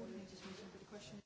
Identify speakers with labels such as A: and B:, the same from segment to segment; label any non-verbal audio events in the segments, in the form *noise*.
A: coordinators meeting, but the question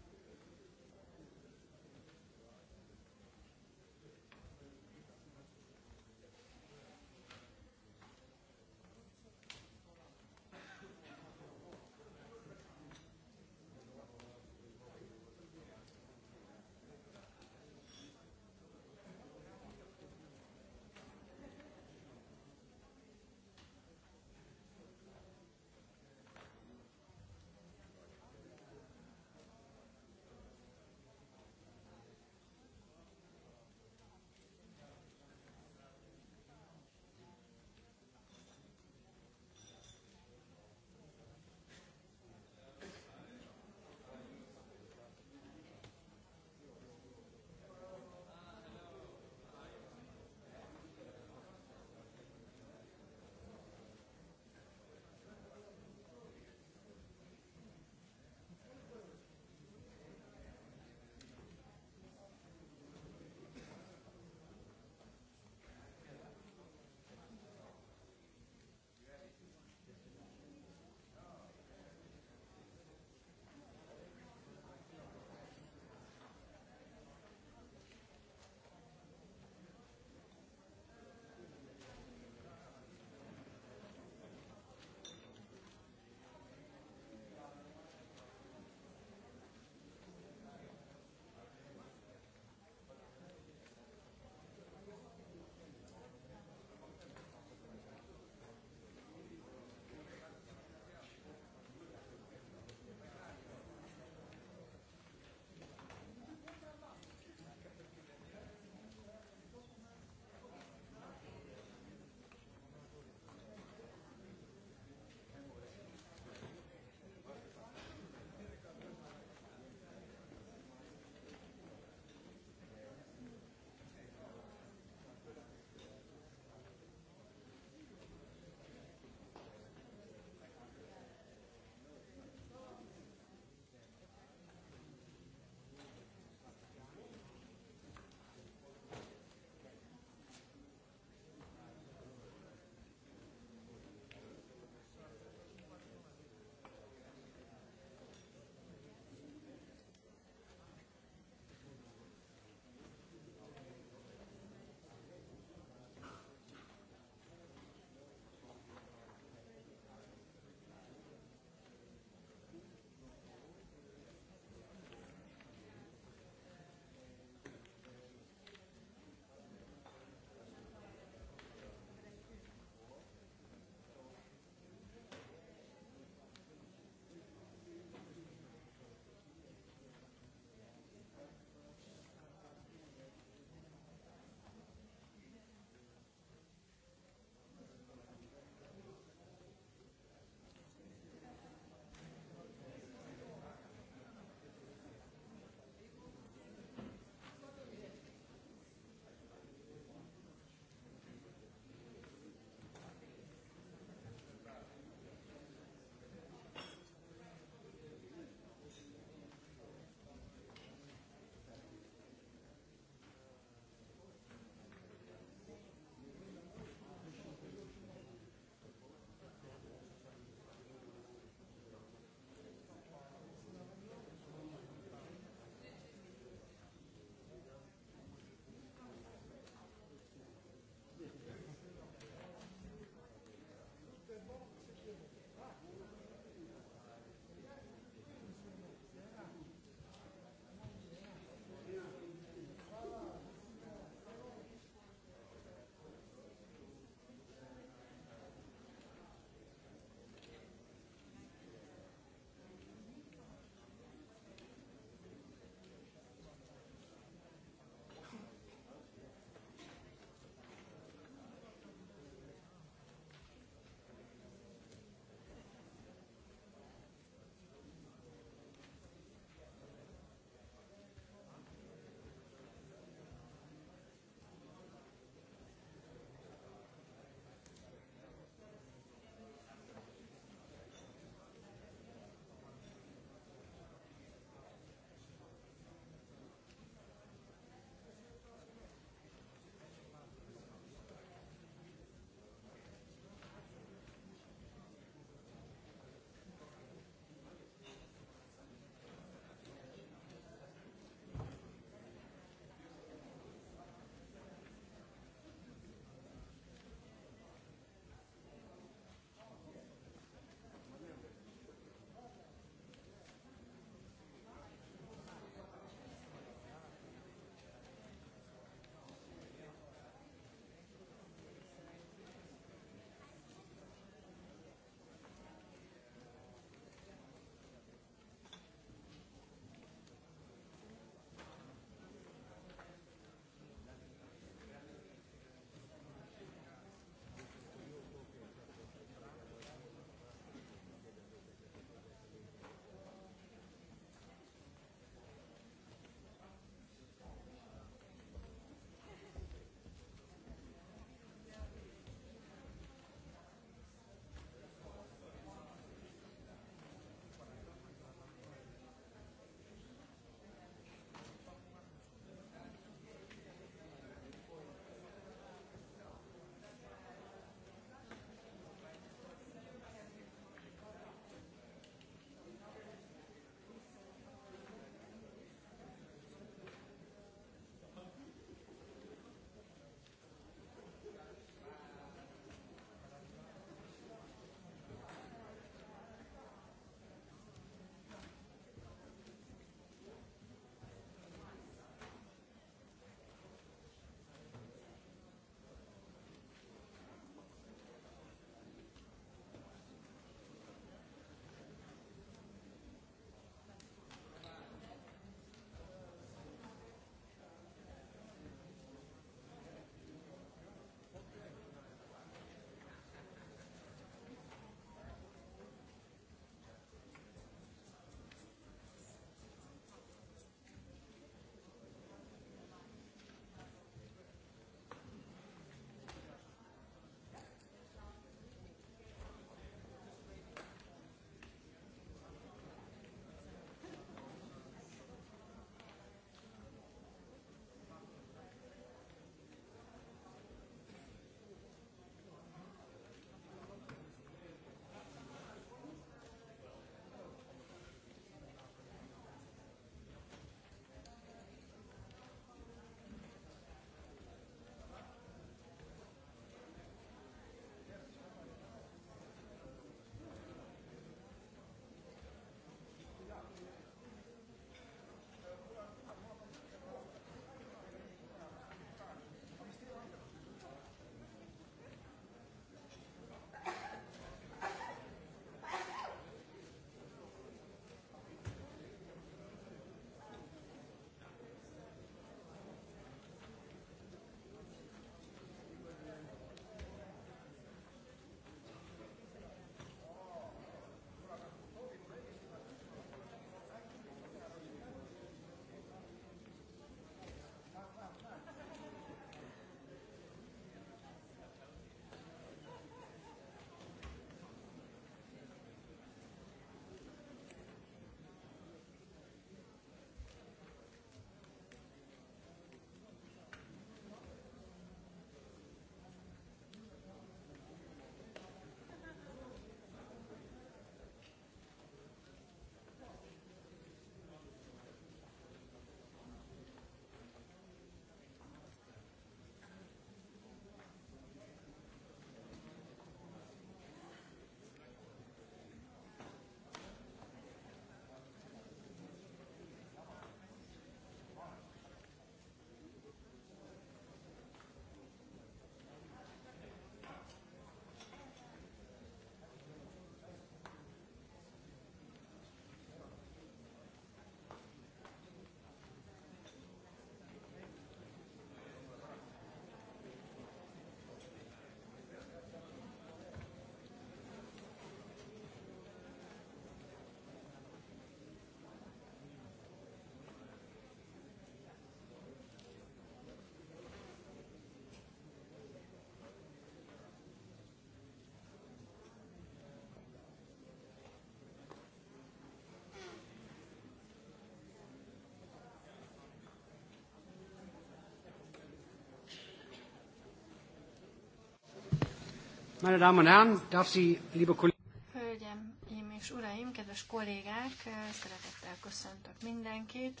B: Meine Damen und Herren, darf Sie, liebe
C: Hölgyeim és uraim, kedves kollégák, szeretettel köszöntök mindenkit.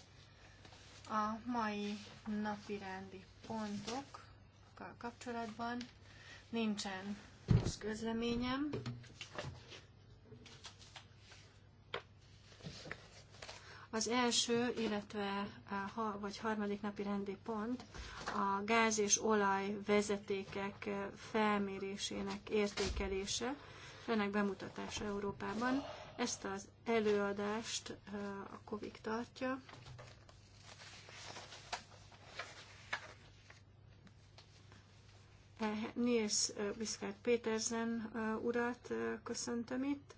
C: A mai rendi pontokkal kapcsolatban nincsen plusz közleményem. Az első, illetve a, vagy harmadik napi rendi pont a gáz és olaj vezetékek felmérésének értékelése, ennek bemutatása Európában. Ezt az előadást a COVID tartja. E, Niels Biszkát Péterzen urat köszöntöm itt.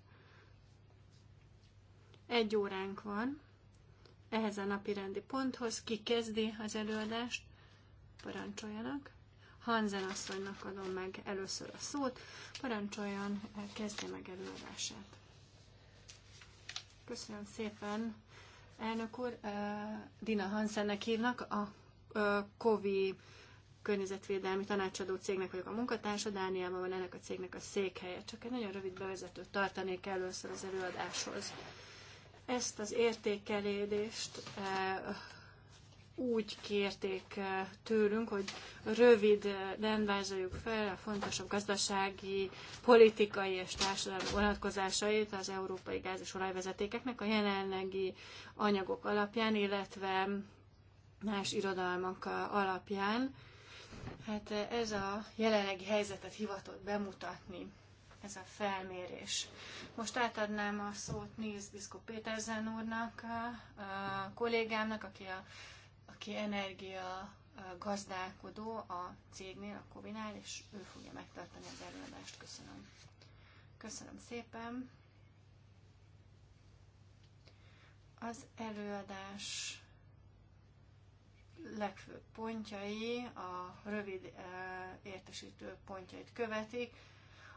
C: Egy óránk van ehhez a napi rendi ponthoz. Ki kezdi az előadást? Parancsoljanak. Hanzen asszonynak adom meg először a szót. Parancsoljon, kezdje meg előadását. Köszönöm szépen, elnök úr. Dina Hansennek hívnak, a Kovi környezetvédelmi tanácsadó cégnek vagyok a munkatársa, Dániában van ennek a cégnek a székhelye. Csak egy nagyon rövid bevezetőt tartanék először az előadáshoz. Ezt az értékelést úgy kérték eh, tőlünk, hogy rövid eh, vázoljuk fel a fontosabb gazdasági, politikai és társadalmi vonatkozásait az európai gáz és olajvezetékeknek a jelenlegi anyagok alapján, illetve más irodalmak eh, alapján. Hát ez a jelenlegi helyzetet hivatott bemutatni ez a felmérés. Most átadnám a szót Nils Biszko Péterzen úrnak, a kollégámnak, aki a aki energia gazdálkodó a cégnél, a Kovinál, és ő fogja megtartani az előadást. Köszönöm. Köszönöm szépen. Az előadás legfőbb pontjai, a rövid értesítő pontjait követik.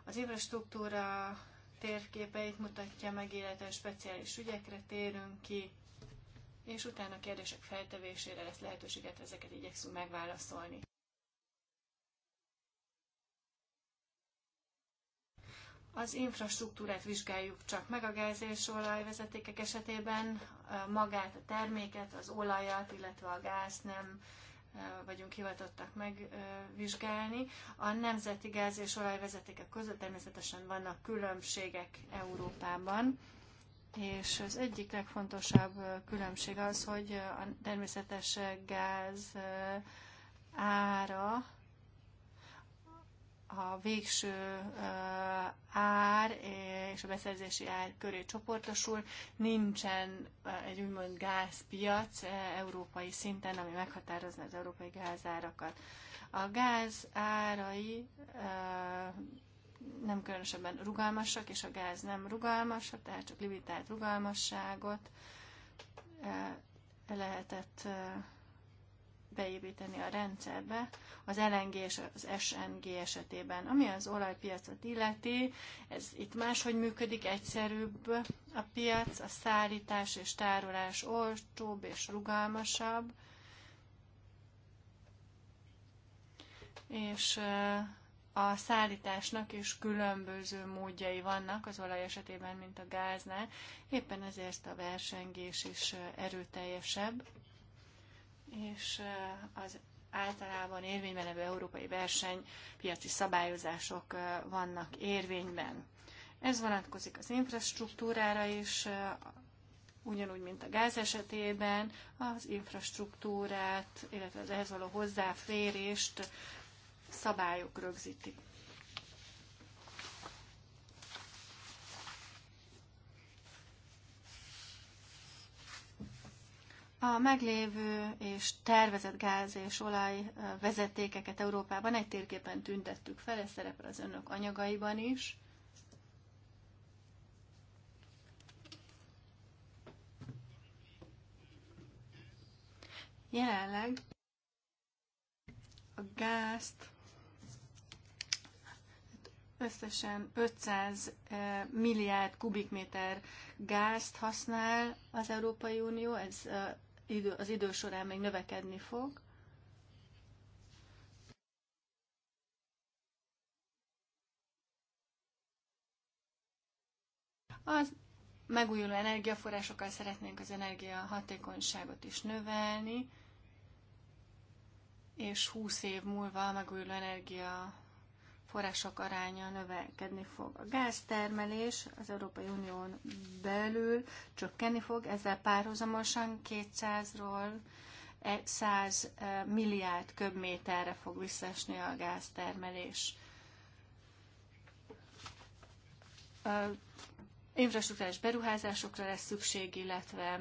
C: Az infrastruktúra térképeit mutatja meg, illetve speciális ügyekre térünk ki, és utána kérdések feltevésére lesz lehetőséget, ezeket igyekszünk megválaszolni. Az infrastruktúrát vizsgáljuk csak meg a gáz és olajvezetékek esetében, magát, a terméket, az olajat, illetve a gáz nem vagyunk hivatottak megvizsgálni. A nemzeti gáz és olajvezetékek között természetesen vannak különbségek Európában. És az egyik legfontosabb különbség az, hogy a természetes gáz ára a végső ár és a beszerzési ár köré csoportosul. Nincsen egy úgymond gázpiac európai szinten, ami meghatározna az európai gázárakat. A gáz árai nem különösebben rugalmasak, és a gáz nem rugalmas, tehát csak limitált rugalmasságot lehetett beépíteni a rendszerbe az LNG és az SNG esetében. Ami az olajpiacot illeti, ez itt máshogy működik, egyszerűbb a piac, a szállítás és tárolás olcsóbb és rugalmasabb, és a szállításnak is különböző módjai vannak az olaj esetében, mint a gáznál. Éppen ezért a versengés is erőteljesebb, és az általában érvényben levő európai versenypiaci szabályozások vannak érvényben. Ez vonatkozik az infrastruktúrára is, ugyanúgy, mint a gáz esetében, az infrastruktúrát, illetve az ehhez való hozzáférést szabályok rögzítik. A meglévő és tervezett gáz és olaj vezetékeket Európában egy térképen tüntettük fel, ez szerepel az önök anyagaiban is. Jelenleg a gázt összesen 500 eh, milliárd kubikméter gázt használ az Európai Unió, ez eh, az idő során még növekedni fog. Az megújuló energiaforrásokkal szeretnénk az energia hatékonyságot is növelni, és 20 év múlva a megújuló energia források aránya növekedni fog. A gáztermelés az Európai Unión belül csökkenni fog, ezzel párhuzamosan 200-ról 100 eh, milliárd köbméterre fog visszaesni a gáztermelés. infrastruktúrás beruházásokra lesz szükség, illetve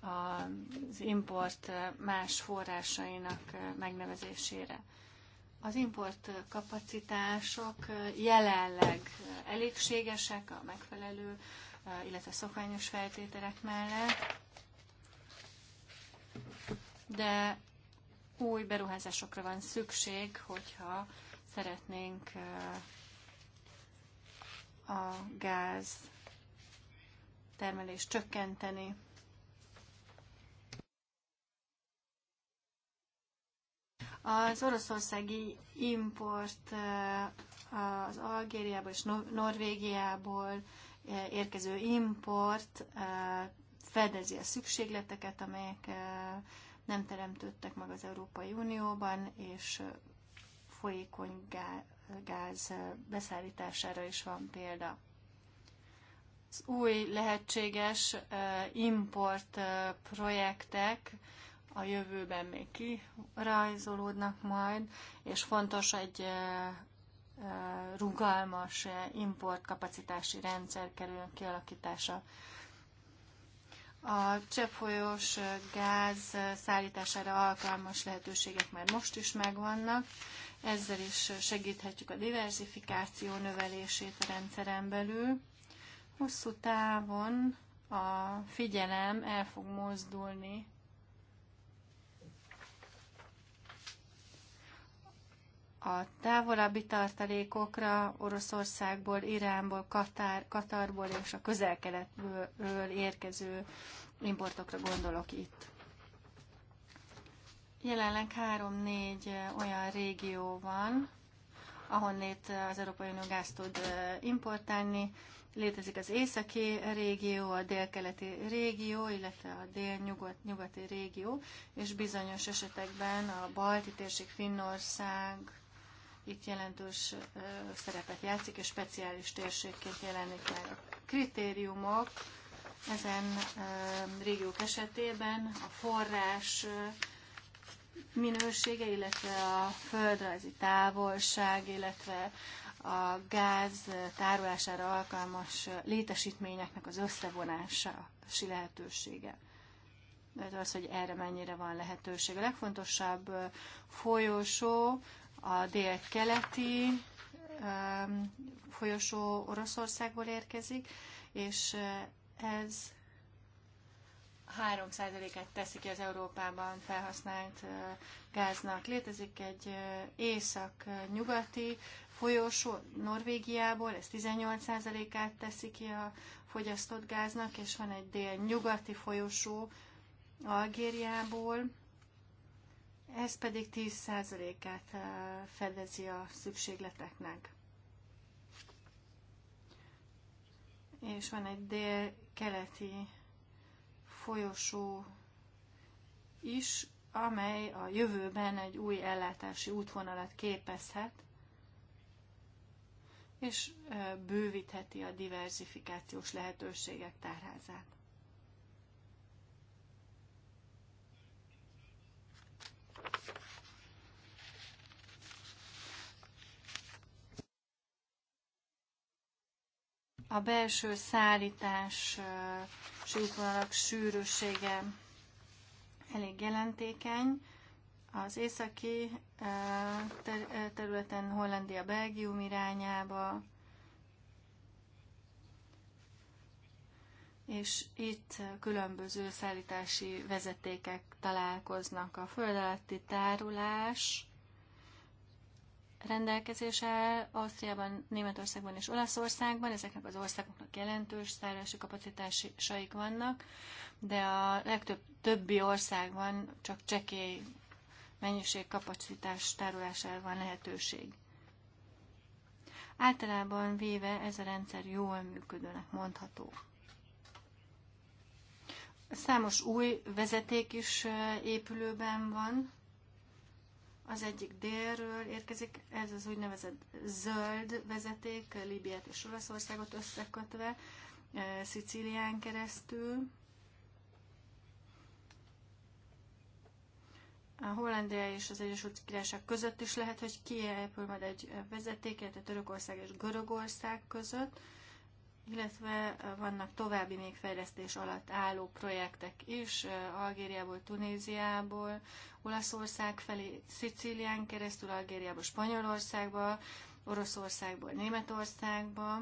C: az import eh, más forrásainak eh, megnevezésére. Az import kapacitások jelenleg elégségesek a megfelelő, illetve szokványos feltételek mellett, de új beruházásokra van szükség, hogyha szeretnénk a gáz termelést csökkenteni. Az oroszországi import eh, az Algériából és Norvégiából eh, érkező import eh, fedezi a szükségleteket, amelyek nem teremtődtek meg az Európai Unióban, és folyékony gáz beszállítására is van példa. Az új lehetséges import projektek a jövőben még kirajzolódnak majd, és fontos egy rugalmas importkapacitási rendszer kerül kialakítása. A cseppfolyós gáz szállítására alkalmas lehetőségek már most is megvannak, ezzel is segíthetjük a diversifikáció növelését a rendszeren belül. Hosszú távon a figyelem el fog mozdulni a távolabbi tartalékokra Oroszországból, Iránból, Katár, Katarból és a közel keletből érkező importokra gondolok itt. Jelenleg három-négy olyan régió van, ahonnét az Európai Unió gáz tud importálni. Létezik az északi régió, a délkeleti régió, illetve a délnyugati -nyugat régió, és bizonyos esetekben a balti térség Finnország, itt jelentős szerepet játszik, és speciális térségként jelenik meg a kritériumok. Ezen régiók esetében a forrás minősége, illetve a földrajzi távolság, illetve a gáz tárolására alkalmas létesítményeknek az si lehetősége. Tehát az, hogy erre mennyire van lehetőség. A legfontosabb folyosó a dél-keleti um, folyosó Oroszországból érkezik, és uh, ez 3%-át teszi ki az Európában felhasznált uh, gáznak. Létezik egy uh, észak-nyugati folyosó Norvégiából, ez 18%-át teszi ki a fogyasztott gáznak, és van egy dél-nyugati folyosó Algériából, ez pedig 10%-át fedezi a szükségleteknek. És van egy dél-keleti folyosó is, amely a jövőben egy új ellátási útvonalat képezhet, és bővítheti a diversifikációs lehetőségek tárházát. a belső szállítás útvonalak sűrűsége elég jelentékeny. Az északi területen Hollandia-Belgium irányába, és itt különböző szállítási vezetékek találkoznak. A föld alatti tárolás rendelkezése Ausztriában, Németországban és Olaszországban. Ezeknek az országoknak jelentős szállási kapacitásaik vannak, de a legtöbb többi országban csak csekély mennyiség kapacitás tárolására van lehetőség. Általában véve ez a rendszer jól működőnek mondható. Számos új vezeték is épülőben van, az egyik délről érkezik, ez az úgynevezett zöld vezeték, Líbiát és Olaszországot összekötve, eh, Szicílián keresztül. A Hollandia és az Egyesült Királyság között is lehet, hogy kiépül majd egy eh, vezeték, illetve Törökország és Görögország között illetve eh, vannak további még fejlesztés alatt álló projektek is, eh, Algériából, Tunéziából, Olaszország felé, Szicílián keresztül, Algériából, Spanyolországba, Oroszországból, Németországba,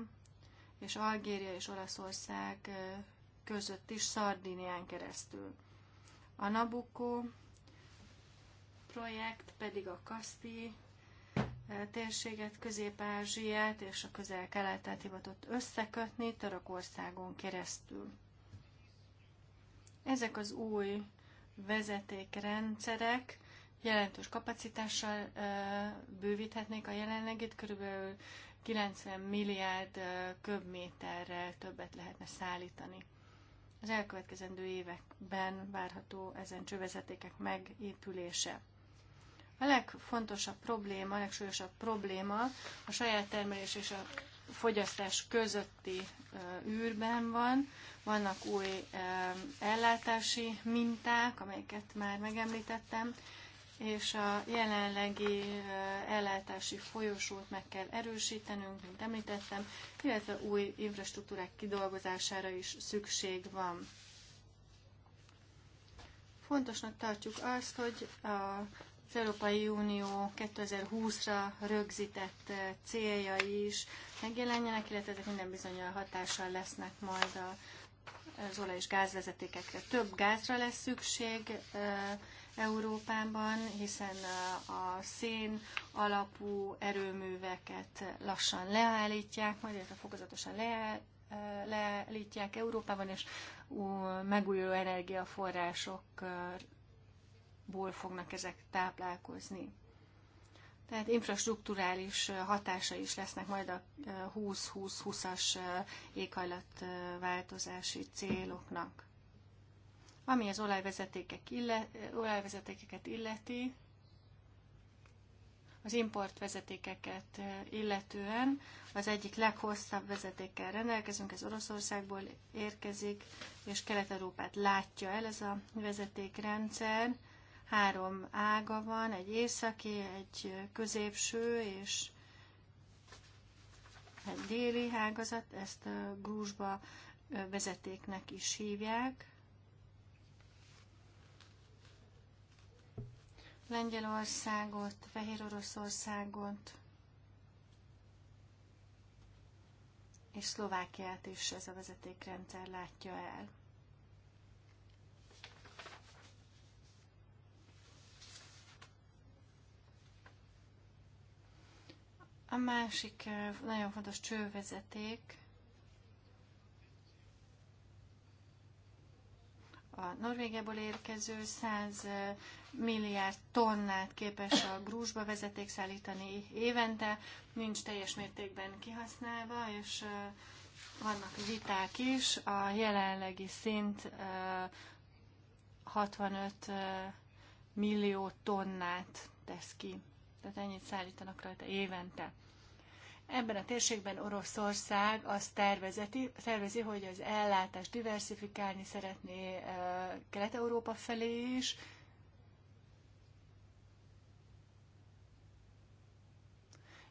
C: és Algéria és Olaszország eh, között is Szardinián keresztül. A Nabucco projekt pedig a Kaszti térséget, Közép-Ázsiát és a közel-keletet hivatott összekötni Törökországon keresztül. Ezek az új vezetékrendszerek jelentős kapacitással bővíthetnék a jelenlegit, körülbelül 90 milliárd köbméterrel többet lehetne szállítani. Az elkövetkezendő években várható ezen csővezetékek megépülése. A legfontosabb probléma, a legsúlyosabb probléma a saját termelés és a fogyasztás közötti űrben van. Vannak új ellátási minták, amelyeket már megemlítettem, és a jelenlegi ellátási folyosót meg kell erősítenünk, mint említettem, illetve új infrastruktúrák kidolgozására is szükség van. Fontosnak tartjuk azt, hogy a az Európai Unió 2020-ra rögzített eh, céljai is megjelenjenek, illetve ezek minden bizonyal hatással lesznek majd a, az olaj- és gázvezetékekre. Több gázra lesz szükség eh, Európában, hiszen eh, a szén alapú erőműveket lassan leállítják, majd illetve fokozatosan leáll, leállítják Európában, és megújuló energiaforrások ból fognak ezek táplálkozni. Tehát infrastruktúrális hatása is lesznek majd a 20-20-20-as éghajlatváltozási céloknak. Ami az olajvezetékek illet, olajvezetékeket illeti, az importvezetékeket illetően az egyik leghosszabb vezetékkel rendelkezünk, ez Oroszországból érkezik, és Kelet-Európát látja el ez a vezetékrendszer. Három ága van, egy északi, egy középső és egy déli ágazat, ezt grúzsba vezetéknek is hívják. Lengyelországot, Fehér Oroszországot és Szlovákiát is ez a vezetékrendszer látja el. A másik nagyon fontos csővezeték a Norvégiából érkező 100 milliárd tonnát képes a grúzsba vezeték szállítani évente, nincs teljes mértékben kihasználva, és vannak viták is. A jelenlegi szint 65 millió tonnát tesz ki. Tehát ennyit szállítanak rajta évente. Ebben a térségben Oroszország azt tervezeti, tervezi, hogy az ellátást diversifikálni szeretné Kelet-Európa felé is.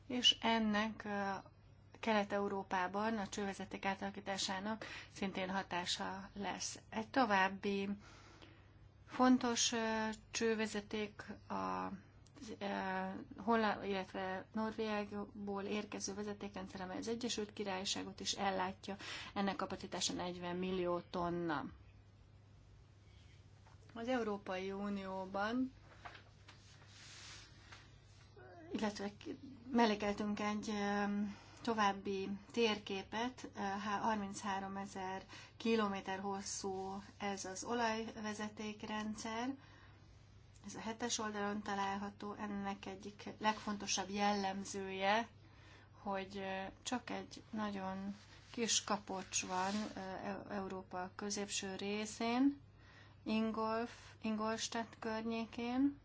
C: És ennek Kelet-Európában a csővezeték átalakításának szintén hatása lesz. Egy további fontos csővezeték a Eh, Holland, illetve Norvégiából érkező vezetékrendszer, amely az Egyesült Királyságot is ellátja, ennek kapacitása 40 millió tonna. Az Európai Unióban, illetve mellékeltünk egy eh, további térképet, 33 eh, ezer kilométer hosszú ez az olajvezetékrendszer, ez a hetes oldalon található, ennek egyik legfontosabb jellemzője, hogy csak egy nagyon kis kapocs van Európa középső részén, Ingolf, Ingolstadt környékén.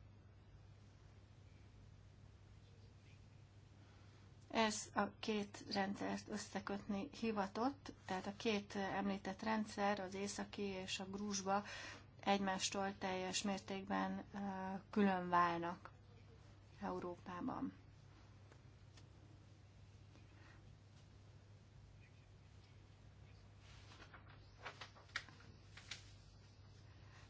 C: Ez a két rendszert összekötni hivatott, tehát a két említett rendszer, az északi és a grúzsba egymástól teljes mértékben külön válnak Európában.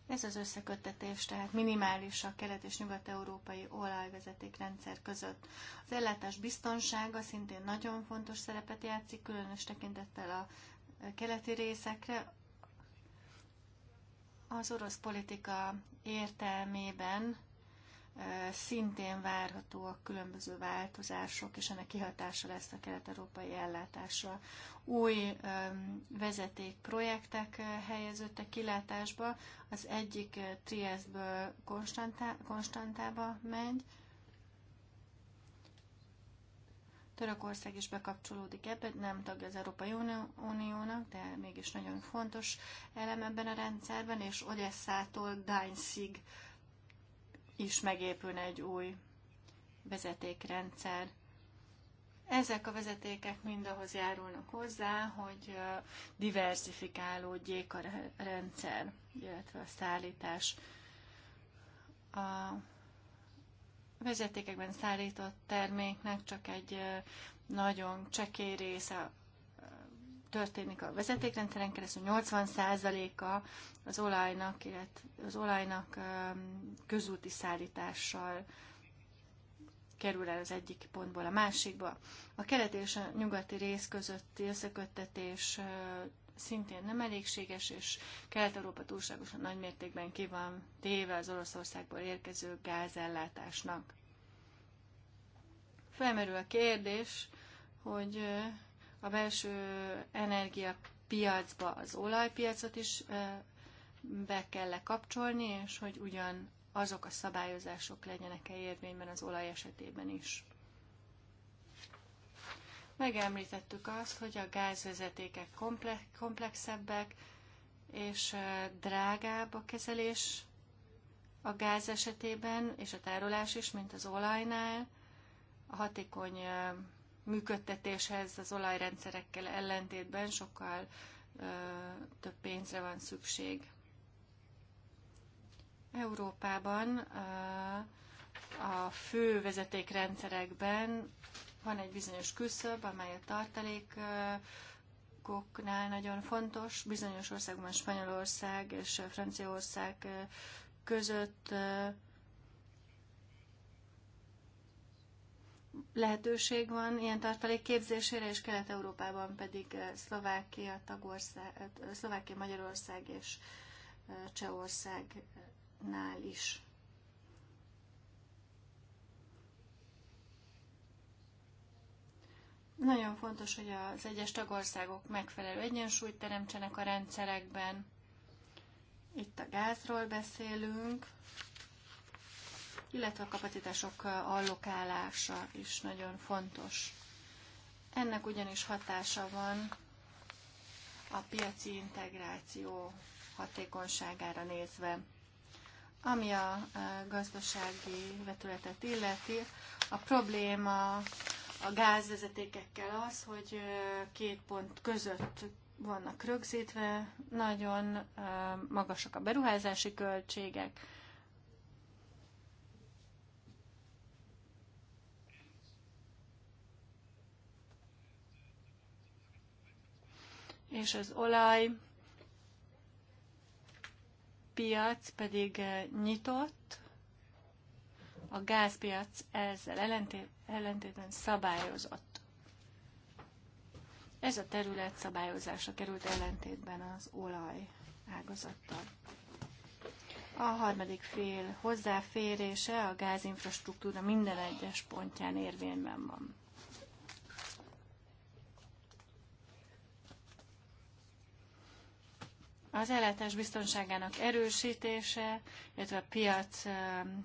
C: Ez az összeköttetés, tehát minimális a kelet- és nyugat-európai olajvezeték rendszer között. Az ellátás biztonsága szintén nagyon fontos szerepet játszik, különös tekintettel a keleti részekre, az orosz politika értelmében szintén várhatóak különböző változások, és ennek kihatása lesz a kelet-európai ellátásra. Új vezetékprojektek helyeződtek kilátásba, az egyik Triestből Konstantába megy, Törökország is bekapcsolódik ebbe, nem tagja az Európai Uniónak, de mégis nagyon fontos elem ebben a rendszerben, és Odesszától Dányszig is megépülne egy új vezetékrendszer. Ezek a vezetékek mind ahhoz járulnak hozzá, hogy diversifikálódjék a rendszer, illetve a szállítás. A vezetékekben szállított terméknek csak egy nagyon csekély része történik a vezetékrendszeren keresztül, 80%-a az olajnak, illetve az olajnak közúti szállítással kerül el az egyik pontból a másikba. A kelet és a nyugati rész közötti összeköttetés szintén nem elégséges, és Kelet-Európa túlságosan nagymértékben ki van téve az Oroszországból érkező gázellátásnak. Felmerül a kérdés, hogy a belső energiapiacba az olajpiacot is be kell -e kapcsolni, és hogy ugyan azok a szabályozások legyenek-e érvényben az olaj esetében is. Megemlítettük azt, hogy a gázvezetékek komplexebbek, és drágább a kezelés a gáz esetében, és a tárolás is, mint az olajnál. A hatékony működtetéshez az olajrendszerekkel ellentétben sokkal több pénzre van szükség. Európában a fő vezetékrendszerekben van egy bizonyos küszöb, amely a tartalékoknál nagyon fontos. Bizonyos országban Spanyolország és Franciaország között lehetőség van ilyen tartalék képzésére, és Kelet-Európában pedig Szlovákia, Tagország, Szlovákia, Magyarország és Csehországnál is. Nagyon fontos, hogy az egyes tagországok megfelelő egyensúlyt teremtsenek a rendszerekben. Itt a gázról beszélünk, illetve a kapacitások allokálása is nagyon fontos. Ennek ugyanis hatása van a piaci integráció hatékonyságára nézve. Ami a eh, gazdasági vetületet illeti, a probléma a gázvezetékekkel az, hogy két pont között vannak rögzítve, nagyon magasak a beruházási költségek, és az olaj piac pedig nyitott, a gázpiac ezzel ellentét ellentétben szabályozott. Ez a terület szabályozásra került ellentétben az olaj ágazattal. A harmadik fél hozzáférése a gázinfrastruktúra minden egyes pontján érvényben van. Az ellátás biztonságának erősítése, illetve a piac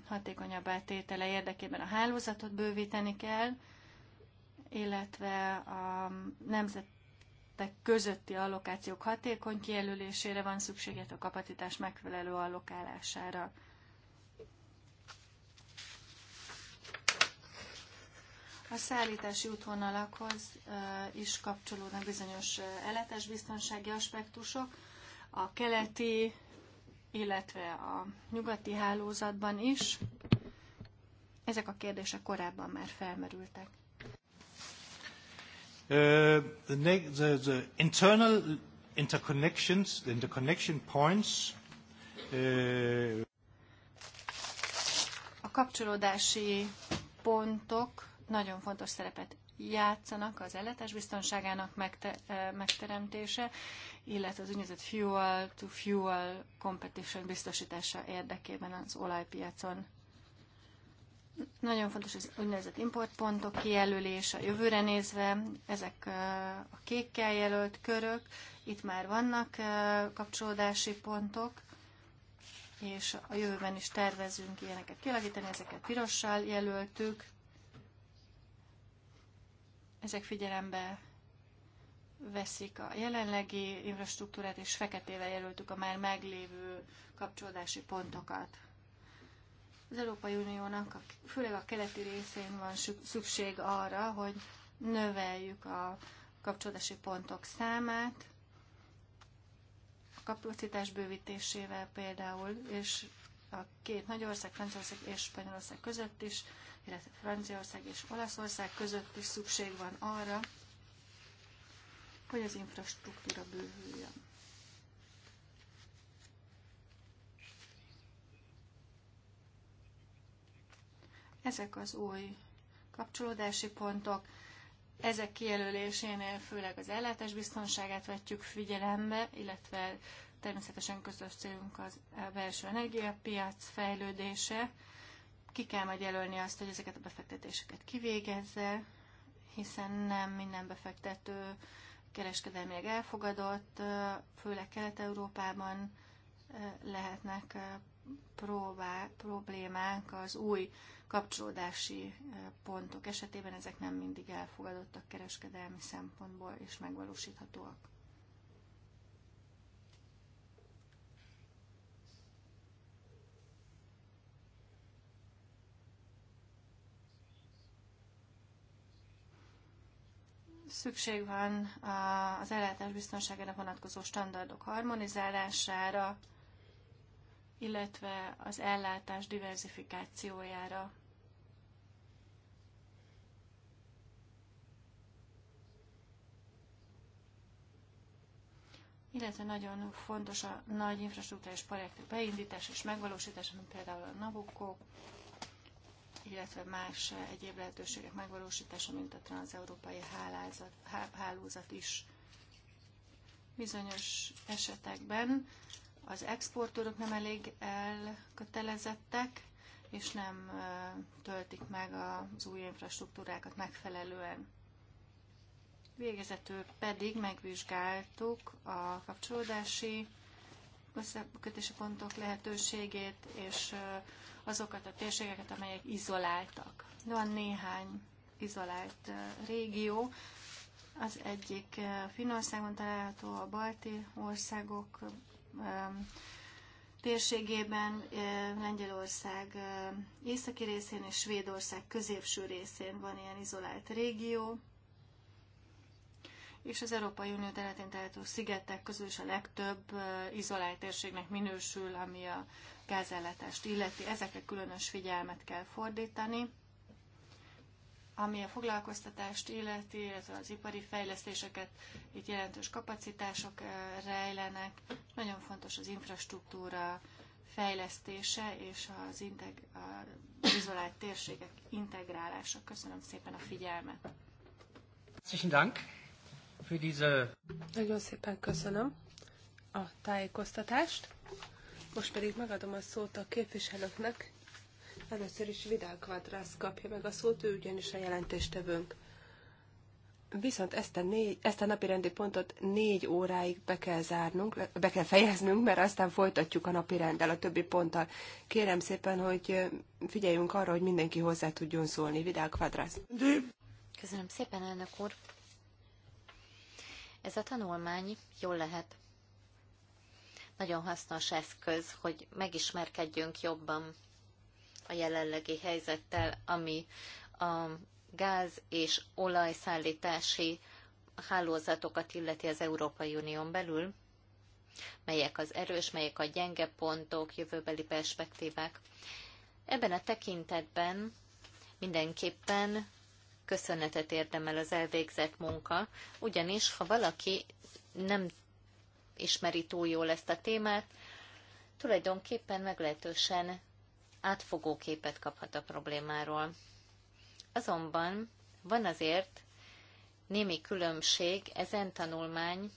C: hatékonyabb átétele érdekében a hálózatot bővíteni kell, illetve a nemzetek közötti allokációk hatékony kijelölésére van szükséget a kapacitás megfelelő allokálására. A szállítási útvonalakhoz is kapcsolódnak bizonyos eletes biztonsági aspektusok, a keleti, illetve a nyugati hálózatban is. Ezek a kérdések korábban már felmerültek.
A: Uh, the, the, the internal interconnections, the interconnection points. Uh...
C: A kapcsolódási pontok nagyon fontos szerepet játszanak az ellátás biztonságának megteremtése, illetve az úgynevezett fuel-to-fuel competition biztosítása érdekében az olajpiacon. Nagyon fontos az úgynevezett importpontok kijelölése jövőre nézve. Ezek a kékkel jelölt körök, itt már vannak kapcsolódási pontok, és a jövőben is tervezünk ilyeneket kialakítani, ezeket pirossal jelöltük. Ezek figyelembe veszik a jelenlegi infrastruktúrát, és feketével jelöltük a már meglévő kapcsolódási pontokat. Az Európai Uniónak, a, főleg a keleti részén van szükség arra, hogy növeljük a kapcsolódási pontok számát, a kapacitás bővítésével például, és a két nagy ország, Franciaország és Spanyolország között is illetve Franciaország és Olaszország között is szükség van arra, hogy az infrastruktúra bővüljön. Ezek az új kapcsolódási pontok, ezek kijelölésénél főleg az ellátás biztonságát vetjük figyelembe, illetve természetesen közös célunk az belső energiapiac fejlődése, ki kell majd jelölni azt, hogy ezeket a befektetéseket kivégezze, hiszen nem minden befektető kereskedelmileg elfogadott, főleg Kelet-Európában lehetnek próbá, problémák az új kapcsolódási pontok esetében, ezek nem mindig elfogadottak kereskedelmi szempontból és megvalósíthatóak. Szükség van az ellátás biztonságára vonatkozó standardok harmonizálására, illetve az ellátás diversifikációjára. illetve nagyon fontos a nagy infrastruktúrás projektek beindítása és megvalósítása, mint például a Nabucco illetve más egyéb lehetőségek megvalósítása, mint a transeurópai hálózat is. Bizonyos esetekben az exportőrök nem elég elkötelezettek, és nem töltik meg az új infrastruktúrákat megfelelően. Végezetül pedig megvizsgáltuk a kapcsolódási összekötési pontok lehetőségét, és azokat a térségeket, amelyek izoláltak. Van néhány izolált régió, az egyik Finnországon található, a balti országok térségében, Lengyelország északi részén és Svédország középső részén van ilyen izolált régió és az Európai Unió területén található szigetek közül is a legtöbb izolált térségnek minősül, ami a gázellátást illeti. Ezekre különös figyelmet kell fordítani. Ami a foglalkoztatást illeti, illetve az ipari fejlesztéseket, itt jelentős kapacitások rejlenek. Nagyon fontos az infrastruktúra fejlesztése és az, integ- az izolált térségek integrálása. Köszönöm szépen a figyelmet.
B: Nagyon szépen köszönöm
D: a tájékoztatást. Most pedig megadom a szót a képviselőknek. Először is Vidal Quadrász kapja meg a szót, ő ugyanis a jelentéstevőnk. Viszont ezt a, négy, ezt a napi rendi pontot négy óráig be kell zárnunk, be kell fejeznünk, mert aztán folytatjuk a napi rendel, a többi ponttal. Kérem szépen, hogy figyeljünk arra, hogy mindenki hozzá tudjon szólni. Vidal Quadrász.
A: Köszönöm szépen, elnök úr. Ez a tanulmány jól lehet nagyon hasznos eszköz, hogy megismerkedjünk jobban a jelenlegi helyzettel, ami a gáz és olajszállítási hálózatokat illeti az Európai Unión belül, melyek az erős, melyek a gyenge pontok, jövőbeli perspektívák. Ebben a tekintetben mindenképpen köszönetet érdemel az elvégzett munka, ugyanis ha valaki nem ismeri túl jól ezt a témát, tulajdonképpen meglehetősen átfogó képet kaphat a problémáról. Azonban van azért némi különbség ezen tanulmány,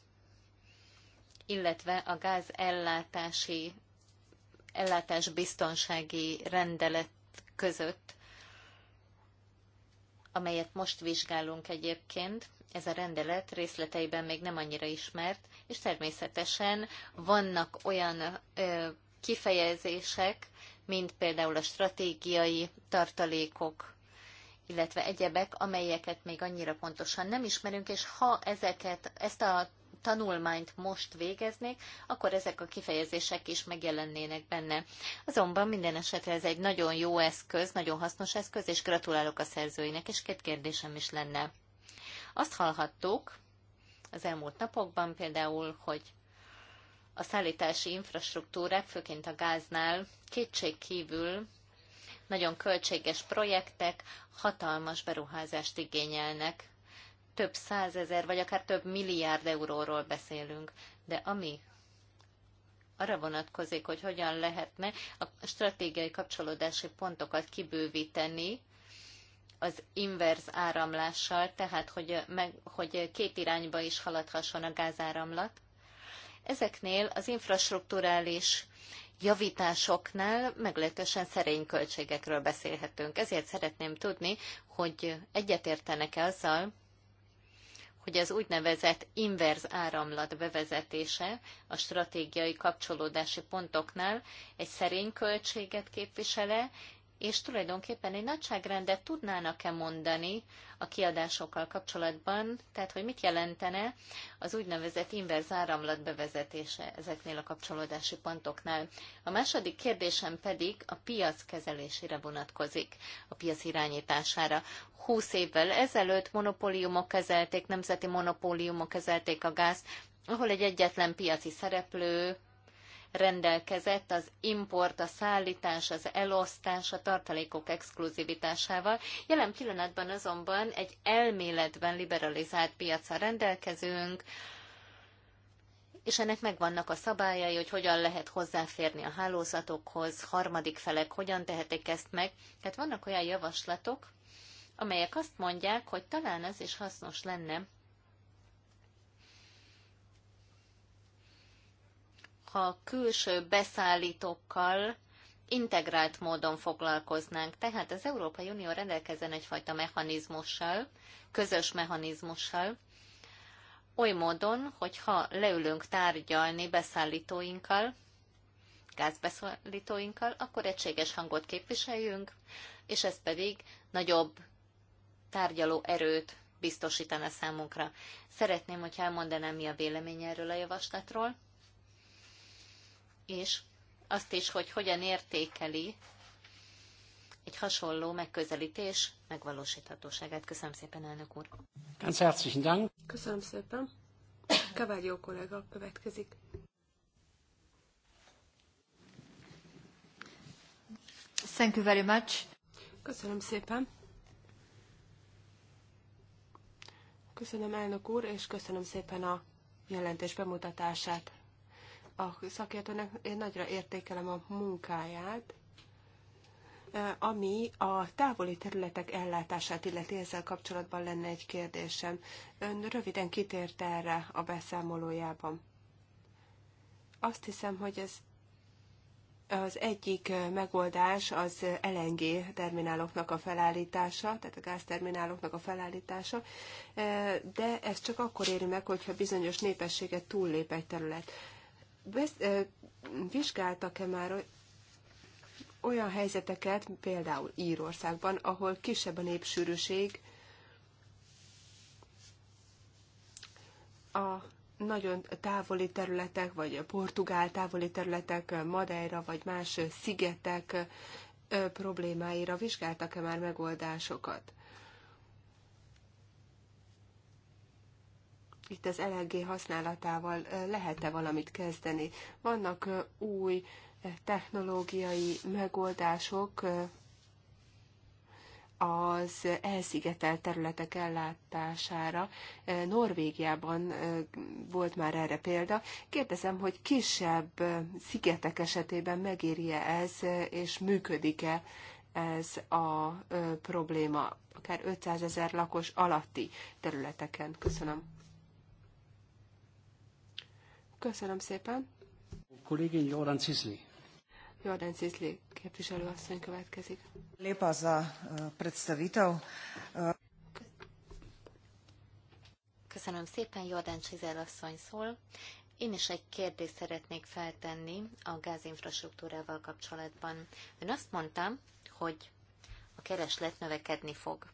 A: illetve a ellátási ellátás biztonsági rendelet között, amelyet most vizsgálunk egyébként, ez a rendelet részleteiben még nem annyira ismert, és természetesen vannak olyan ö, kifejezések, mint például a stratégiai tartalékok, illetve egyebek, amelyeket még annyira pontosan nem ismerünk, és ha ezeket, ezt a tanulmányt most végeznék, akkor ezek a kifejezések is megjelennének benne. Azonban minden esetre ez egy nagyon jó eszköz, nagyon hasznos eszköz, és gratulálok a szerzőinek, és két kérdésem is lenne. Azt hallhattuk az elmúlt napokban például, hogy a szállítási infrastruktúrák, főként a gáznál kétség kívül nagyon költséges projektek hatalmas beruházást igényelnek több százezer, vagy akár több milliárd euróról beszélünk. De ami arra vonatkozik, hogy hogyan lehetne a stratégiai kapcsolódási pontokat kibővíteni az inverz áramlással, tehát hogy, meg, hogy két irányba is haladhasson a gázáramlat. Ezeknél az infrastruktúrális javításoknál meglehetősen szerény költségekről beszélhetünk. Ezért szeretném tudni, hogy egyetértenek-e azzal, hogy az úgynevezett inverz áramlat bevezetése a stratégiai kapcsolódási pontoknál egy szerény költséget képvisele, és tulajdonképpen egy nagyságrendet tudnának-e mondani a kiadásokkal kapcsolatban, tehát hogy mit jelentene az úgynevezett inverz áramlat bevezetése ezeknél a kapcsolódási pontoknál. A második kérdésem pedig a piac kezelésére vonatkozik, a piac irányítására. Húsz évvel ezelőtt monopóliumok kezelték, nemzeti monopóliumok kezelték a gáz, ahol egy egyetlen piaci szereplő rendelkezett az import, a szállítás, az elosztás, a tartalékok exkluzivitásával. Jelen pillanatban azonban egy elméletben liberalizált piacra rendelkezünk, és ennek megvannak a szabályai, hogy hogyan lehet hozzáférni a hálózatokhoz, harmadik felek hogyan tehetik ezt meg. Tehát vannak olyan javaslatok, amelyek azt mondják, hogy talán ez is hasznos lenne, ha külső beszállítókkal integrált módon foglalkoznánk. Tehát az Európai Unió rendelkezzen egyfajta mechanizmussal, közös mechanizmussal, oly módon, hogy ha leülünk tárgyalni beszállítóinkkal, gázbeszállítóinkkal, akkor egységes hangot képviseljünk, és ez pedig nagyobb tárgyaló erőt biztosítana számunkra. Szeretném, hogy elmondanám, mi a vélemény erről a javaslatról és azt is, hogy hogyan értékeli egy hasonló megközelítés megvalósíthatóságát. Köszönöm szépen, elnök úr.
B: Ganz herzlichen Dank.
A: Köszönöm
D: szépen. Kavágyó kollega következik.
C: Thank you very much.
D: Köszönöm szépen. Köszönöm elnök úr, és köszönöm szépen a jelentés bemutatását a szakértőnek, én nagyra értékelem a munkáját, e, ami a távoli területek ellátását illeti, ezzel kapcsolatban lenne egy kérdésem. Ön röviden kitért erre a beszámolójában. Azt hiszem, hogy ez az egyik megoldás az LNG termináloknak a felállítása, tehát a gázterminálóknak a felállítása, e, de ez csak akkor éri meg, hogyha bizonyos népességet túllép egy terület vizsgáltak-e már olyan helyzeteket, például Írországban, ahol kisebb a népsűrűség, a nagyon távoli területek, vagy a portugál távoli területek, Madeira, vagy más szigetek problémáira vizsgáltak-e már megoldásokat? itt az LNG használatával lehet-e valamit kezdeni? Vannak új technológiai megoldások az elszigetelt területek ellátására. Norvégiában volt már erre példa. Kérdezem, hogy kisebb szigetek esetében megéri-e ez, és működik-e ez a probléma, akár 500 ezer lakos alatti területeken. Köszönöm. Köszönöm szépen.
B: Kollégin Jordan Cisli.
D: Jordan Cisli
A: asszony következik.
B: Lépa a
D: eh, predstavitev.
A: Köszönöm szépen, Jordan Cisli asszony szól. Én is egy kérdést szeretnék feltenni a gázinfrastruktúrával kapcsolatban. Ön azt mondta, hogy a kereslet növekedni fog.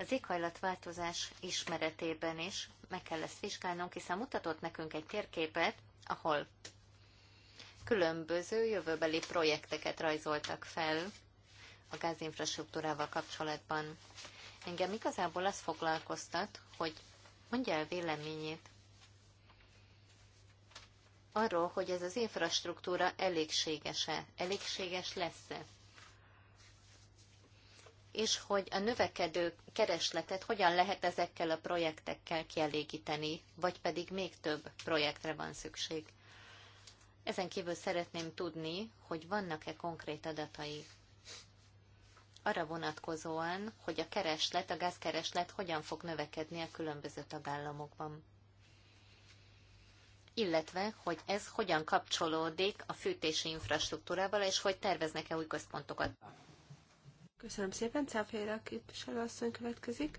A: Az éghajlatváltozás ismeretében is meg kell ezt vizsgálnunk, hiszen mutatott nekünk egy térképet, ahol különböző jövőbeli projekteket rajzoltak fel a gázinfrastruktúrával kapcsolatban. Engem igazából az foglalkoztat, hogy mondja el véleményét arról, hogy ez az infrastruktúra elégséges-e, elégséges lesz-e és hogy a növekedő keresletet hogyan lehet ezekkel a projektekkel kielégíteni, vagy pedig még több projektre van szükség. Ezen kívül szeretném tudni, hogy vannak-e konkrét adatai arra vonatkozóan, hogy a kereslet, a gázkereslet hogyan fog növekedni a különböző tagállamokban. Illetve, hogy ez hogyan kapcsolódik a fűtési infrastruktúrával, és hogy terveznek-e új központokat.
D: Köszönöm szépen, Cáféra képviselőasszony következik.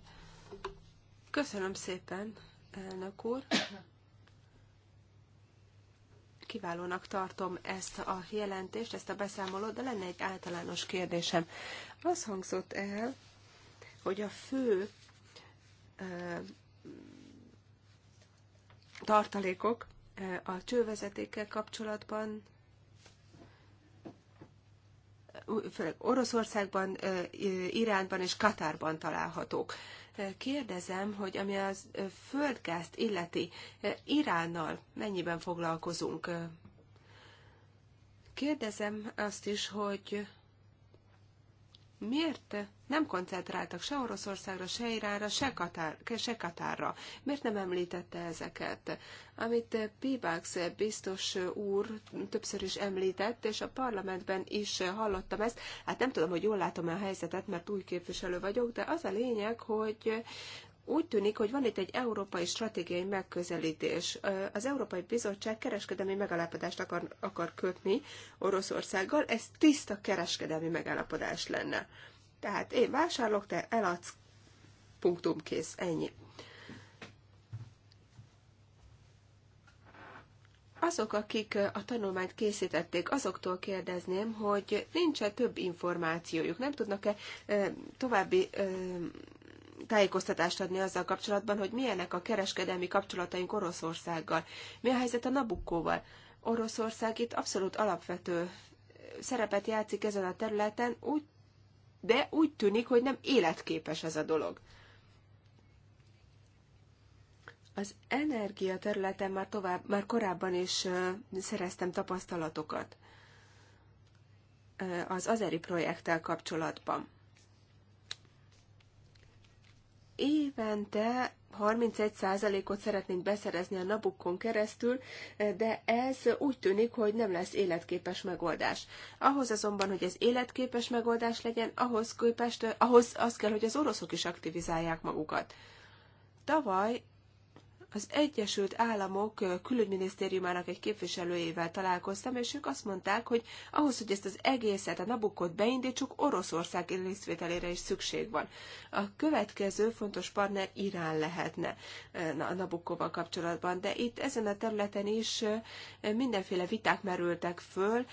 D: Köszönöm szépen, elnök úr. Kiválónak tartom ezt a jelentést, ezt a beszámolót, de lenne egy általános kérdésem. Az hangzott el, hogy a fő tartalékok a csővezetékkel kapcsolatban főleg Oroszországban, Iránban és Katárban találhatók. Kérdezem, hogy ami az földgázt illeti, Iránnal mennyiben foglalkozunk? Kérdezem azt is, hogy miért nem koncentráltak se Oroszországra, se Iránra, se, Katár, se Katárra? Miért nem említette ezeket? Amit Pibax biztos úr többször is említett, és a parlamentben is hallottam ezt. Hát nem tudom, hogy jól látom-e a helyzetet, mert új képviselő vagyok, de az a lényeg, hogy úgy tűnik, hogy van itt egy európai stratégiai megközelítés. Az Európai Bizottság kereskedelmi megállapodást akar, akar kötni Oroszországgal, ez tiszta kereskedelmi megállapodás lenne. Tehát én vásárolok, te eladsz, punktum kész, ennyi. Azok, akik a tanulmányt készítették, azoktól kérdezném, hogy nincs-e több információjuk, nem tudnak-e további tájékoztatást adni azzal kapcsolatban, hogy milyenek a kereskedelmi kapcsolataink Oroszországgal, mi a helyzet a Nabukkóval. Oroszország itt abszolút alapvető szerepet játszik ezen a területen, úgy, de úgy tűnik, hogy nem életképes ez a dolog. Az energia területen már, tovább, már korábban is szereztem tapasztalatokat az azeri projekttel kapcsolatban évente 31%-ot szeretnénk beszerezni a napukon keresztül, de ez úgy tűnik, hogy nem lesz életképes megoldás. Ahhoz azonban, hogy ez életképes megoldás legyen, ahhoz, képest, ahhoz az kell, hogy az oroszok is aktivizálják magukat. Tavaly az Egyesült Államok külügyminisztériumának egy képviselőjével találkoztam, és ők azt mondták, hogy ahhoz, hogy ezt az egészet, a Nabukot beindítsuk, Oroszország részvételére is szükség van. A következő fontos partner Irán lehetne a Nabukkoval kapcsolatban, de itt ezen a területen is mindenféle viták merültek föl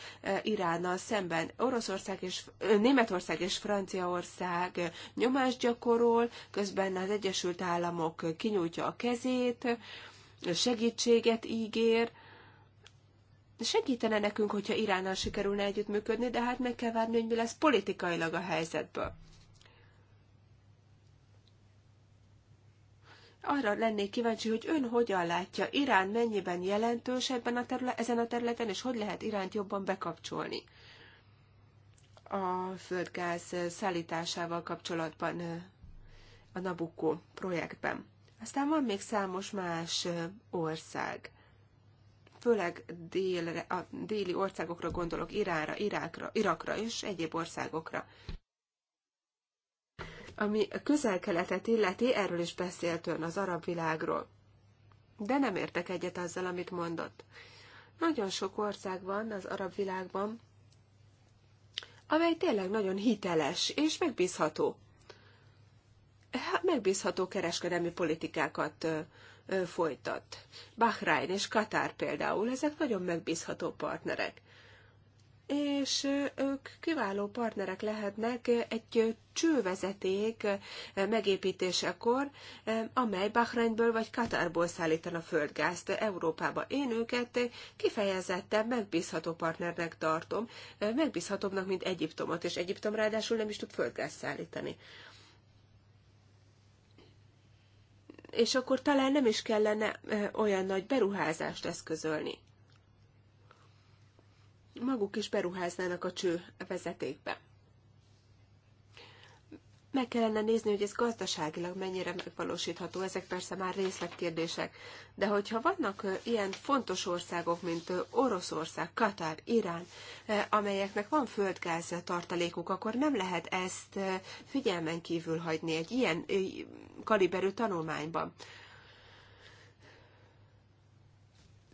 D: Iránnal szemben. Oroszország és Németország és Franciaország nyomást gyakorol, közben az Egyesült Államok kinyújtja a kezét, segítséget ígér, segítene nekünk, hogyha Iránnal sikerülne együttműködni, de hát meg kell várni, hogy mi lesz politikailag a helyzetből. Arra lennék kíváncsi, hogy ön hogyan látja, Irán mennyiben jelentős ebben a terület, ezen a területen, és hogy lehet Iránt jobban bekapcsolni a földgáz szállításával kapcsolatban eh, a Nabucco projektben. Aztán van még számos más ország, főleg délre, a déli országokra gondolok, Irára, Irákra, Irakra és egyéb országokra. Ami a közel-keletet illeti, erről is beszélt ön az arab világról. De nem értek egyet azzal, amit mondott. Nagyon sok ország van az arab világban, amely tényleg nagyon hiteles és megbízható. Hát megbízható kereskedelmi politikákat folytat. Bahrain és Katár például, ezek nagyon megbízható partnerek. És ők kiváló partnerek lehetnek egy csővezeték megépítésekor, amely Bahreinből vagy Katárból szállítana földgázt Európába. Én őket kifejezetten megbízható partnernek tartom, megbízhatóbbnak, mint Egyiptomot, és Egyiptom ráadásul nem is tud földgázt szállítani. és akkor talán nem is kellene olyan nagy beruházást eszközölni. Maguk is beruháznának a cső vezetékbe. Meg kellene nézni, hogy ez gazdaságilag mennyire megvalósítható, ezek persze már részletkérdések. De hogyha vannak ilyen fontos országok, mint Oroszország, Katar, Irán, amelyeknek van földgáz tartalékuk, akkor nem lehet ezt figyelmen kívül hagyni egy ilyen kaliberű tanulmányban.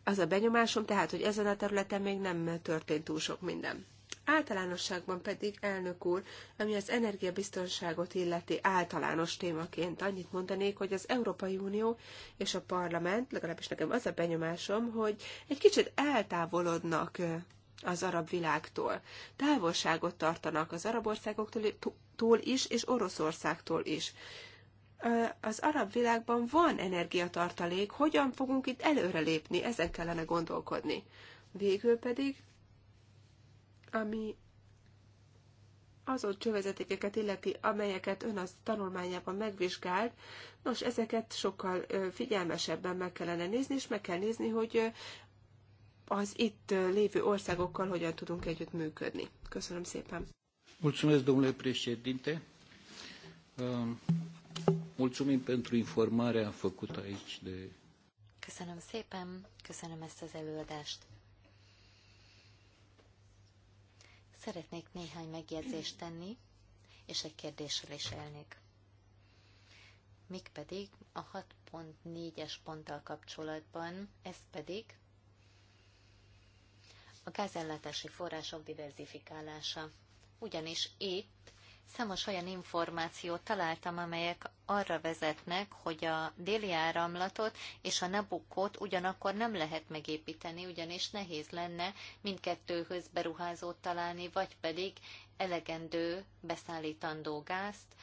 D: Az a benyomásom tehát, hogy ezen a területen még nem történt túl sok minden. Általánosságban pedig, elnök úr, ami az energiabiztonságot illeti általános témaként annyit mondanék, hogy az Európai Unió és a parlament, legalábbis nekem az a benyomásom, hogy egy kicsit eltávolodnak az arab világtól. Távolságot tartanak az arab országoktól is, és Oroszországtól is az arab világban van energiatartalék, hogyan fogunk itt előrelépni, ezen kellene gondolkodni. Végül pedig ami azon csövezetékeket illeti, amelyeket ön az tanulmányában megvizsgált, nos, ezeket sokkal figyelmesebben meg kellene nézni, és meg kell nézni, hogy az itt lévő országokkal hogyan tudunk együtt működni. Köszönöm szépen.
B: Mulțumesc, domnule președinte. Mulțumim pentru informarea făcută aici de...
A: Köszönöm szépen, köszönöm ezt az előadást. Szeretnék néhány megjegyzést tenni, és egy kérdéssel is élnék. Mik pedig a 6.4-es ponttal kapcsolatban, ez pedig a gázellátási források diverzifikálása. Ugyanis itt Számos olyan információt találtam, amelyek arra vezetnek, hogy a déli áramlatot és a nebukkot ugyanakkor nem lehet megépíteni, ugyanis nehéz lenne mindkettőhöz beruházót találni, vagy pedig elegendő beszállítandó gázt.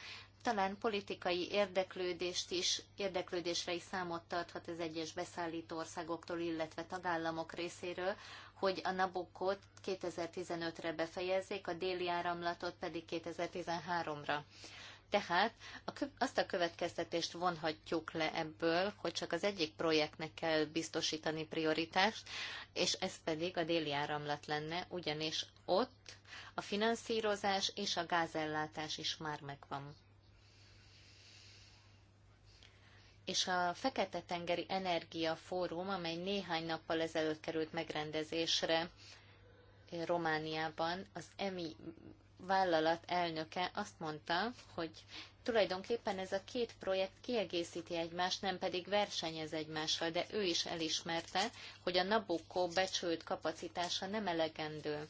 A: Talán politikai érdeklődést is, érdeklődésre is számot tarthat az egyes beszállító országoktól, illetve tagállamok részéről, hogy a Nabokot 2015-re befejezzék, a déli áramlatot pedig 2013-ra. Tehát azt a következtetést vonhatjuk le ebből, hogy csak az egyik projektnek kell biztosítani prioritást, és ez pedig a déli áramlat lenne, ugyanis ott a finanszírozás és a gázellátás is már megvan. és a Fekete-tengeri Energia Fórum, amely néhány nappal ezelőtt került megrendezésre eh, Romániában, az EMI vállalat elnöke azt mondta, hogy tulajdonképpen ez a két projekt kiegészíti egymást, nem pedig versenyez egymással, de ő is elismerte, hogy a Nabucco becsült kapacitása nem elegendő,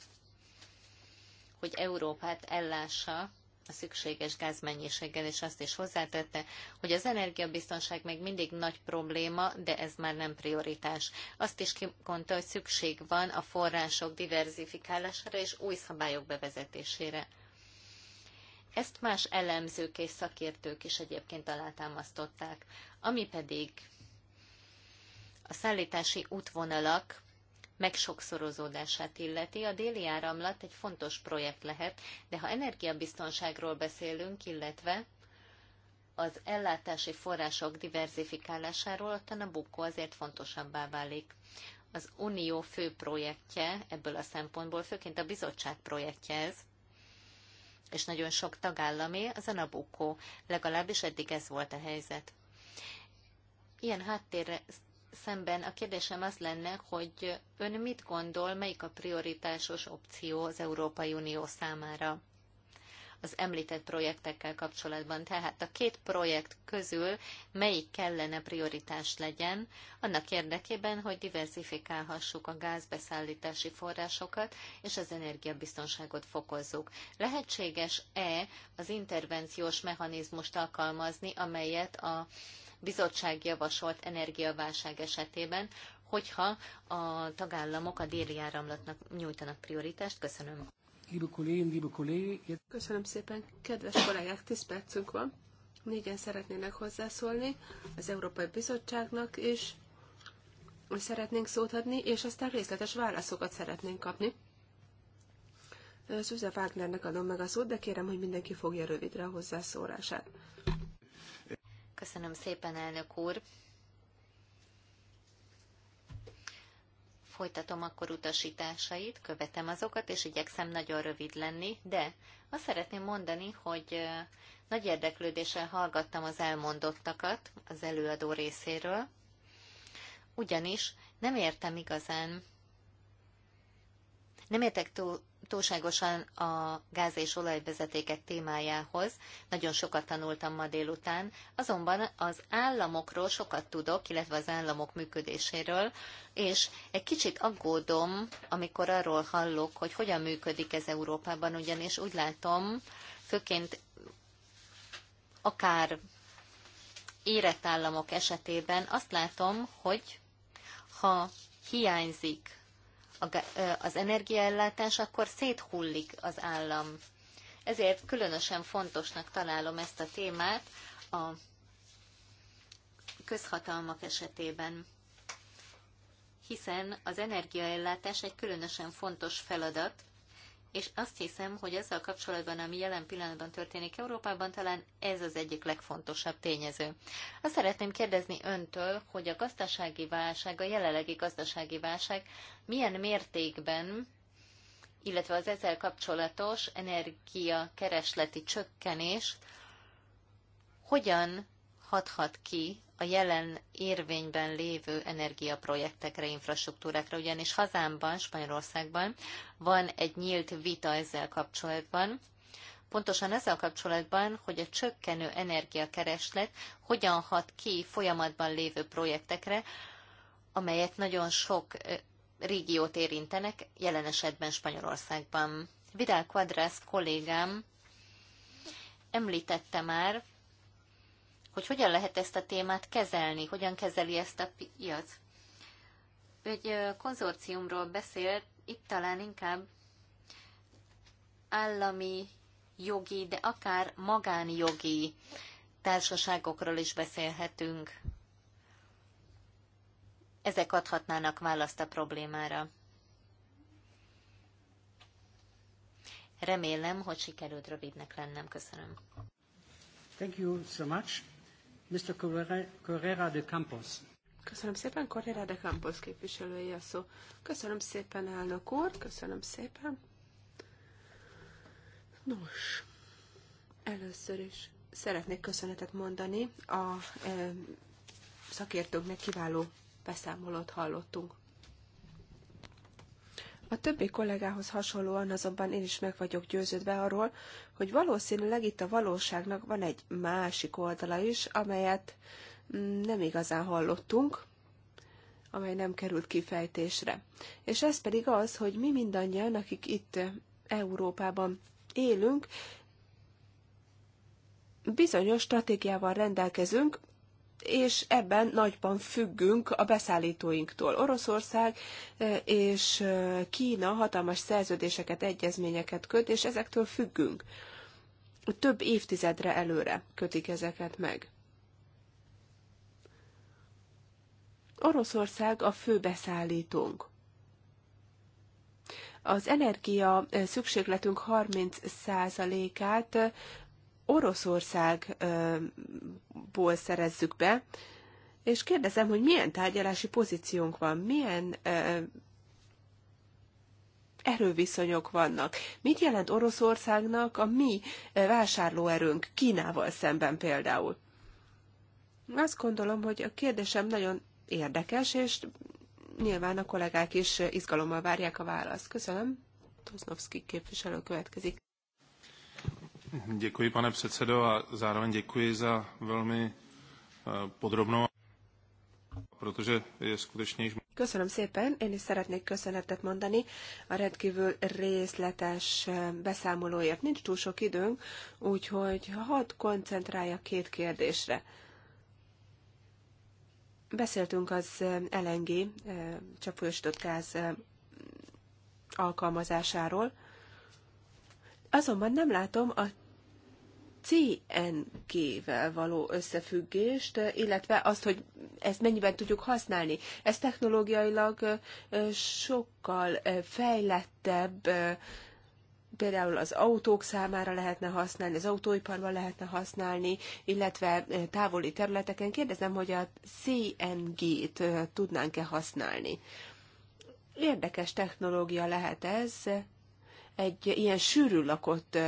A: hogy Európát ellássa a szükséges gázmennyiséggel, és azt is hozzátette, hogy az energiabiztonság még mindig nagy probléma, de ez már nem prioritás. Azt is kimondta, hogy szükség van a források diverzifikálására és új szabályok bevezetésére. Ezt más elemzők és szakértők is egyébként alátámasztották, ami pedig a szállítási útvonalak megsokszorozódását illeti, a déli áramlat egy fontos projekt lehet, de ha energiabiztonságról beszélünk, illetve az ellátási források diverzifikálásáról, ott a Nabucco azért fontosabbá válik. Az Unió fő projektje ebből a szempontból, főként a bizottság projektje ez, és nagyon sok tagállamé, az a Nabucco, legalábbis eddig ez volt a helyzet. Ilyen háttérre szemben a kérdésem az lenne, hogy ön mit gondol, melyik a prioritásos opció az Európai Unió számára? az említett projektekkel kapcsolatban. Tehát a két projekt közül melyik kellene prioritás legyen, annak érdekében, hogy diversifikálhassuk a gázbeszállítási forrásokat és az energiabiztonságot fokozzuk. Lehetséges-e az intervenciós mechanizmust alkalmazni, amelyet a bizottság javasolt energiaválság esetében, hogyha a tagállamok a déli áramlatnak nyújtanak prioritást. Köszönöm.
B: Köszönöm szépen.
A: Kedves kollégák, 10 percünk van. Négyen
D: szeretnének hozzászólni az Európai Bizottságnak és Szeretnénk szót adni, és aztán részletes válaszokat szeretnénk kapni. Szüze Wagnernek adom meg a szót, de kérem, hogy mindenki fogja rövidre a hozzászólását.
A: Köszönöm szépen, elnök úr. Folytatom akkor utasításait, követem azokat, és igyekszem nagyon rövid lenni, de azt szeretném mondani, hogy nagy érdeklődéssel hallgattam az elmondottakat az előadó részéről, ugyanis nem értem igazán, nem értek túl túlságosan a gáz és olajvezetékek témájához. Nagyon sokat tanultam ma délután, azonban az államokról sokat tudok, illetve az államok működéséről, és egy kicsit aggódom, amikor arról hallok, hogy hogyan működik ez Európában, ugyanis úgy látom, főként akár érett államok esetében azt látom, hogy ha hiányzik az energiaellátás, akkor széthullik az állam. Ezért különösen fontosnak találom ezt a témát a közhatalmak esetében, hiszen az energiaellátás egy különösen fontos feladat, és azt hiszem, hogy ezzel kapcsolatban, ami jelen pillanatban történik Európában, talán ez az egyik legfontosabb tényező. Azt szeretném kérdezni öntől, hogy a gazdasági válság, a jelenlegi gazdasági válság milyen mértékben, illetve az ezzel kapcsolatos energiakeresleti csökkenés hogyan hathat ki a jelen érvényben lévő energiaprojektekre, infrastruktúrákra, ugyanis hazámban, Spanyolországban van egy nyílt vita ezzel kapcsolatban, Pontosan ezzel kapcsolatban, hogy a csökkenő energiakereslet hogyan hat ki folyamatban lévő projektekre, amelyek nagyon sok régiót érintenek, jelen esetben Spanyolországban. Vidal Quadras kollégám említette már, hogy hogyan lehet ezt a témát kezelni, hogyan kezeli ezt a piac. Egy konzorciumról beszélt, itt talán inkább állami jogi, de akár magánjogi társaságokról is beszélhetünk. Ezek adhatnának választ a problémára. Remélem, hogy sikerült rövidnek lennem. Köszönöm.
B: Thank you so much. Mr. Correra de Campos.
A: Köszönöm szépen, Correra de Campos
D: képviselője a szó. Köszönöm szépen, elnök úr, köszönöm szépen. Nos, először is szeretnék köszönetet mondani. A e, szakértőknek kiváló beszámolót hallottunk. A többi kollégához hasonlóan azonban én is meg vagyok győződve arról, hogy valószínűleg itt a valóságnak van egy másik oldala is, amelyet mm, nem igazán hallottunk, amely nem került kifejtésre. És ez pedig az, hogy mi mindannyian, akik itt Európában élünk, bizonyos stratégiával rendelkezünk, és ebben nagyban függünk a beszállítóinktól. Oroszország e, és e, Kína hatalmas szerződéseket, egyezményeket köt, és ezektől függünk. Több évtizedre előre kötik ezeket meg. Oroszország a fő beszállítónk. Az energia e, szükségletünk 30%-át Oroszországból szerezzük be, és kérdezem, hogy milyen tárgyalási pozíciónk van, milyen erőviszonyok vannak. Mit jelent Oroszországnak a mi vásárlóerőnk Kínával szemben például? Azt gondolom, hogy a kérdésem nagyon érdekes, és nyilván a kollégák is izgalommal várják a választ. Köszönöm. Tuznovszki képviselő következik.
A: Děkuji, pane předsedo, a zároveň děkuji za velmi eh, podrobnou, protože je skutečně již...
D: Köszönöm szépen, én is szeretnék köszönetet mondani a rendkívül részletes eh, beszámolóért. Nincs túl sok időnk, úgyhogy hadd koncentrálja két kérdésre. Beszéltünk az eh, LNG, csapfolyosított gáz alkalmazásáról, azonban nem látom a CNG-vel való összefüggést, illetve azt, hogy ezt mennyiben tudjuk használni. Ez technológiailag sokkal fejlettebb, például az autók számára lehetne használni, az autóiparban lehetne használni, illetve távoli területeken. Kérdezem, hogy a CNG-t tudnánk-e használni. Érdekes technológia lehet ez, egy ilyen sűrű lakott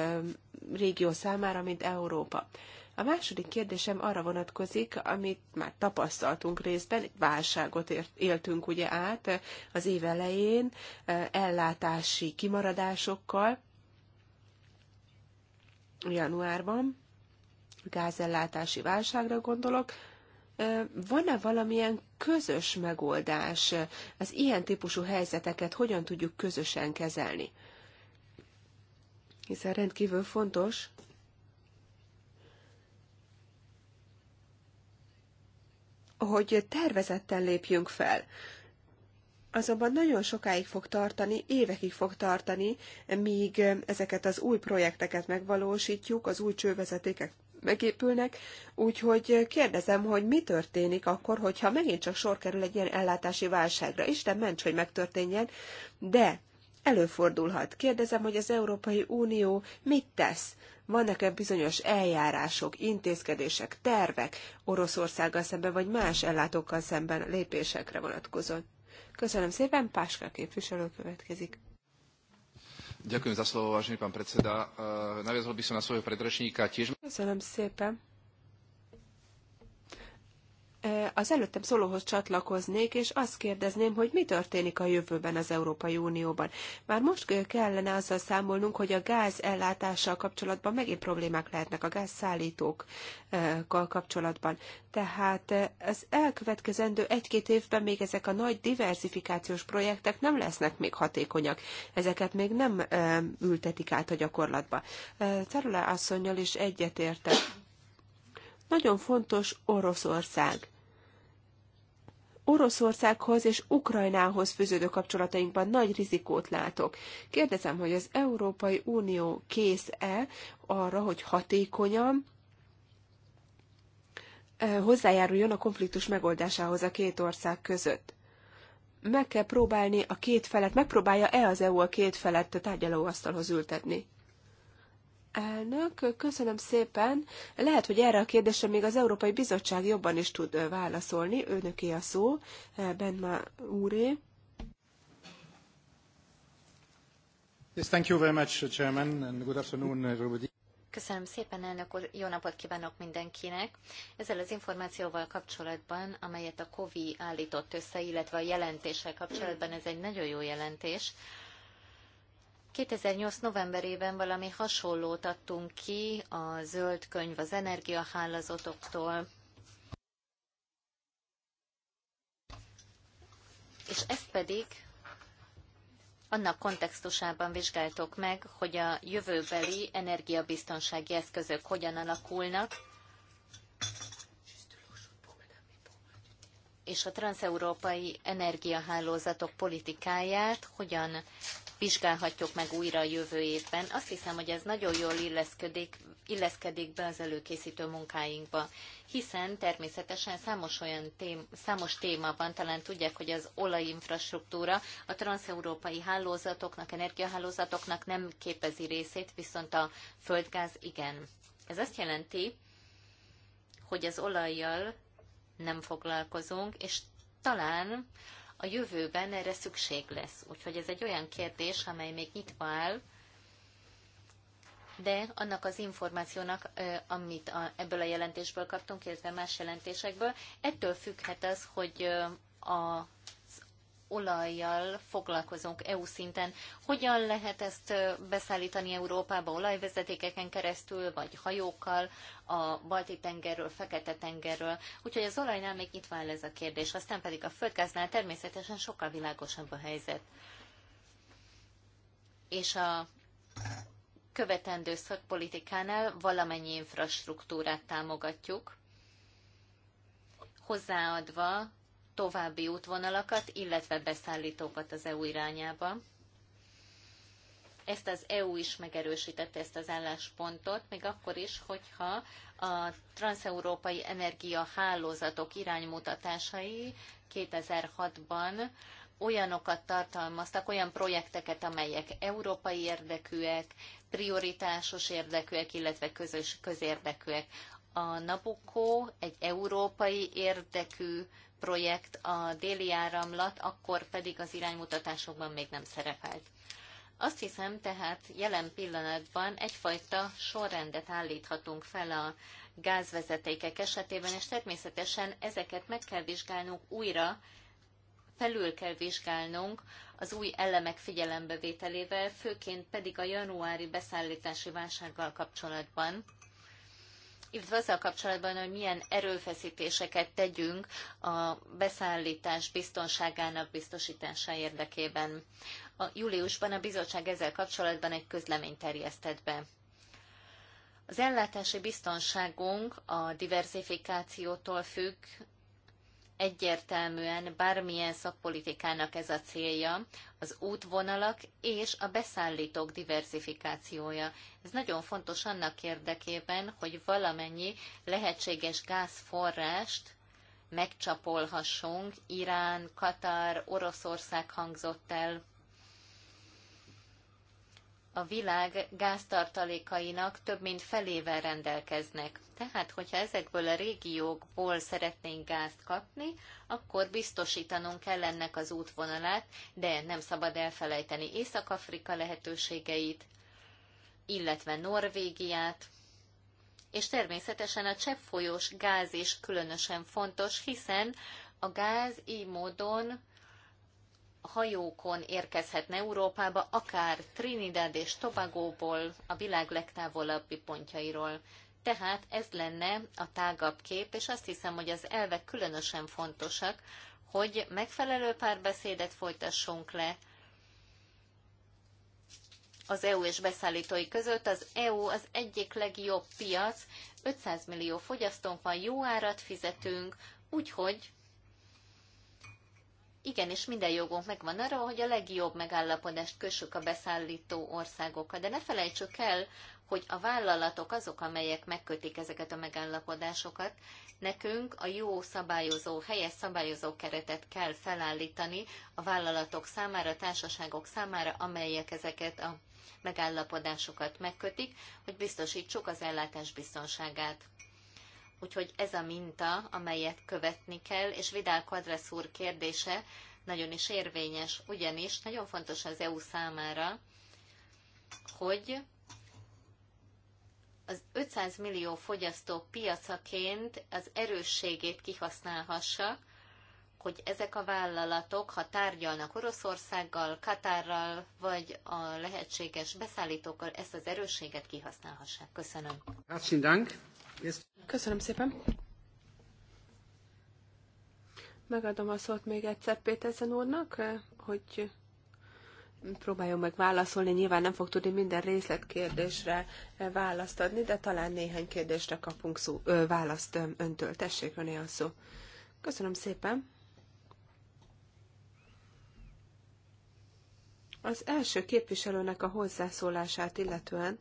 D: régió számára, mint Európa. A második kérdésem arra vonatkozik, amit már tapasztaltunk részben, egy válságot éltünk ugye át az év elején, ellátási kimaradásokkal januárban, gázellátási válságra gondolok, van-e valamilyen közös megoldás? Az ilyen típusú helyzeteket hogyan tudjuk közösen kezelni? hiszen rendkívül fontos, hogy tervezetten lépjünk fel. Azonban nagyon sokáig fog tartani, évekig fog tartani, míg ezeket az új projekteket megvalósítjuk, az új csővezetékek megépülnek, úgyhogy kérdezem, hogy mi történik akkor, hogyha megint csak sor kerül egy ilyen ellátási válságra. Isten ments, hogy megtörténjen, de előfordulhat. Kérdezem, hogy az Európai Unió mit tesz? Vannak-e bizonyos eljárások, intézkedések, tervek Oroszországgal szemben, vagy más ellátókkal szemben lépésekre vonatkozóan? Köszönöm szépen, Páska képviselő következik.
A: Ďakujem za slovo, vážený pán predseda. Naviazol by som na svojho predrečníka tiež.
D: Köszönöm szépen az előttem szólóhoz csatlakoznék, és azt kérdezném, hogy mi történik a jövőben az Európai Unióban. Már most kellene azzal számolnunk, hogy a gáz ellátással kapcsolatban megint problémák lehetnek a gázszállítókkal kapcsolatban. Tehát az elkövetkezendő egy-két évben még ezek a nagy diversifikációs projektek nem lesznek még hatékonyak. Ezeket még nem ültetik át a gyakorlatba. Terüle asszonynal is egyetértek nagyon fontos Oroszország. Oroszországhoz és Ukrajnához fűződő kapcsolatainkban nagy rizikót látok. Kérdezem, hogy az Európai Unió kész-e arra, hogy hatékonyan e, hozzájáruljon a konfliktus megoldásához a két ország között. Meg kell próbálni a két felet, megpróbálja-e az EU a két felet a tárgyalóasztalhoz ültetni? Elnök, köszönöm szépen. Lehet, hogy erre a kérdésre még az Európai Bizottság jobban is tud válaszolni. Önöké a szó, Benma úré.
A: Yes, thank you very much, Chairman,
B: and good afternoon, everybody.
A: Köszönöm szépen, elnök úr, jó napot kívánok mindenkinek. Ezzel az információval kapcsolatban, amelyet a COVID állított össze, illetve a jelentéssel kapcsolatban, ez egy nagyon jó jelentés. 2008. novemberében valami hasonlót adtunk ki a zöld könyv az energiahálózatoktól, és ezt pedig annak kontextusában vizsgáltok meg, hogy a jövőbeli energiabiztonsági eszközök hogyan alakulnak, és a transeurópai energiahálózatok politikáját hogyan vizsgálhatjuk meg újra a jövő évben. Azt hiszem, hogy ez nagyon jól illeszkedik, illeszkedik be az előkészítő munkáinkba, hiszen természetesen számos olyan tém, számos téma van, talán tudják, hogy az olajinfrastruktúra a transeurópai hálózatoknak, energiahálózatoknak nem képezi részét, viszont a földgáz igen. Ez azt jelenti, hogy az olajjal nem foglalkozunk, és talán a jövőben erre szükség lesz. Úgyhogy ez egy olyan kérdés, amely még nyitva áll, de annak az információnak, amit a, ebből a jelentésből kaptunk, illetve más jelentésekből, ettől függhet az, hogy a olajjal foglalkozunk EU szinten. Hogyan lehet ezt beszállítani Európába olajvezetékeken keresztül, vagy hajókkal a Balti tengerről, Fekete tengerről? Úgyhogy az olajnál még nyitva áll ez a kérdés, aztán pedig a földgáznál természetesen sokkal világosabb a helyzet. És a követendő szakpolitikánál valamennyi infrastruktúrát támogatjuk, hozzáadva további útvonalakat, illetve beszállítókat az EU irányába. Ezt az EU is megerősítette ezt az álláspontot, még akkor is, hogyha a transeurópai energiahálózatok iránymutatásai 2006-ban olyanokat tartalmaztak, olyan projekteket, amelyek európai érdekűek, prioritásos érdekűek, illetve közös közérdekűek. A Nabucco egy európai érdekű projekt a déli áramlat, akkor pedig az iránymutatásokban még nem szerepelt. Azt hiszem tehát jelen pillanatban egyfajta sorrendet állíthatunk fel a gázvezetékek esetében, és természetesen ezeket meg kell vizsgálnunk újra, felül kell vizsgálnunk az új elemek figyelembevételével, főként pedig a januári beszállítási válsággal kapcsolatban illetve azzal kapcsolatban, hogy milyen erőfeszítéseket tegyünk a beszállítás biztonságának biztosítása érdekében. A júliusban a bizottság ezzel kapcsolatban egy közleményt terjesztett be. Az ellátási biztonságunk a diversifikációtól függ, Egyértelműen bármilyen szakpolitikának ez a célja, az útvonalak és a beszállítók diversifikációja. Ez nagyon fontos annak érdekében, hogy valamennyi lehetséges gázforrást megcsapolhassunk. Irán, Katar, Oroszország hangzott el, a világ gáztartalékainak több mint felével rendelkeznek. Tehát, hogyha ezekből a régiókból szeretnénk gázt kapni, akkor biztosítanunk kell ennek az útvonalát, de nem szabad elfelejteni Észak-Afrika lehetőségeit, illetve Norvégiát, és természetesen a cseppfolyós gáz is különösen fontos, hiszen a gáz így módon hajókon érkezhetne Európába, akár Trinidad és Tobagóból, a világ legtávolabbi pontjairól. Tehát ez lenne a tágabb kép, és azt hiszem, hogy az elvek különösen fontosak, hogy megfelelő párbeszédet folytassunk le az EU és beszállítói között. Az EU az egyik legjobb piac, 500 millió fogyasztónk van, jó árat fizetünk, úgyhogy igenis minden jogunk megvan arra, hogy a legjobb megállapodást kössük a beszállító országokkal. De ne felejtsük el, hogy a vállalatok azok, amelyek megkötik ezeket a megállapodásokat, nekünk a jó szabályozó, helyes szabályozó keretet kell felállítani a vállalatok számára, a társaságok számára, amelyek ezeket a megállapodásokat megkötik, hogy biztosítsuk az ellátás biztonságát. Úgyhogy ez a minta, amelyet követni kell, és Vidál Quadrasz úr kérdése nagyon is érvényes, ugyanis nagyon fontos az EU számára, hogy az 500 millió fogyasztó piacaként az erősségét kihasználhassa, hogy ezek a vállalatok, ha tárgyalnak Oroszországgal, Katárral, vagy a lehetséges beszállítókkal, ezt az erősséget kihasználhassák. Köszönöm.
B: Herzlichen Dank. Köszönöm szépen.
A: Megadom a szót még egyszer Péterzen úrnak,
D: hogy próbáljon meg válaszolni. Nyilván nem fog tudni minden részletkérdésre választ adni, de talán néhány kérdésre kapunk szó, ö, választ öntől. Tessék, öné a szó. Köszönöm szépen. Az első képviselőnek a hozzászólását illetően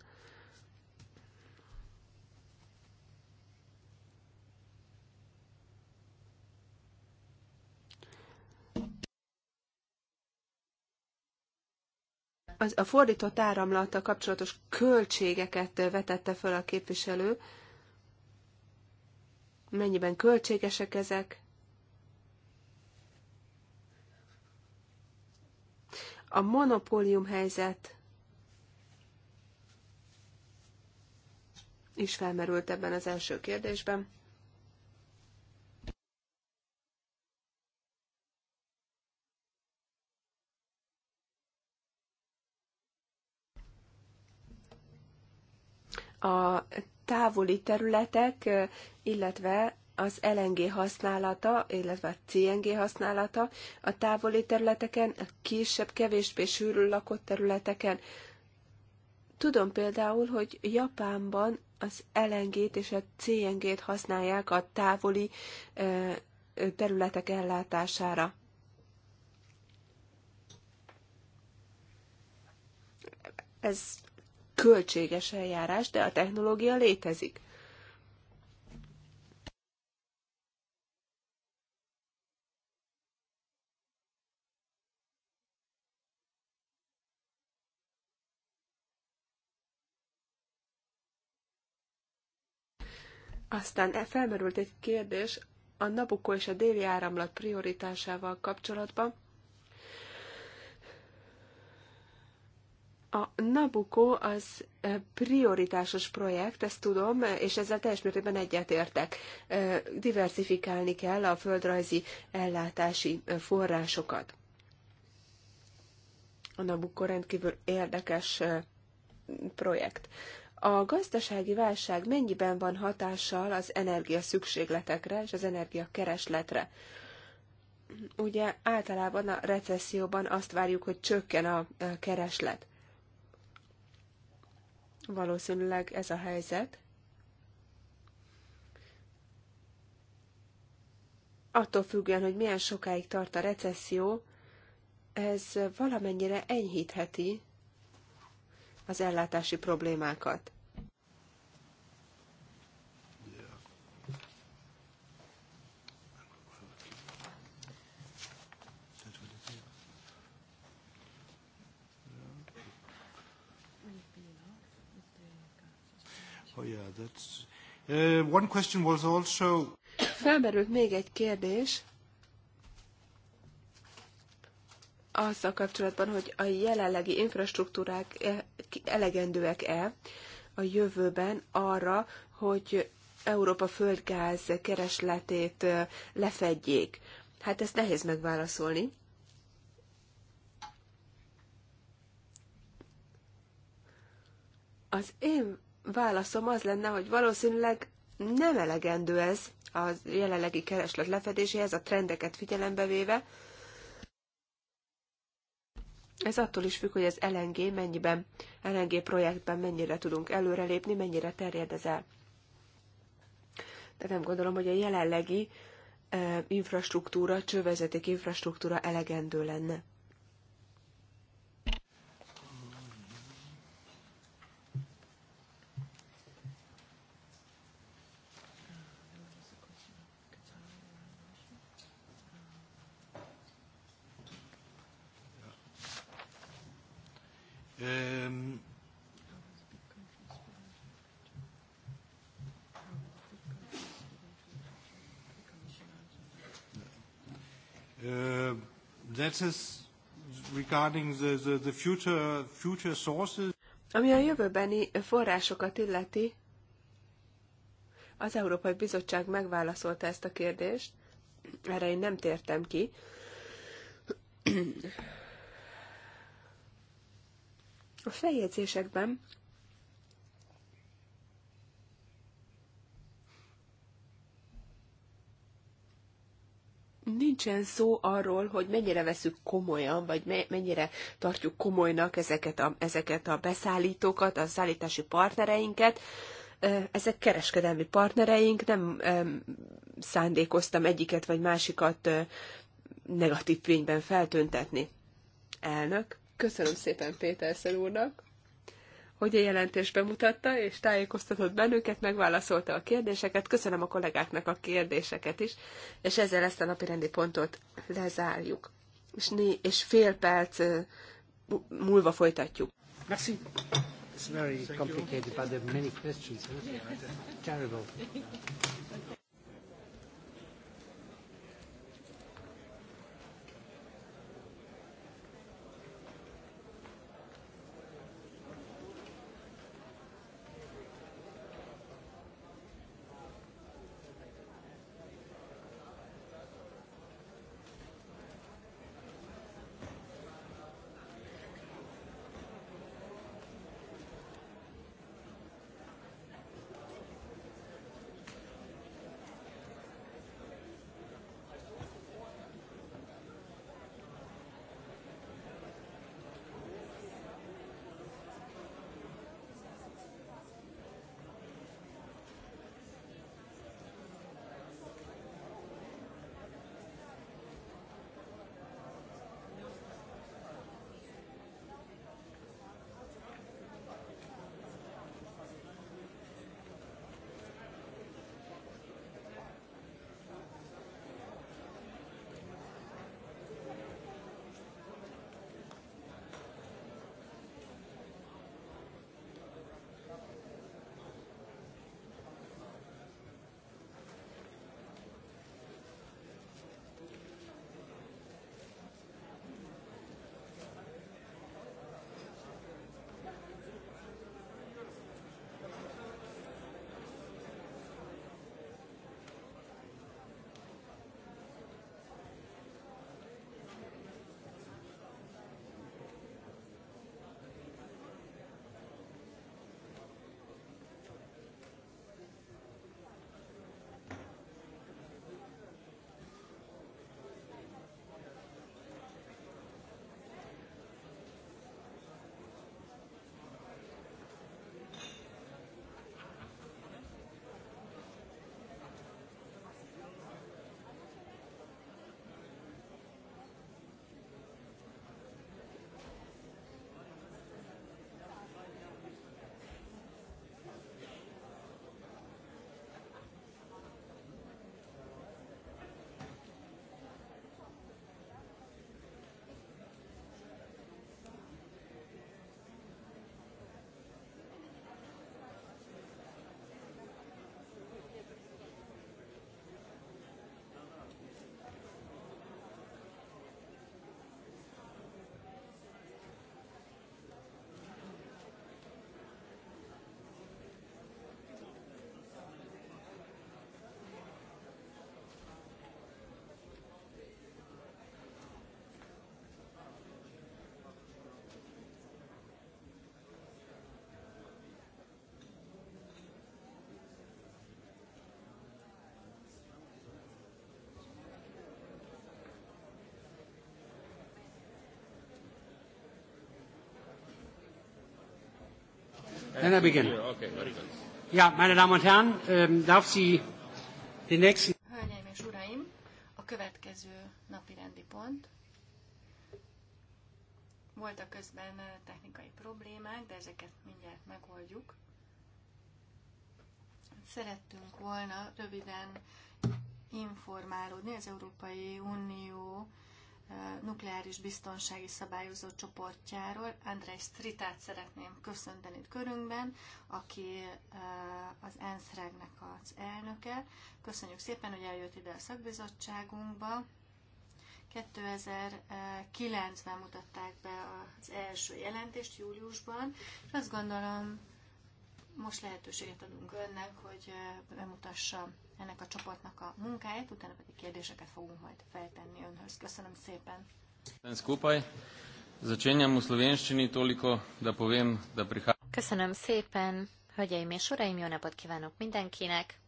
D: az, a fordított áramlattal kapcsolatos költségeket vetette föl a képviselő. Mennyiben költségesek ezek? A monopólium helyzet is felmerült ebben az első kérdésben. a távoli területek, illetve az LNG használata, illetve a CNG használata a távoli területeken, a kisebb, kevésbé sűrű lakott területeken. Tudom például, hogy Japánban az LNG-t és a CNG-t használják a távoli területek ellátására. Ez költséges eljárás, de a technológia létezik. Aztán e- felmerült egy kérdés a Nabucco és a déli áramlat prioritásával kapcsolatban. A Nabucco az prioritásos projekt, ezt tudom, és ezzel teljes mértékben egyetértek. Diversifikálni kell a földrajzi ellátási forrásokat. A Nabucco rendkívül érdekes projekt. A gazdasági válság mennyiben van hatással az energia szükségletekre és az energia keresletre? Ugye általában a recesszióban azt várjuk, hogy csökken a kereslet. Valószínűleg ez a helyzet. Attól függően, hogy milyen sokáig tart a recesszió, ez valamennyire enyhítheti az ellátási problémákat.
B: Oh, uh,
D: Felmerült még egy kérdés azzal kapcsolatban, hogy a jelenlegi infrastruktúrák eh, elegendőek-e a jövőben arra, hogy Európa földgáz keresletét eh, lefedjék. Hát ezt nehéz megválaszolni. Az én válaszom az lenne, hogy valószínűleg nem elegendő ez a jelenlegi kereslet lefedéséhez, a trendeket figyelembe véve. Ez attól is függ, hogy az LNG mennyiben, LNG projektben mennyire tudunk előrelépni, mennyire terjed ez el. De nem gondolom, hogy a jelenlegi infrastruktúra, csővezeték infrastruktúra elegendő lenne.
B: Um, uh, that is regarding the, the, the future, future sources.
D: Ami a jövőbeni forrásokat illeti, az Európai Bizottság megválaszolta ezt a kérdést, erre én nem tértem ki. A feljegyzésekben nincsen szó arról, hogy mennyire veszük komolyan, vagy mennyire tartjuk komolynak ezeket a, ezeket a beszállítókat, a szállítási partnereinket. Ezek kereskedelmi partnereink, nem szándékoztam egyiket vagy másikat negatív fényben feltöntetni. Elnök. Köszönöm szépen Péter úrnak, hogy a jelentést bemutatta, és tájékoztatott bennünket, megválaszolta a kérdéseket. Köszönöm a kollégáknak a kérdéseket is, és ezzel ezt a napi rendi pontot lezárjuk. És, né- és fél perc múlva folytatjuk. Merci.
B: It's very complicated, but there are many questions. Terrible. Then I begin. Ja, meine Damen und Herren, ähm, darf Sie den nächsten...
C: Hölgyeim és Uraim, a következő napi rendi pont. Voltak közben technikai problémák, de ezeket mindjárt megoldjuk. Szerettünk volna röviden informálódni az Európai Unió nukleáris biztonsági szabályozó csoportjáról. Andrei Stritát szeretném köszönteni körünkben, aki eh, az ensz nek az elnöke. Köszönjük szépen, hogy eljött ide a szakbizottságunkba. 2009-ben mutatták be az első jelentést júliusban, és azt gondolom, most lehetőséget adunk önnek, hogy bemutassa ennek a csoportnak a munkáját, utána pedig kérdéseket fogunk majd feltenni önhöz. Köszönöm szépen!
A: Köszönöm szépen, hölgyeim és uraim, jó napot kívánok mindenkinek!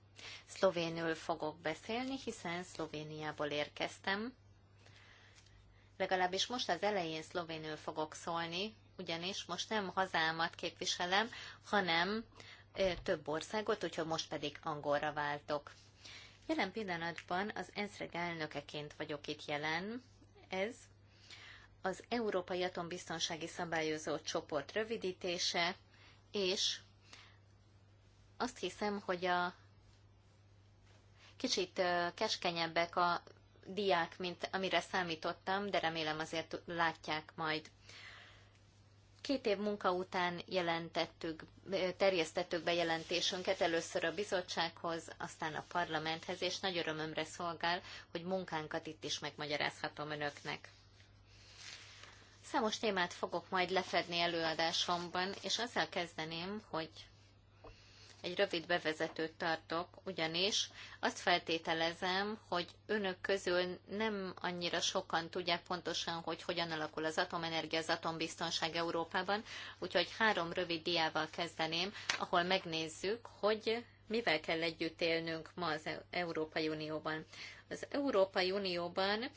A: Szlovénül fogok beszélni, hiszen Szlovéniából érkeztem. Legalábbis most az elején szlovénül fogok szólni, ugyanis most nem hazámat képviselem, hanem több országot, úgyhogy most pedig angolra váltok. Jelen pillanatban az ezreg elnökeként vagyok itt jelen. Ez az Európai Atombiztonsági Szabályozó Csoport rövidítése, és azt hiszem, hogy a kicsit keskenyebbek a diák, mint amire számítottam, de remélem azért látják majd Két év munka után jelentettük, terjesztettük be jelentésünket először a bizottsághoz, aztán a parlamenthez, és nagy örömömre szolgál, hogy munkánkat itt is megmagyarázhatom önöknek. Számos témát fogok majd lefedni előadásomban, és azzal kezdeném, hogy egy rövid bevezetőt tartok, ugyanis azt feltételezem, hogy önök közül nem annyira sokan tudják pontosan, hogy hogyan alakul az atomenergia, az atombiztonság Európában, úgyhogy három rövid diával kezdeném, ahol megnézzük, hogy mivel kell együtt élnünk ma az Európai Unióban. Az Európai Unióban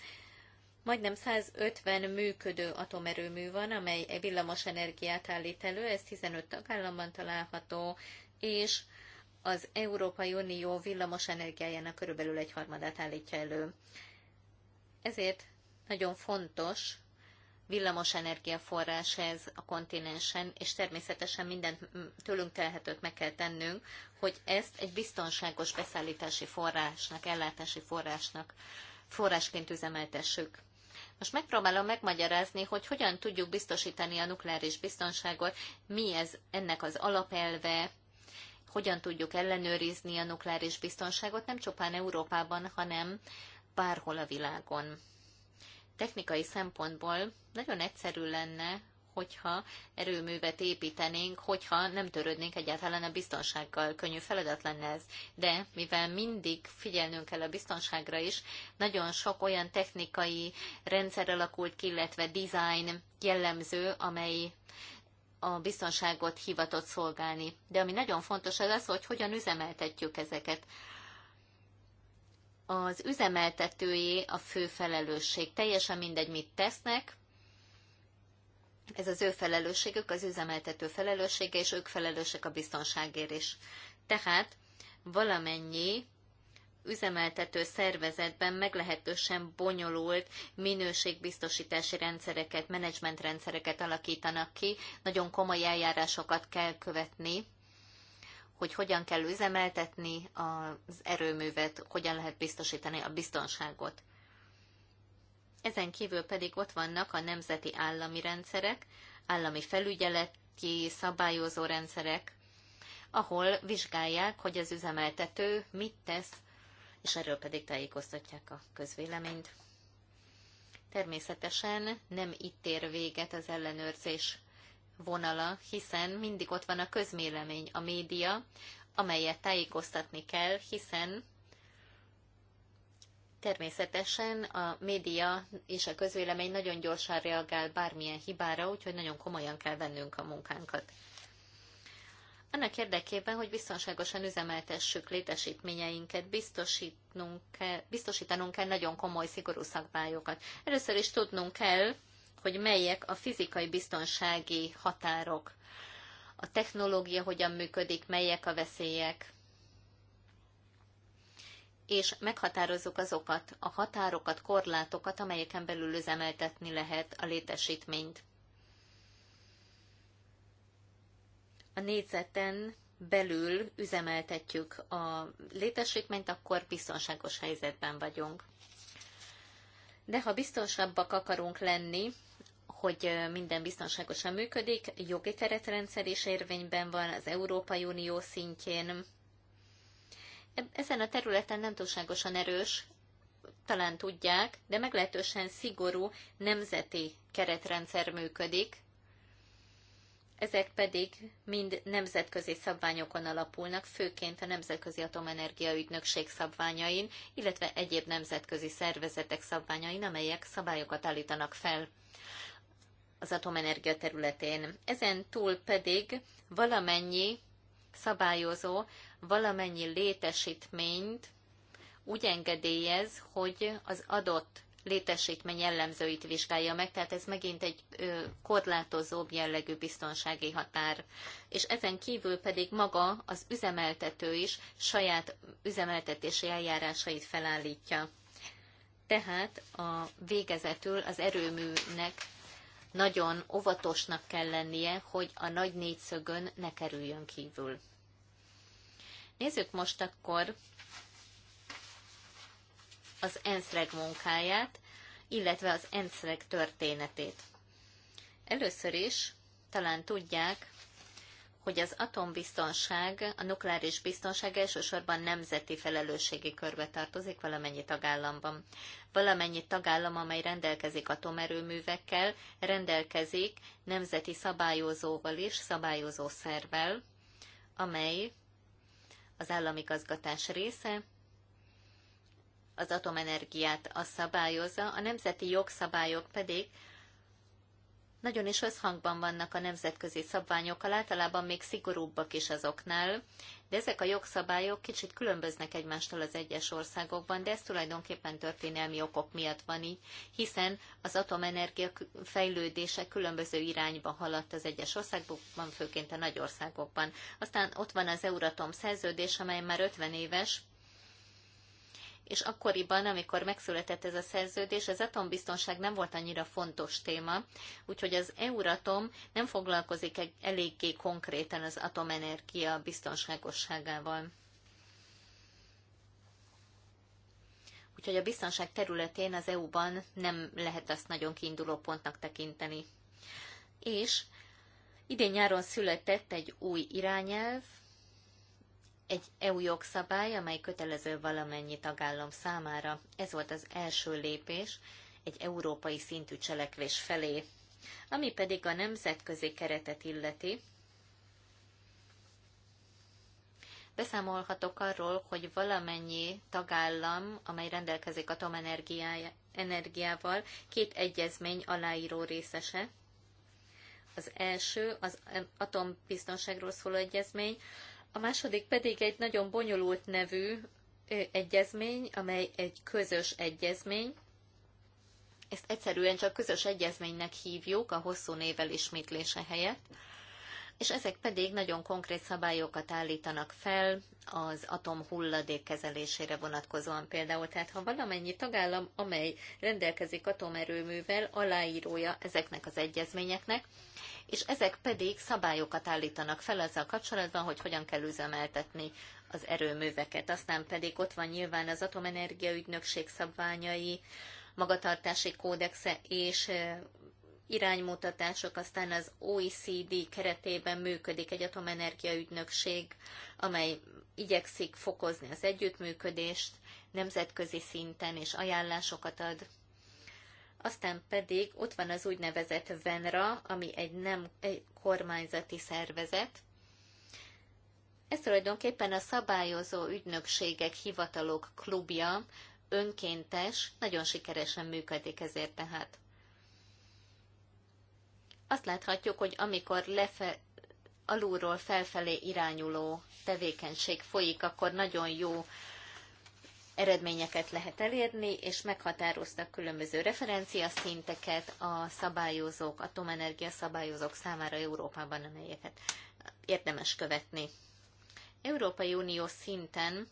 A: Majdnem 150 működő atomerőmű van, amely villamos energiát állít elő, ez 15 tagállamban található, és az Európai Unió villamos energiájának körülbelül egy harmadát állítja elő. Ezért nagyon fontos villamos energiaforrás ez a kontinensen, és természetesen mindent tőlünk telhetőt meg kell tennünk, hogy ezt egy biztonságos beszállítási forrásnak, ellátási forrásnak, forrásként üzemeltessük. Most megpróbálom megmagyarázni, hogy hogyan tudjuk biztosítani a nukleáris biztonságot, mi ez ennek az alapelve, hogyan tudjuk ellenőrizni a nukleáris biztonságot nem csupán Európában, hanem bárhol a világon. Technikai szempontból nagyon egyszerű lenne, hogyha erőművet építenénk, hogyha nem törődnénk egyáltalán a biztonsággal. Könnyű feladat lenne ez. De mivel mindig figyelnünk kell a biztonságra is, nagyon sok olyan technikai rendszer alakult ki, illetve design jellemző, amely a biztonságot hivatott szolgálni. De ami nagyon fontos az az, hogy hogyan üzemeltetjük ezeket. Az üzemeltetőjé a fő felelősség. Teljesen mindegy, mit tesznek, ez az ő felelősségük, az üzemeltető felelőssége, és ők felelősek a biztonságért is. Tehát valamennyi üzemeltető szervezetben meglehetősen bonyolult minőségbiztosítási rendszereket, menedzsmentrendszereket alakítanak ki, nagyon komoly eljárásokat kell követni, hogy hogyan kell üzemeltetni az erőművet, hogyan lehet biztosítani a biztonságot. Ezen kívül pedig ott vannak a nemzeti állami rendszerek, állami felügyeleti szabályozó rendszerek, ahol vizsgálják, hogy az üzemeltető mit tesz és erről pedig tájékoztatják a közvéleményt. Természetesen nem itt ér véget az ellenőrzés vonala, hiszen mindig ott van a közmélemény, a média, amelyet tájékoztatni kell, hiszen természetesen a média és a közvélemény nagyon gyorsan reagál bármilyen hibára, úgyhogy nagyon komolyan kell vennünk a munkánkat. Annak érdekében, hogy biztonságosan üzemeltessük létesítményeinket, biztosítnunk kell, biztosítanunk kell nagyon komoly, szigorú szabályokat. Először is tudnunk kell, hogy melyek a fizikai biztonsági határok, a technológia hogyan működik, melyek a veszélyek, és meghatározzuk azokat a határokat, korlátokat, amelyeken belül üzemeltetni lehet a létesítményt. a négyzeten belül üzemeltetjük a létesítményt, akkor biztonságos helyzetben vagyunk. De ha biztonsabbak akarunk lenni, hogy minden biztonságosan működik, jogi keretrendszer is érvényben van az Európai Unió szintjén. Ezen a területen nem túlságosan erős, talán tudják, de meglehetősen szigorú nemzeti keretrendszer működik, ezek pedig mind nemzetközi szabványokon alapulnak, főként a Nemzetközi Atomenergia Ügynökség szabványain, illetve egyéb nemzetközi szervezetek szabványain, amelyek szabályokat állítanak fel az atomenergia területén. Ezen túl pedig valamennyi szabályozó, valamennyi létesítményt úgy engedélyez, hogy az adott létesítmény jellemzőit vizsgálja meg, tehát ez megint egy korlátozóbb jellegű biztonsági határ. És ezen kívül pedig maga az üzemeltető is saját üzemeltetési eljárásait felállítja. Tehát a végezetül az erőműnek nagyon óvatosnak kell lennie, hogy a nagy négyszögön ne kerüljön kívül. Nézzük most akkor az ENSZREG munkáját, illetve az ENSZREG történetét. Először is talán tudják, hogy az atombiztonság, a nukleáris biztonság elsősorban nemzeti felelősségi körbe tartozik valamennyi tagállamban. Valamennyi tagállam, amely rendelkezik atomerőművekkel, rendelkezik nemzeti szabályozóval is, szabályozó szervel, amely az államigazgatás része, az atomenergiát a szabályozza, a nemzeti jogszabályok pedig nagyon is összhangban vannak a nemzetközi szabványokkal, általában még szigorúbbak is azoknál, de ezek a jogszabályok kicsit különböznek egymástól az egyes országokban, de ez tulajdonképpen történelmi okok miatt van így, hiszen az atomenergia fejlődése különböző irányba haladt az egyes országokban, főként a nagy országokban. Aztán ott van az Euratom szerződés, amely már 50 éves, és akkoriban, amikor megszületett ez a szerződés, az atombiztonság nem volt annyira fontos téma, úgyhogy az Euratom nem foglalkozik eléggé konkrétan az atomenergia biztonságosságával. Úgyhogy a biztonság területén az EU-ban nem lehet azt nagyon kiinduló pontnak tekinteni. És idén nyáron született egy új irányelv, egy EU jogszabály, amely kötelező valamennyi tagállam számára. Ez volt az első lépés egy európai szintű cselekvés felé. Ami pedig a nemzetközi keretet illeti, beszámolhatok arról, hogy valamennyi tagállam, amely rendelkezik atomenergiával, két egyezmény aláíró részese. Az első az atombiztonságról szóló egyezmény, a második pedig egy nagyon bonyolult nevű egyezmény, amely egy közös egyezmény. Ezt egyszerűen csak közös egyezménynek hívjuk a hosszú nével ismétlése helyett és ezek pedig nagyon konkrét szabályokat állítanak fel az atom hulladék kezelésére vonatkozóan például. Tehát ha valamennyi tagállam, amely rendelkezik atomerőművel, aláírója ezeknek az egyezményeknek, és ezek pedig szabályokat állítanak fel azzal kapcsolatban, hogy hogyan kell üzemeltetni az erőműveket. Aztán pedig ott van nyilván az Atomenergia Ügynökség szabványai, magatartási kódexe és iránymutatások, aztán az OECD keretében működik egy atomenergia ügynökség, amely igyekszik fokozni az együttműködést nemzetközi szinten, és ajánlásokat ad. Aztán pedig ott van az úgynevezett VENRA, ami egy nem egy kormányzati szervezet, ez tulajdonképpen a szabályozó ügynökségek, hivatalok klubja, önkéntes, nagyon sikeresen működik ezért tehát azt láthatjuk, hogy amikor lefe, alulról felfelé irányuló tevékenység folyik, akkor nagyon jó eredményeket lehet elérni, és meghatároztak különböző referenciaszinteket a szabályozók, atomenergia szabályozók számára Európában, amelyeket érdemes követni. Európai Unió szinten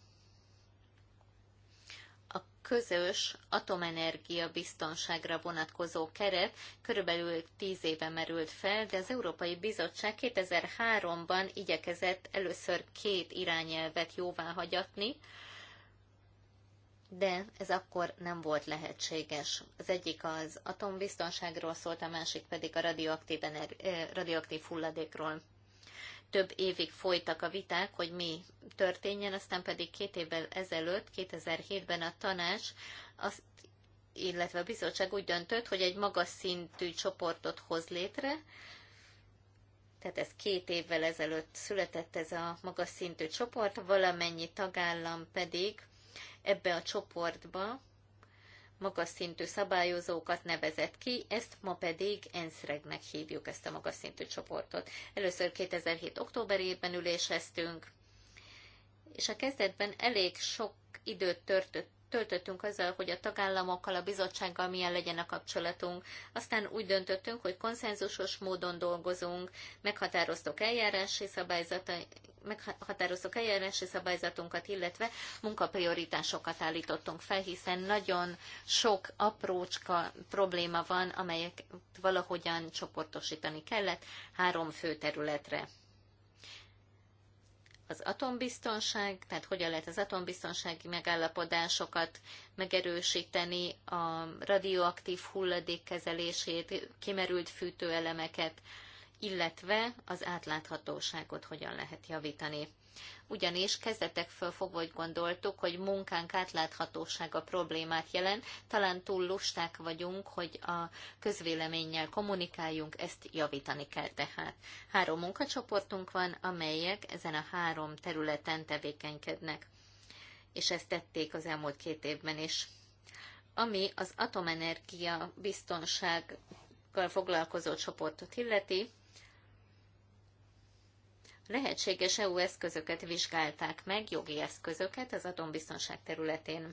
A: közös atomenergia biztonságra vonatkozó keret körülbelül tíz éve merült fel, de az Európai Bizottság 2003-ban igyekezett először két irányelvet jóvá hagyatni, de ez akkor nem volt lehetséges. Az egyik az atombiztonságról szólt, a másik pedig a radioaktív, eh, radioaktív hulladékról több évig folytak a viták, hogy mi történjen, aztán pedig két évvel ezelőtt, 2007-ben a tanács az illetve a bizottság úgy döntött, hogy egy magas szintű csoportot hoz létre, tehát ez két évvel ezelőtt született ez a magas szintű csoport, valamennyi tagállam pedig ebbe a csoportba magas szintű szabályozókat nevezett ki, ezt ma pedig ENSZREG-nek hívjuk ezt a magas szintű csoportot. Először 2007. októberében üléseztünk, és a kezdetben elég sok időt törtött töltöttünk azzal, hogy a tagállamokkal, a bizottsággal milyen legyen a kapcsolatunk. Aztán úgy döntöttünk, hogy konszenzusos módon dolgozunk, meghatároztuk eljárási meghatároztuk eljárási szabályzatunkat, illetve munkaprioritásokat állítottunk fel, hiszen nagyon sok aprócska probléma van, amelyek valahogyan csoportosítani kellett három fő területre az atombiztonság, tehát hogyan lehet az atombiztonsági megállapodásokat megerősíteni, a radioaktív hulladék kezelését, kimerült fűtőelemeket, illetve az átláthatóságot hogyan lehet javítani. Ugyanis föl fogva úgy gondoltuk, hogy munkánk átláthatósága problémát jelent, talán túl lusták vagyunk, hogy a közvéleménnyel kommunikáljunk, ezt javítani kell tehát. Három munkacsoportunk van, amelyek ezen a három területen tevékenykednek, és ezt tették az elmúlt két évben is. Ami az atomenergia biztonság foglalkozó csoportot illeti, lehetséges EU eszközöket vizsgálták meg, jogi eszközöket az atombiztonság területén.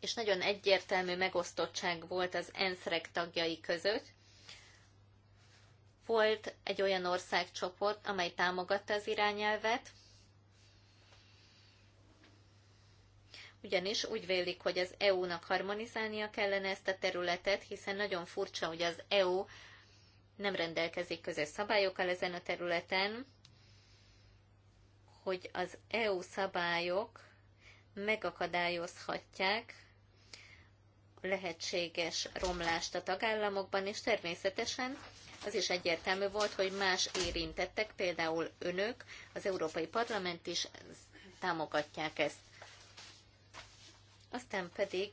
A: És nagyon egyértelmű megosztottság volt az ensz tagjai között. Volt egy olyan országcsoport, amely támogatta az irányelvet, ugyanis úgy vélik, hogy az EU-nak harmonizálnia kellene ezt a területet, hiszen nagyon furcsa, hogy az EU nem rendelkezik közös szabályokkal ezen a területen, hogy az EU szabályok megakadályozhatják lehetséges romlást a tagállamokban, és természetesen az is egyértelmű volt, hogy más érintettek, például önök, az Európai Parlament is támogatják ezt. Aztán pedig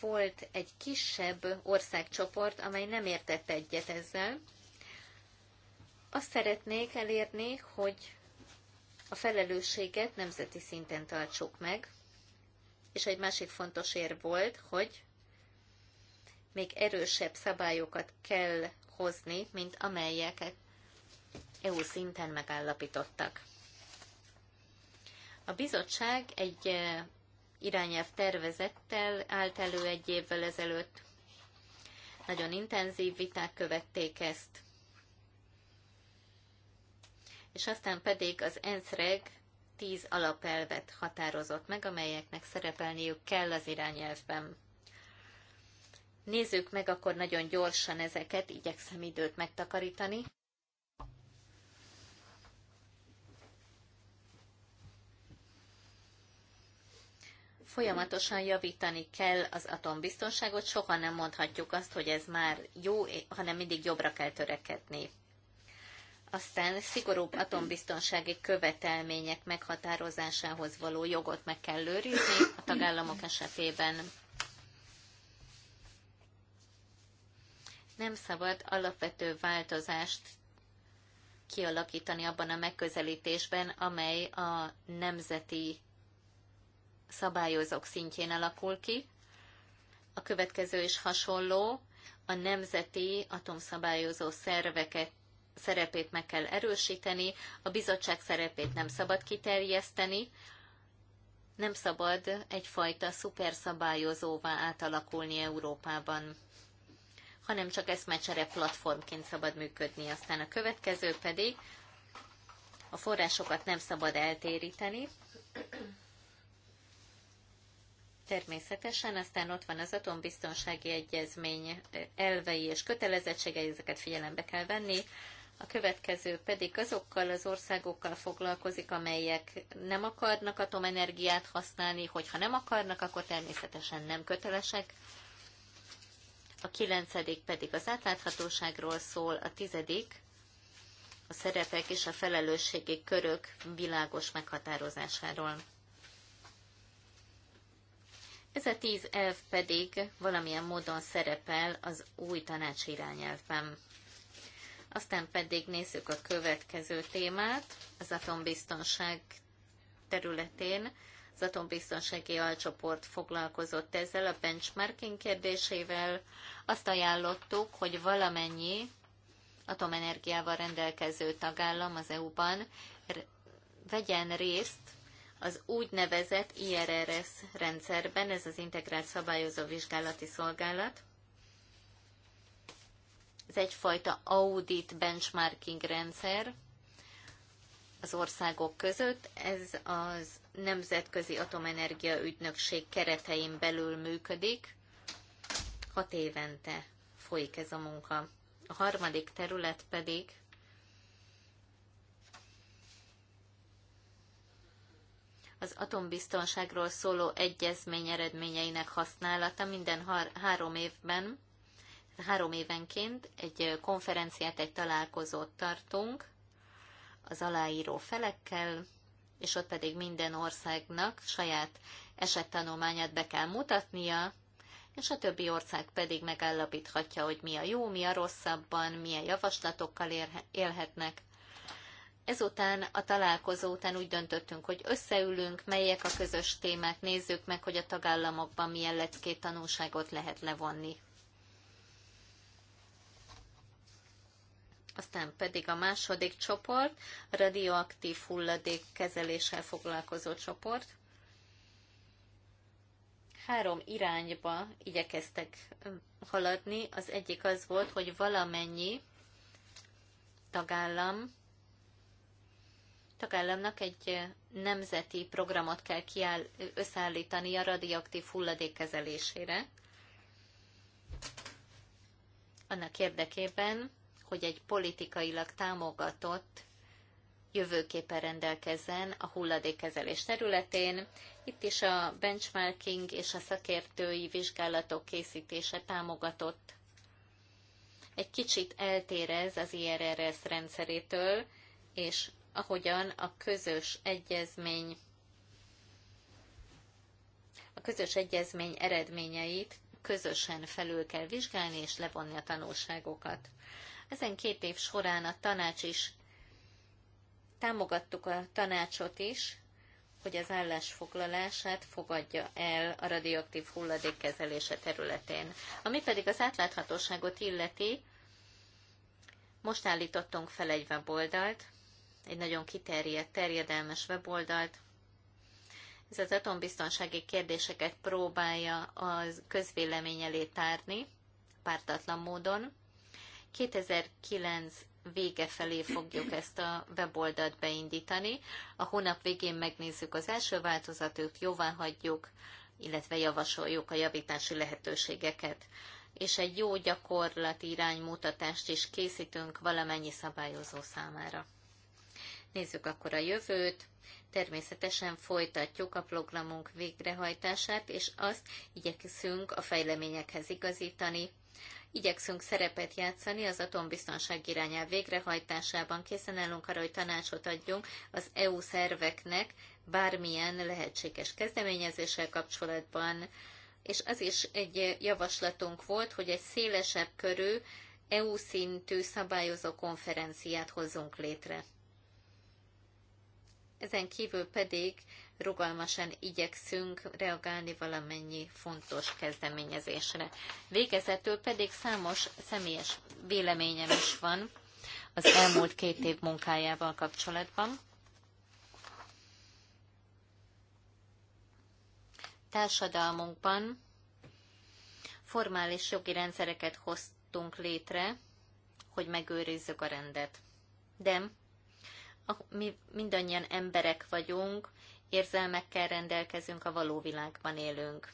A: volt egy kisebb országcsoport, amely nem értett egyet ezzel, azt szeretnék elérni, hogy a felelősséget nemzeti szinten tartsuk meg, és egy másik fontos ér volt, hogy még erősebb szabályokat kell hozni, mint amelyeket EU szinten megállapítottak. A bizottság egy eh, irányelv tervezettel állt elő egy évvel ezelőtt. Nagyon intenzív viták követték ezt és aztán pedig az ENSZ-reg tíz alapelvet határozott meg, amelyeknek szerepelniük kell az irányelvben. Nézzük meg akkor nagyon gyorsan ezeket, igyekszem időt megtakarítani. Folyamatosan javítani kell az atombiztonságot, soha nem mondhatjuk azt, hogy ez már jó, hanem mindig jobbra kell törekedni. Aztán szigorúbb atombiztonsági követelmények meghatározásához való jogot meg kell őrizni a tagállamok esetében. Nem szabad alapvető változást kialakítani abban a megközelítésben, amely a nemzeti szabályozók szintjén alakul ki. A következő is hasonló, a nemzeti atomszabályozó szerveket szerepét meg kell erősíteni, a bizottság szerepét nem szabad kiterjeszteni, nem szabad egyfajta szuperszabályozóvá átalakulni Európában, hanem csak eszmecsere platformként szabad működni. Aztán a következő pedig a forrásokat nem szabad eltéríteni. Természetesen, aztán ott van az atombiztonsági egyezmény eh, elvei és kötelezettségei, ezeket figyelembe kell venni a következő pedig azokkal az országokkal foglalkozik, amelyek nem akarnak atomenergiát használni, hogyha nem akarnak, akkor természetesen nem kötelesek. A kilencedik pedig az átláthatóságról szól, a tizedik a szerepek és a felelősségi körök világos meghatározásáról. Ez a tíz elv pedig valamilyen módon szerepel az új tanácsirányelvben. irányelvben. Aztán pedig nézzük a következő témát, az atombiztonság területén. Az atombiztonsági alcsoport foglalkozott ezzel a benchmarking kérdésével. Azt ajánlottuk, hogy valamennyi atomenergiával rendelkező tagállam az EU-ban vegyen részt az úgynevezett IRRS rendszerben, ez az integrált szabályozó vizsgálati szolgálat, ez egyfajta audit benchmarking rendszer az országok között. Ez az Nemzetközi Atomenergia Ügynökség keretein belül működik. Hat évente folyik ez a munka. A harmadik terület pedig az atombiztonságról szóló egyezmény eredményeinek használata minden három évben három évenként egy konferenciát, egy találkozót tartunk az aláíró felekkel, és ott pedig minden országnak saját esettanulmányát be kell mutatnia, és a többi ország pedig megállapíthatja, hogy mi a jó, mi a rosszabban, milyen javaslatokkal élhetnek. Ezután, a találkozó után úgy döntöttünk, hogy összeülünk, melyek a közös témák, nézzük meg, hogy a tagállamokban milyen leckét tanulságot lehet levonni. aztán pedig a második csoport, a radioaktív hulladék kezeléssel foglalkozó csoport. Három irányba igyekeztek haladni. Az egyik az volt, hogy valamennyi tagállam tagállamnak egy nemzeti programot kell kiáll, összeállítani a radioaktív hulladék kezelésére. Annak érdekében, hogy egy politikailag támogatott jövőképpen rendelkezzen a hulladékkezelés területén. Itt is a benchmarking és a szakértői vizsgálatok készítése támogatott. Egy kicsit eltér ez az IRRS rendszerétől, és ahogyan a közös egyezmény a közös egyezmény eredményeit közösen felül kell vizsgálni és levonni a tanulságokat. Ezen két év során a tanács is támogattuk a tanácsot is, hogy az állásfoglalását fogadja el a radioaktív hulladék kezelése területén. Ami pedig az átláthatóságot illeti, most állítottunk fel egy weboldalt, egy nagyon kiterjedt, terjedelmes weboldalt. Ez az atombiztonsági kérdéseket próbálja a közvélemény elé tárni, pártatlan módon. 2009 vége felé fogjuk ezt a weboldalt beindítani. A hónap végén megnézzük az első változatot, jóvá hagyjuk, illetve javasoljuk a javítási lehetőségeket. És egy jó gyakorlati iránymutatást is készítünk valamennyi szabályozó számára. Nézzük akkor a jövőt. Természetesen folytatjuk a programunk végrehajtását, és azt igyekszünk a fejleményekhez igazítani, Igyekszünk szerepet játszani az atombiztonság irányelv végrehajtásában. Készen állunk arra, hogy tanácsot adjunk az EU szerveknek bármilyen lehetséges kezdeményezéssel kapcsolatban. És az is egy javaslatunk volt, hogy egy szélesebb körű EU szintű szabályozó konferenciát hozzunk létre. Ezen kívül pedig rugalmasan igyekszünk reagálni valamennyi fontos kezdeményezésre. Végezetül pedig számos személyes véleményem is van az elmúlt két év munkájával kapcsolatban. Társadalmunkban formális jogi rendszereket hoztunk létre, hogy megőrizzük a rendet. De mi mindannyian emberek vagyunk, érzelmekkel rendelkezünk, a való világban élünk.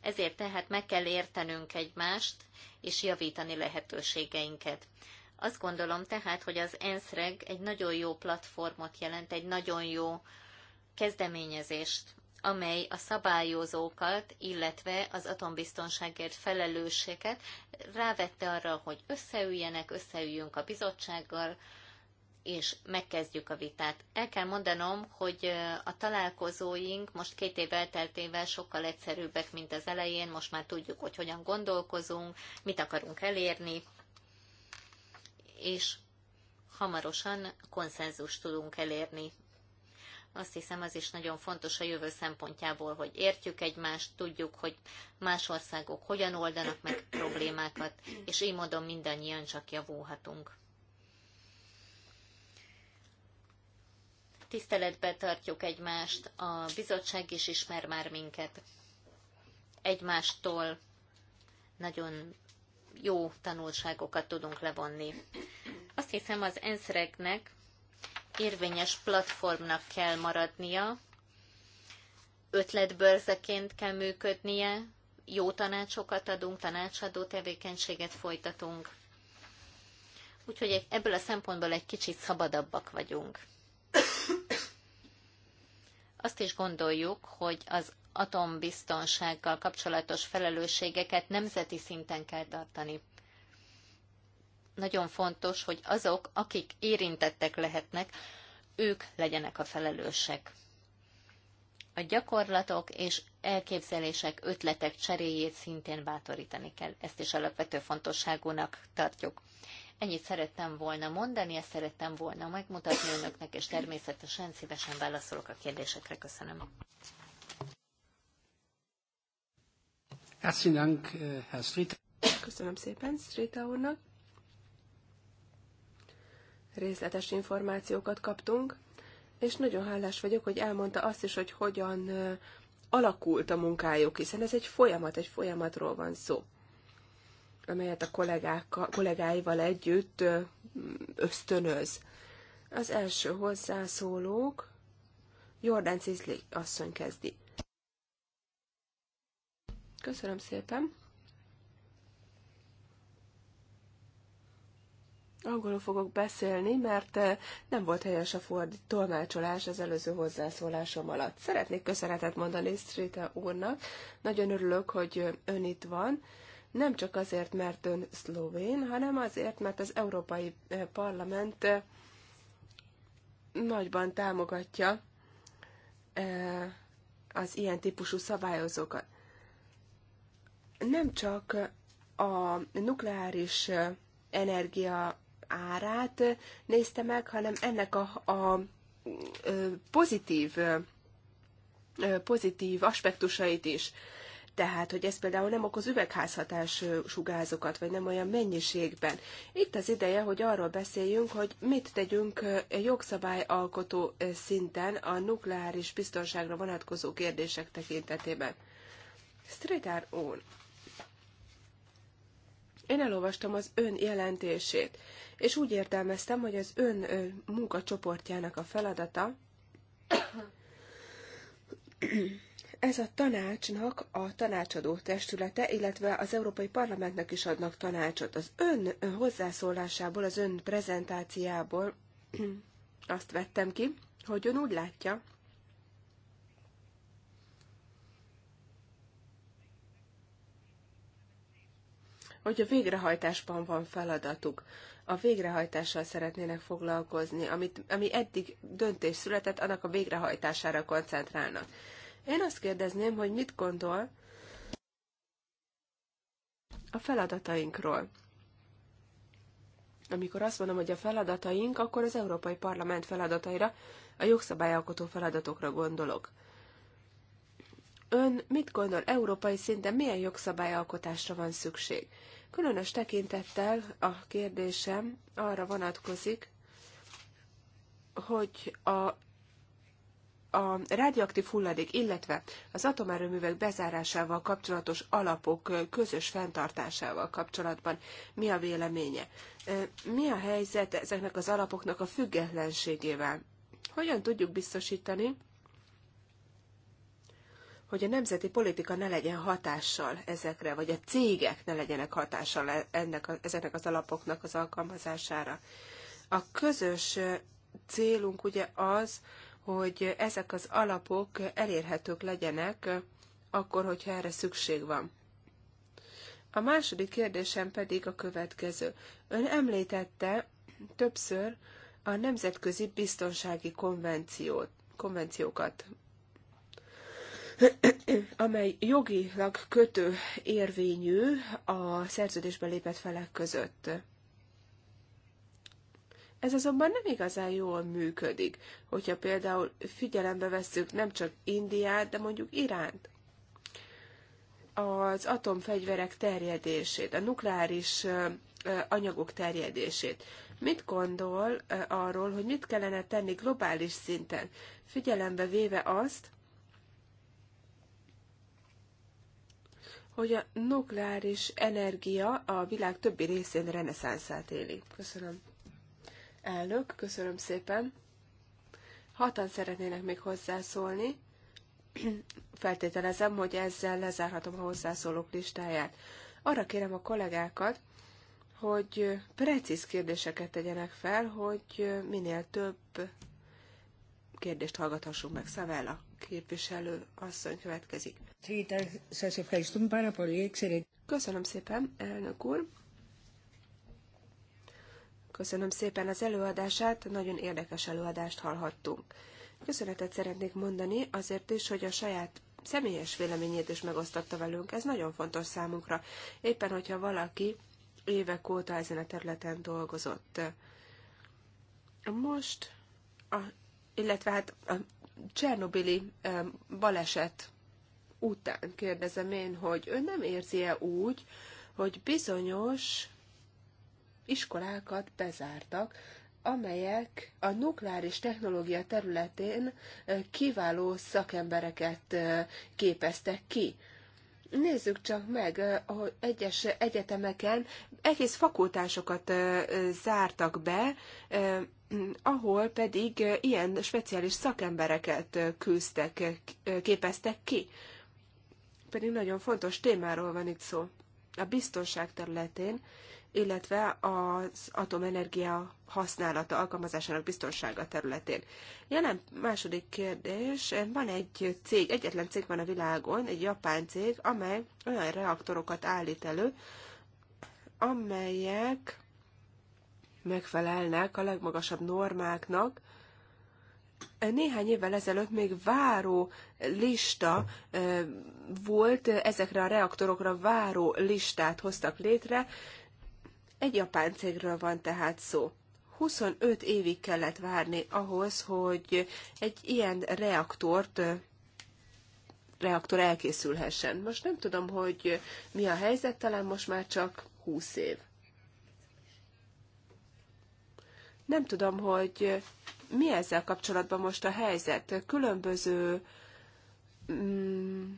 A: Ezért tehát meg kell értenünk egymást, és javítani lehetőségeinket. Azt gondolom tehát, hogy az ENSZREG egy nagyon jó platformot jelent, egy nagyon jó kezdeményezést, amely a szabályozókat, illetve az atombiztonságért felelősséget rávette arra, hogy összeüljenek, összeüljünk a bizottsággal, és megkezdjük a vitát. El kell mondanom, hogy a találkozóink most két év elteltével sokkal egyszerűbbek, mint az elején. Most már tudjuk, hogy hogyan gondolkozunk, mit akarunk elérni, és hamarosan konszenzus tudunk elérni. Azt hiszem, az is nagyon fontos a jövő szempontjából, hogy értjük egymást, tudjuk, hogy más országok hogyan oldanak meg problémákat, és így módon mindannyian csak javulhatunk. tiszteletbe tartjuk egymást, a bizottság is ismer már minket egymástól nagyon jó tanulságokat tudunk levonni. Azt hiszem az ensz érvényes platformnak kell maradnia, ötletbörzeként kell működnie, jó tanácsokat adunk, tanácsadó tevékenységet folytatunk. Úgyhogy ebből a szempontból egy kicsit szabadabbak vagyunk. Azt is gondoljuk, hogy az atombiztonsággal kapcsolatos felelősségeket nemzeti szinten kell tartani. Nagyon fontos, hogy azok, akik érintettek lehetnek, ők legyenek a felelősek. A gyakorlatok és elképzelések, ötletek cseréjét szintén bátorítani kell. Ezt is alapvető fontosságúnak tartjuk. Ennyit szerettem volna mondani, ezt szerettem volna megmutatni önöknek, és természetesen szívesen válaszolok a kérdésekre. Köszönöm.
B: Eh,
A: Köszönöm szépen
D: Strita úrnak. Részletes információkat kaptunk, és nagyon hálás vagyok, hogy elmondta azt is, hogy hogyan eh, alakult a munkájuk, hiszen ez egy folyamat, egy folyamatról van szó amelyet a kollégáival együtt ösztönöz. Az első hozzászólók Jordán Cizli asszony kezdi. Köszönöm szépen! Angolul fogok beszélni, mert nem volt helyes a fordi tolmácsolás az előző hozzászólásom alatt. Szeretnék köszönetet mondani Strita úrnak. Nagyon örülök, hogy ön itt van, nem csak azért, mert ön szlovén, hanem azért, mert az Európai eh, Parlament eh, nagyban támogatja eh, az ilyen típusú szabályozókat. Nem csak a nukleáris energia árát nézte meg, hanem ennek a, a pozitív, pozitív aspektusait is tehát hogy ez például nem okoz üvegházhatás sugázokat, vagy nem olyan mennyiségben. Itt az ideje, hogy arról beszéljünk, hogy mit tegyünk jogszabályalkotó szinten a nukleáris biztonságra vonatkozó kérdések tekintetében. Stridár úr, én elolvastam az ön jelentését, és úgy értelmeztem, hogy az ön munkacsoportjának a feladata ez a tanácsnak a tanácsadó testülete, illetve az Európai Parlamentnek is adnak tanácsot. Az ön hozzászólásából, az ön prezentáciából *clears throat* azt vettem ki, hogy ön úgy látja, hogy a végrehajtásban van feladatuk. A végrehajtással szeretnének foglalkozni, amit, ami eddig döntés született, annak a végrehajtására koncentrálnak. Én azt kérdezném, hogy mit gondol a feladatainkról. Amikor azt mondom, hogy a feladataink, akkor az Európai Parlament feladataira, a jogszabályalkotó feladatokra gondolok. Ön mit gondol európai szinten milyen jogszabályalkotásra van szükség? Különös tekintettel a kérdésem arra vonatkozik, hogy a a rádióaktív hulladék, illetve az atomerőművek bezárásával kapcsolatos alapok közös fenntartásával kapcsolatban mi a véleménye? Mi a helyzet ezeknek az alapoknak a függetlenségével? Hogyan tudjuk biztosítani, hogy a nemzeti politika ne legyen hatással ezekre, vagy a cégek ne legyenek hatással e- ennek a, ezeknek az alapoknak az alkalmazására. A közös célunk ugye az, hogy ezek az alapok elérhetők legyenek akkor, hogyha erre szükség van. A második kérdésem pedig a következő. Ön említette többször a nemzetközi biztonsági konvenciót, konvenciókat, amely jogilag kötő érvényű a szerződésbe lépett felek között. Ez azonban nem igazán jól működik, hogyha például figyelembe vesszük nem csak Indiát, de mondjuk Iránt. Az atomfegyverek terjedését, a nukleáris anyagok terjedését. Mit gondol arról, hogy mit kellene tenni globális szinten, figyelembe véve azt, hogy a nukleáris energia a világ többi részén reneszánszát éli. Köszönöm. Elnök, köszönöm szépen. Hatan szeretnének még hozzászólni. Feltételezem, hogy ezzel lezárhatom a hozzászólók listáját. Arra kérem a kollégákat, hogy precíz kérdéseket tegyenek fel, hogy minél több kérdést hallgathassunk meg. Szavella képviselő asszony következik. Köszönöm szépen, elnök úr. Köszönöm szépen az előadását, nagyon érdekes előadást hallhattunk. Köszönetet szeretnék mondani azért is, hogy a saját személyes véleményét is megosztotta velünk. Ez nagyon fontos számunkra, éppen hogyha valaki évek óta ezen a területen dolgozott. Most, a, illetve hát a Csernobili baleset után kérdezem én, hogy ön nem érzi-e úgy, hogy bizonyos iskolákat bezártak, amelyek a nukleáris technológia területén kiváló szakembereket képeztek ki. Nézzük csak meg, hogy egyes egyetemeken egész fakultásokat zártak be, ahol pedig ilyen speciális szakembereket küzdtek, képeztek ki. Pedig nagyon fontos témáról van itt szó. A biztonság területén illetve az atomenergia használata, alkalmazásának biztonsága területén. Jelen második kérdés, van egy cég, egyetlen cég van a világon, egy japán cég, amely olyan reaktorokat állít elő, amelyek megfelelnek a legmagasabb normáknak. Néhány évvel ezelőtt még váró lista volt, ezekre a reaktorokra váró listát hoztak létre, egy japán cégről van tehát szó. 25 évig kellett várni ahhoz, hogy egy ilyen reaktort reaktor elkészülhessen. Most nem tudom, hogy mi a helyzet, talán most már csak 20 év. Nem tudom, hogy mi ezzel kapcsolatban most a helyzet. Különböző mm,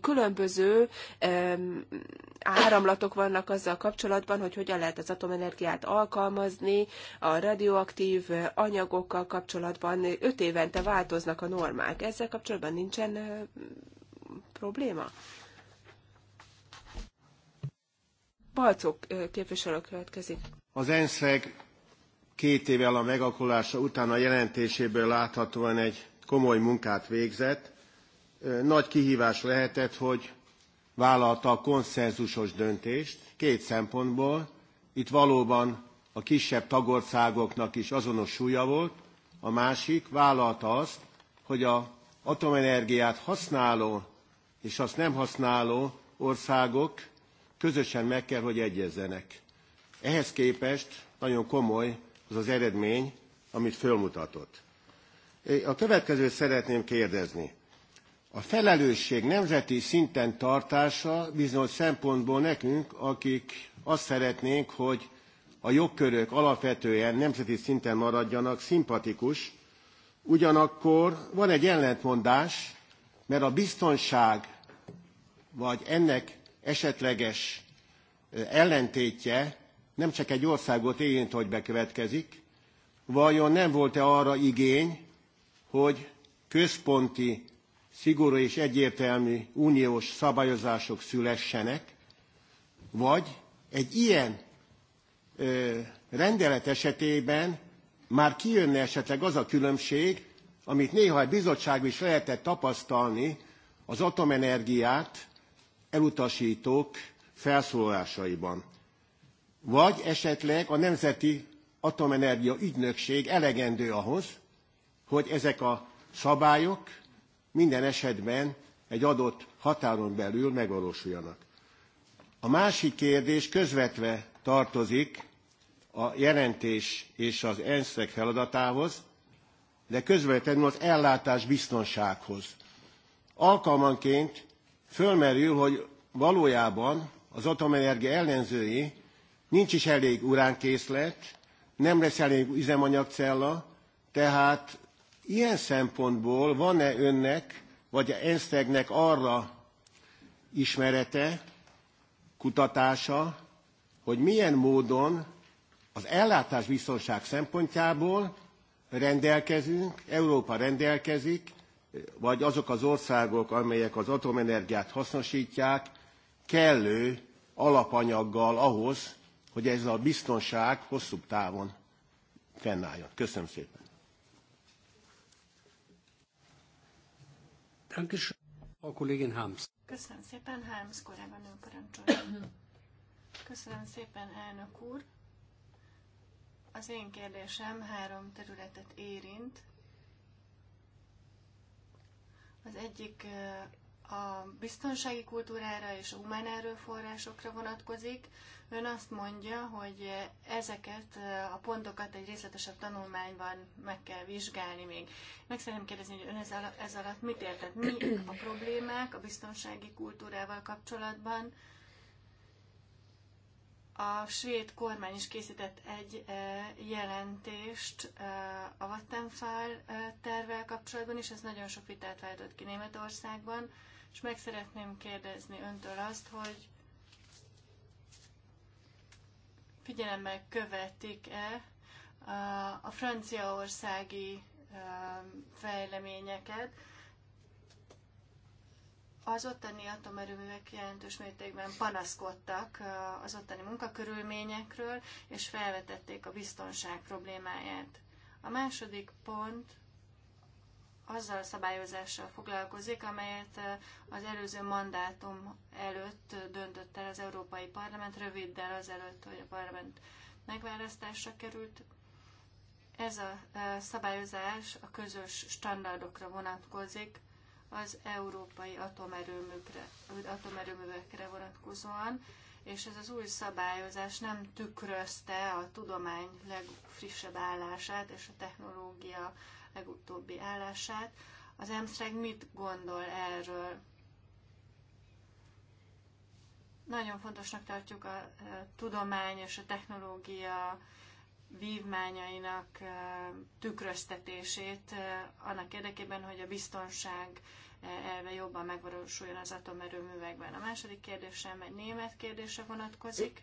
D: különböző áramlatok vannak azzal kapcsolatban, hogy hogyan lehet az atomenergiát alkalmazni, a radioaktív anyagokkal kapcsolatban öt évente változnak a normák. Ezzel kapcsolatban nincsen probléma? Balcok képviselő következik.
B: Az ENSZEG két évvel a megakulása után a jelentéséből láthatóan egy komoly munkát végzett, nagy kihívás lehetett, hogy vállalta a konszenzusos döntést két szempontból. Itt valóban a kisebb tagországoknak is azonos súlya volt, a másik vállalta azt, hogy a atomenergiát használó és azt nem használó országok közösen meg kell, hogy egyezzenek. Ehhez képest nagyon komoly az az eredmény, amit fölmutatott. A következőt szeretném kérdezni. A felelősség nemzeti szinten tartása bizonyos szempontból nekünk, akik azt szeretnénk, hogy a jogkörök alapvetően nemzeti szinten maradjanak, szimpatikus. Ugyanakkor van egy ellentmondás, mert a biztonság, vagy ennek esetleges ellentétje nem csak egy országot érint, hogy bekövetkezik, vajon nem volt-e arra igény, hogy központi szigorú és egyértelmű uniós szabályozások szülessenek, vagy egy ilyen ö, rendelet esetében már kijönne esetleg az a különbség, amit néha a bizottság is lehetett tapasztalni az atomenergiát elutasítók felszólásaiban. Vagy esetleg a Nemzeti Atomenergia Ügynökség elegendő ahhoz, hogy ezek a szabályok minden esetben egy adott határon belül megvalósuljanak. A másik kérdés közvetve tartozik a jelentés és az ensz feladatához, de közvetlenül az ellátás biztonsághoz. Alkalmanként fölmerül, hogy valójában az atomenergia ellenzői nincs is elég uránkészlet, nem lesz elég üzemanyagcella, tehát Ilyen szempontból van-e önnek, vagy Ensztegnek arra ismerete, kutatása, hogy milyen módon az ellátásbiztonság szempontjából rendelkezünk, Európa rendelkezik, vagy azok az országok, amelyek az atomenergiát hasznosítják, kellő alapanyaggal ahhoz, hogy ez a biztonság hosszú távon fennálljon. Köszönöm szépen. Dankeschön. A kollégin Harms.
C: Köszönöm szépen, Harms korábban ön parancsol. Köszönöm szépen, elnök úr. Az én kérdésem három területet érint. Az egyik a biztonsági kultúrára és a humán erőforrásokra vonatkozik. Ön azt mondja, hogy ezeket a pontokat egy részletesebb tanulmányban meg kell vizsgálni még. Meg szeretném kérdezni, hogy ön ez alatt, ez alatt mit értett? Mi a problémák a biztonsági kultúrával kapcsolatban? A svéd kormány is készített egy e, jelentést e, a Vattenfall e, tervvel kapcsolatban, és ez nagyon sok vitát váltott ki Németországban és meg szeretném kérdezni öntől azt, hogy figyelemmel követik-e a franciaországi fejleményeket, az ottani atomerőművek jelentős mértékben panaszkodtak az ottani munkakörülményekről, és felvetették a biztonság problémáját. A második pont azzal a szabályozással foglalkozik, amelyet eh, az előző mandátum előtt eh, döntött el az Európai Parlament, röviddel azelőtt, hogy a parlament megválasztásra került. Ez a eh, szabályozás a közös standardokra vonatkozik, az európai atomerőműkre, atomerőművekre vonatkozóan, és ez az új szabályozás nem tükrözte a tudomány legfrissebb állását és a technológia legutóbbi állását. Az EMSZREG mit gondol erről? Nagyon fontosnak tartjuk a tudomány és a technológia vívmányainak tükröztetését annak érdekében, hogy a biztonság elve jobban megvalósuljon az atomerőművekben. A második kérdésem egy német kérdésre vonatkozik. *clears throat*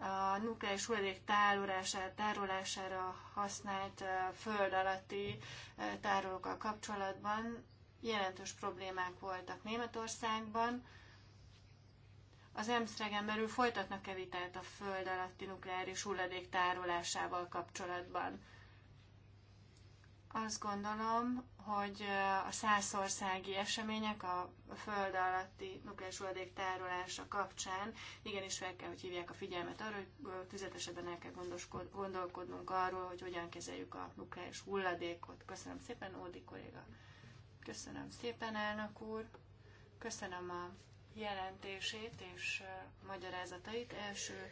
C: a nukleáris hulladék tárolására, tárolására használt föld alatti tárolókkal kapcsolatban jelentős problémák voltak Németországban. Az Emszregen belül folytatnak-e vitát a föld alatti nukleáris hulladék tárolásával kapcsolatban? Azt gondolom, hogy a százországi események a föld alatti nukleáris hulladék tárolása kapcsán igenis fel kell, hogy hívják a figyelmet arra, hogy tüzetesebben el kell gondolkodnunk arról, hogy hogyan kezeljük a nukleáris hulladékot. Köszönöm szépen, Ódi kolléga. Köszönöm szépen, elnök úr. Köszönöm a jelentését és magyarázatait. Első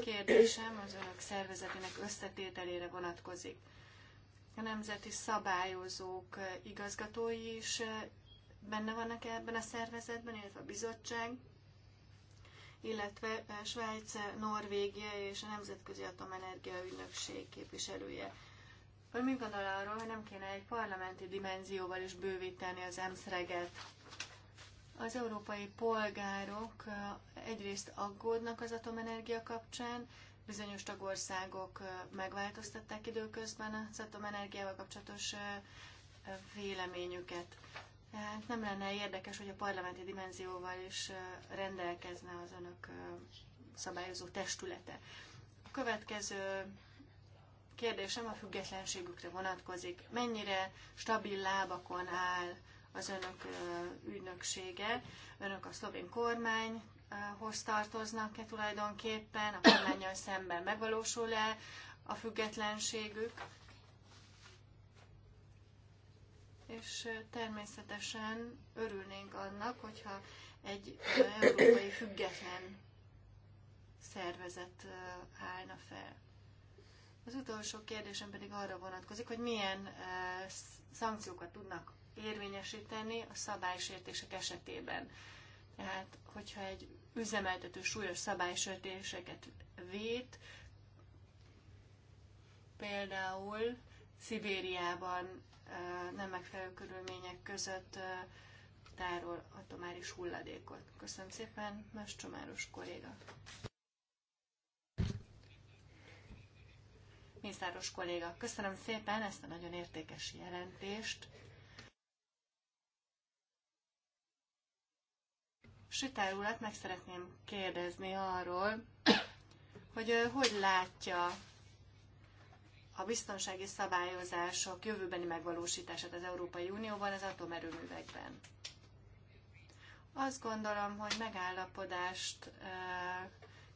C: kérdésem az önök szervezetének összetételére vonatkozik a nemzeti szabályozók igazgatói is benne vannak -e ebben a szervezetben, illetve a bizottság, illetve Svájc, Norvégia és a Nemzetközi Atomenergia Ügynökség képviselője. Ön mit gondol arról, hogy nem kéne egy parlamenti dimenzióval is bővíteni az emszreget? Az európai polgárok egyrészt aggódnak az atomenergia kapcsán, Bizonyos tagországok megváltoztatták időközben az atomenergiával kapcsolatos véleményüket. Tehát nem lenne érdekes, hogy a parlamenti dimenzióval is rendelkezne az önök szabályozó testülete. A következő kérdésem a függetlenségükre vonatkozik. Mennyire stabil lábakon áll az önök ügynöksége? Önök a szlovén kormány hoz tartoznak-e tulajdonképpen, a kormányjal szemben megvalósul-e a függetlenségük. És természetesen örülnénk annak, hogyha egy európai független szervezet állna fel. Az utolsó kérdésem pedig arra vonatkozik, hogy milyen szankciókat tudnak érvényesíteni a szabálysértések esetében. Tehát, hogyha egy üzemeltető súlyos szabálysértéseket vét, például Szibériában nem megfelelő körülmények között tárol atomáris hulladékot. Köszönöm szépen, más csomáros kolléga. Mészáros kolléga, köszönöm szépen ezt a nagyon értékes jelentést. Sitár urat meg szeretném kérdezni arról, hogy hogy látja a biztonsági szabályozások jövőbeni megvalósítását az Európai Unióban az atomerőművekben. Azt gondolom, hogy megállapodást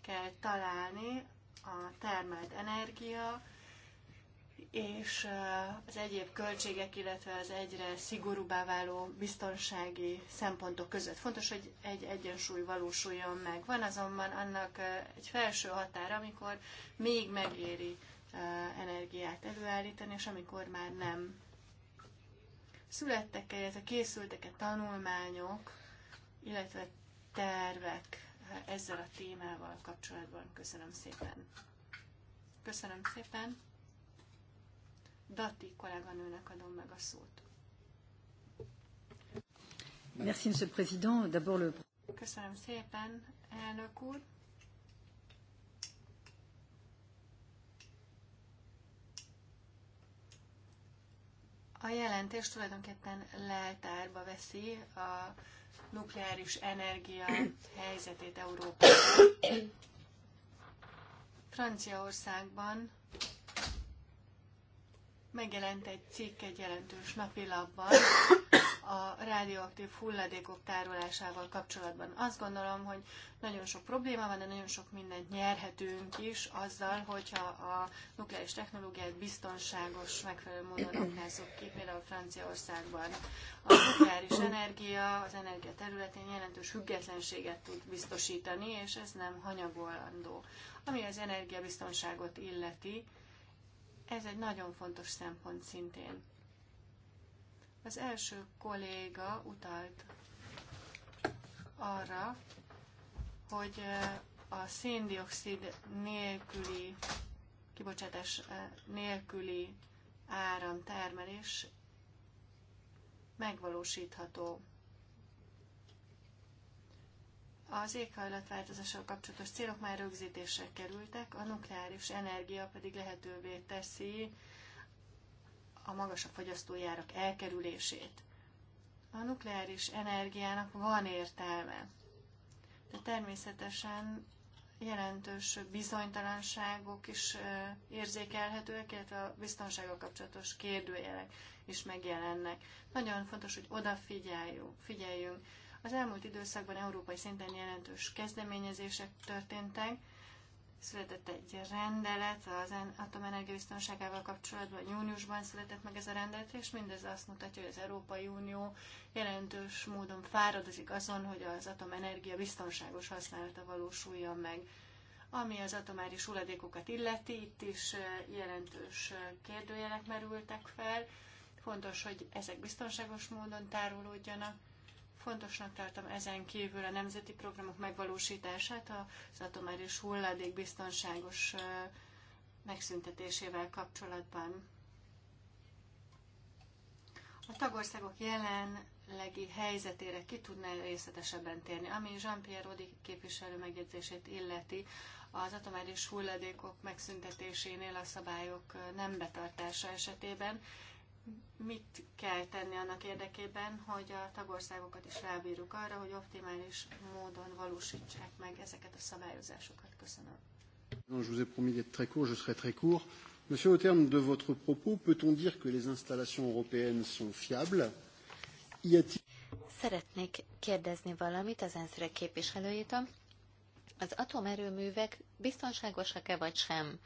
C: kell találni a termelt energia, és az egyéb költségek, illetve az egyre szigorúbbá váló biztonsági szempontok között. Fontos, hogy egy egyensúly valósuljon meg. Van azonban annak egy felső határa, amikor még megéri energiát előállítani, és amikor már nem. Születtek, e illetve készültek-e tanulmányok, illetve tervek ezzel a témával kapcsolatban? Köszönöm szépen. Köszönöm szépen. Dati kolléganőnek adom meg a szót. Merci, Monsieur le Président. D'abord le... Köszönöm szépen, elnök úr. A jelentés tulajdonképpen leltárba veszi a nukleáris energia helyzetét Európában. Franciaországban megjelent egy cikk egy jelentős napilapban a radioaktív hulladékok tárolásával kapcsolatban. Azt gondolom, hogy nagyon sok probléma van, de nagyon sok mindent nyerhetünk is azzal, hogyha a nukleáris technológiát biztonságos, megfelelő módon aknázzuk ki, például Franciaországban. A nukleáris energia az energia területén jelentős függetlenséget tud biztosítani, és ez nem hanyagolandó. Ami az energiabiztonságot illeti, ez egy nagyon fontos szempont szintén. Az első kolléga utalt arra, hogy eh, a széndiokszid nélküli, kibocsátás eh, nélküli áramtermelés megvalósítható. Az éghajlatváltozással kapcsolatos célok már rögzítésre kerültek, a nukleáris energia pedig lehetővé teszi a magasabb fogyasztójárak elkerülését. A nukleáris energiának van értelme, de természetesen jelentős bizonytalanságok is érzékelhetőek, illetve a biztonsággal kapcsolatos kérdőjelek is megjelennek. Nagyon fontos, hogy odafigyeljünk, figyeljünk az elmúlt időszakban európai szinten jelentős kezdeményezések történtek, született egy rendelet az atomenergia biztonságával kapcsolatban, júniusban született meg ez a rendelet, és mindez azt mutatja, hogy az Európai Unió jelentős módon fáradozik azon, hogy az atomenergia biztonságos használata valósuljon meg. Ami az atomáris hulladékokat illeti, itt is jelentős kérdőjelek merültek fel. Fontos, hogy ezek biztonságos módon tárolódjanak, Fontosnak tartom ezen kívül a nemzeti programok megvalósítását az atomáris hulladék biztonságos megszüntetésével kapcsolatban. A tagországok jelenlegi helyzetére ki tudná részletesebben térni, ami Jean-Pierre Rodi képviselő megjegyzését illeti, az atomáris hulladékok megszüntetésénél a szabályok nem betartása esetében mit kell tenni annak érdekében, hogy a tagországokat is rábírjuk arra, hogy optimális módon valósítsák meg ezeket a szabályozásokat. Köszönöm.
B: Non, je vous ai promis d'être très court, je serai très court. Monsieur, au terme de votre propos, peut-on dire que les installations européennes sont fiables Y a-t-il...
A: Szeretnék kérdezni valamit az ENSZ képviselőjétől. Az atomerőművek biztonságosak-e vagy sem?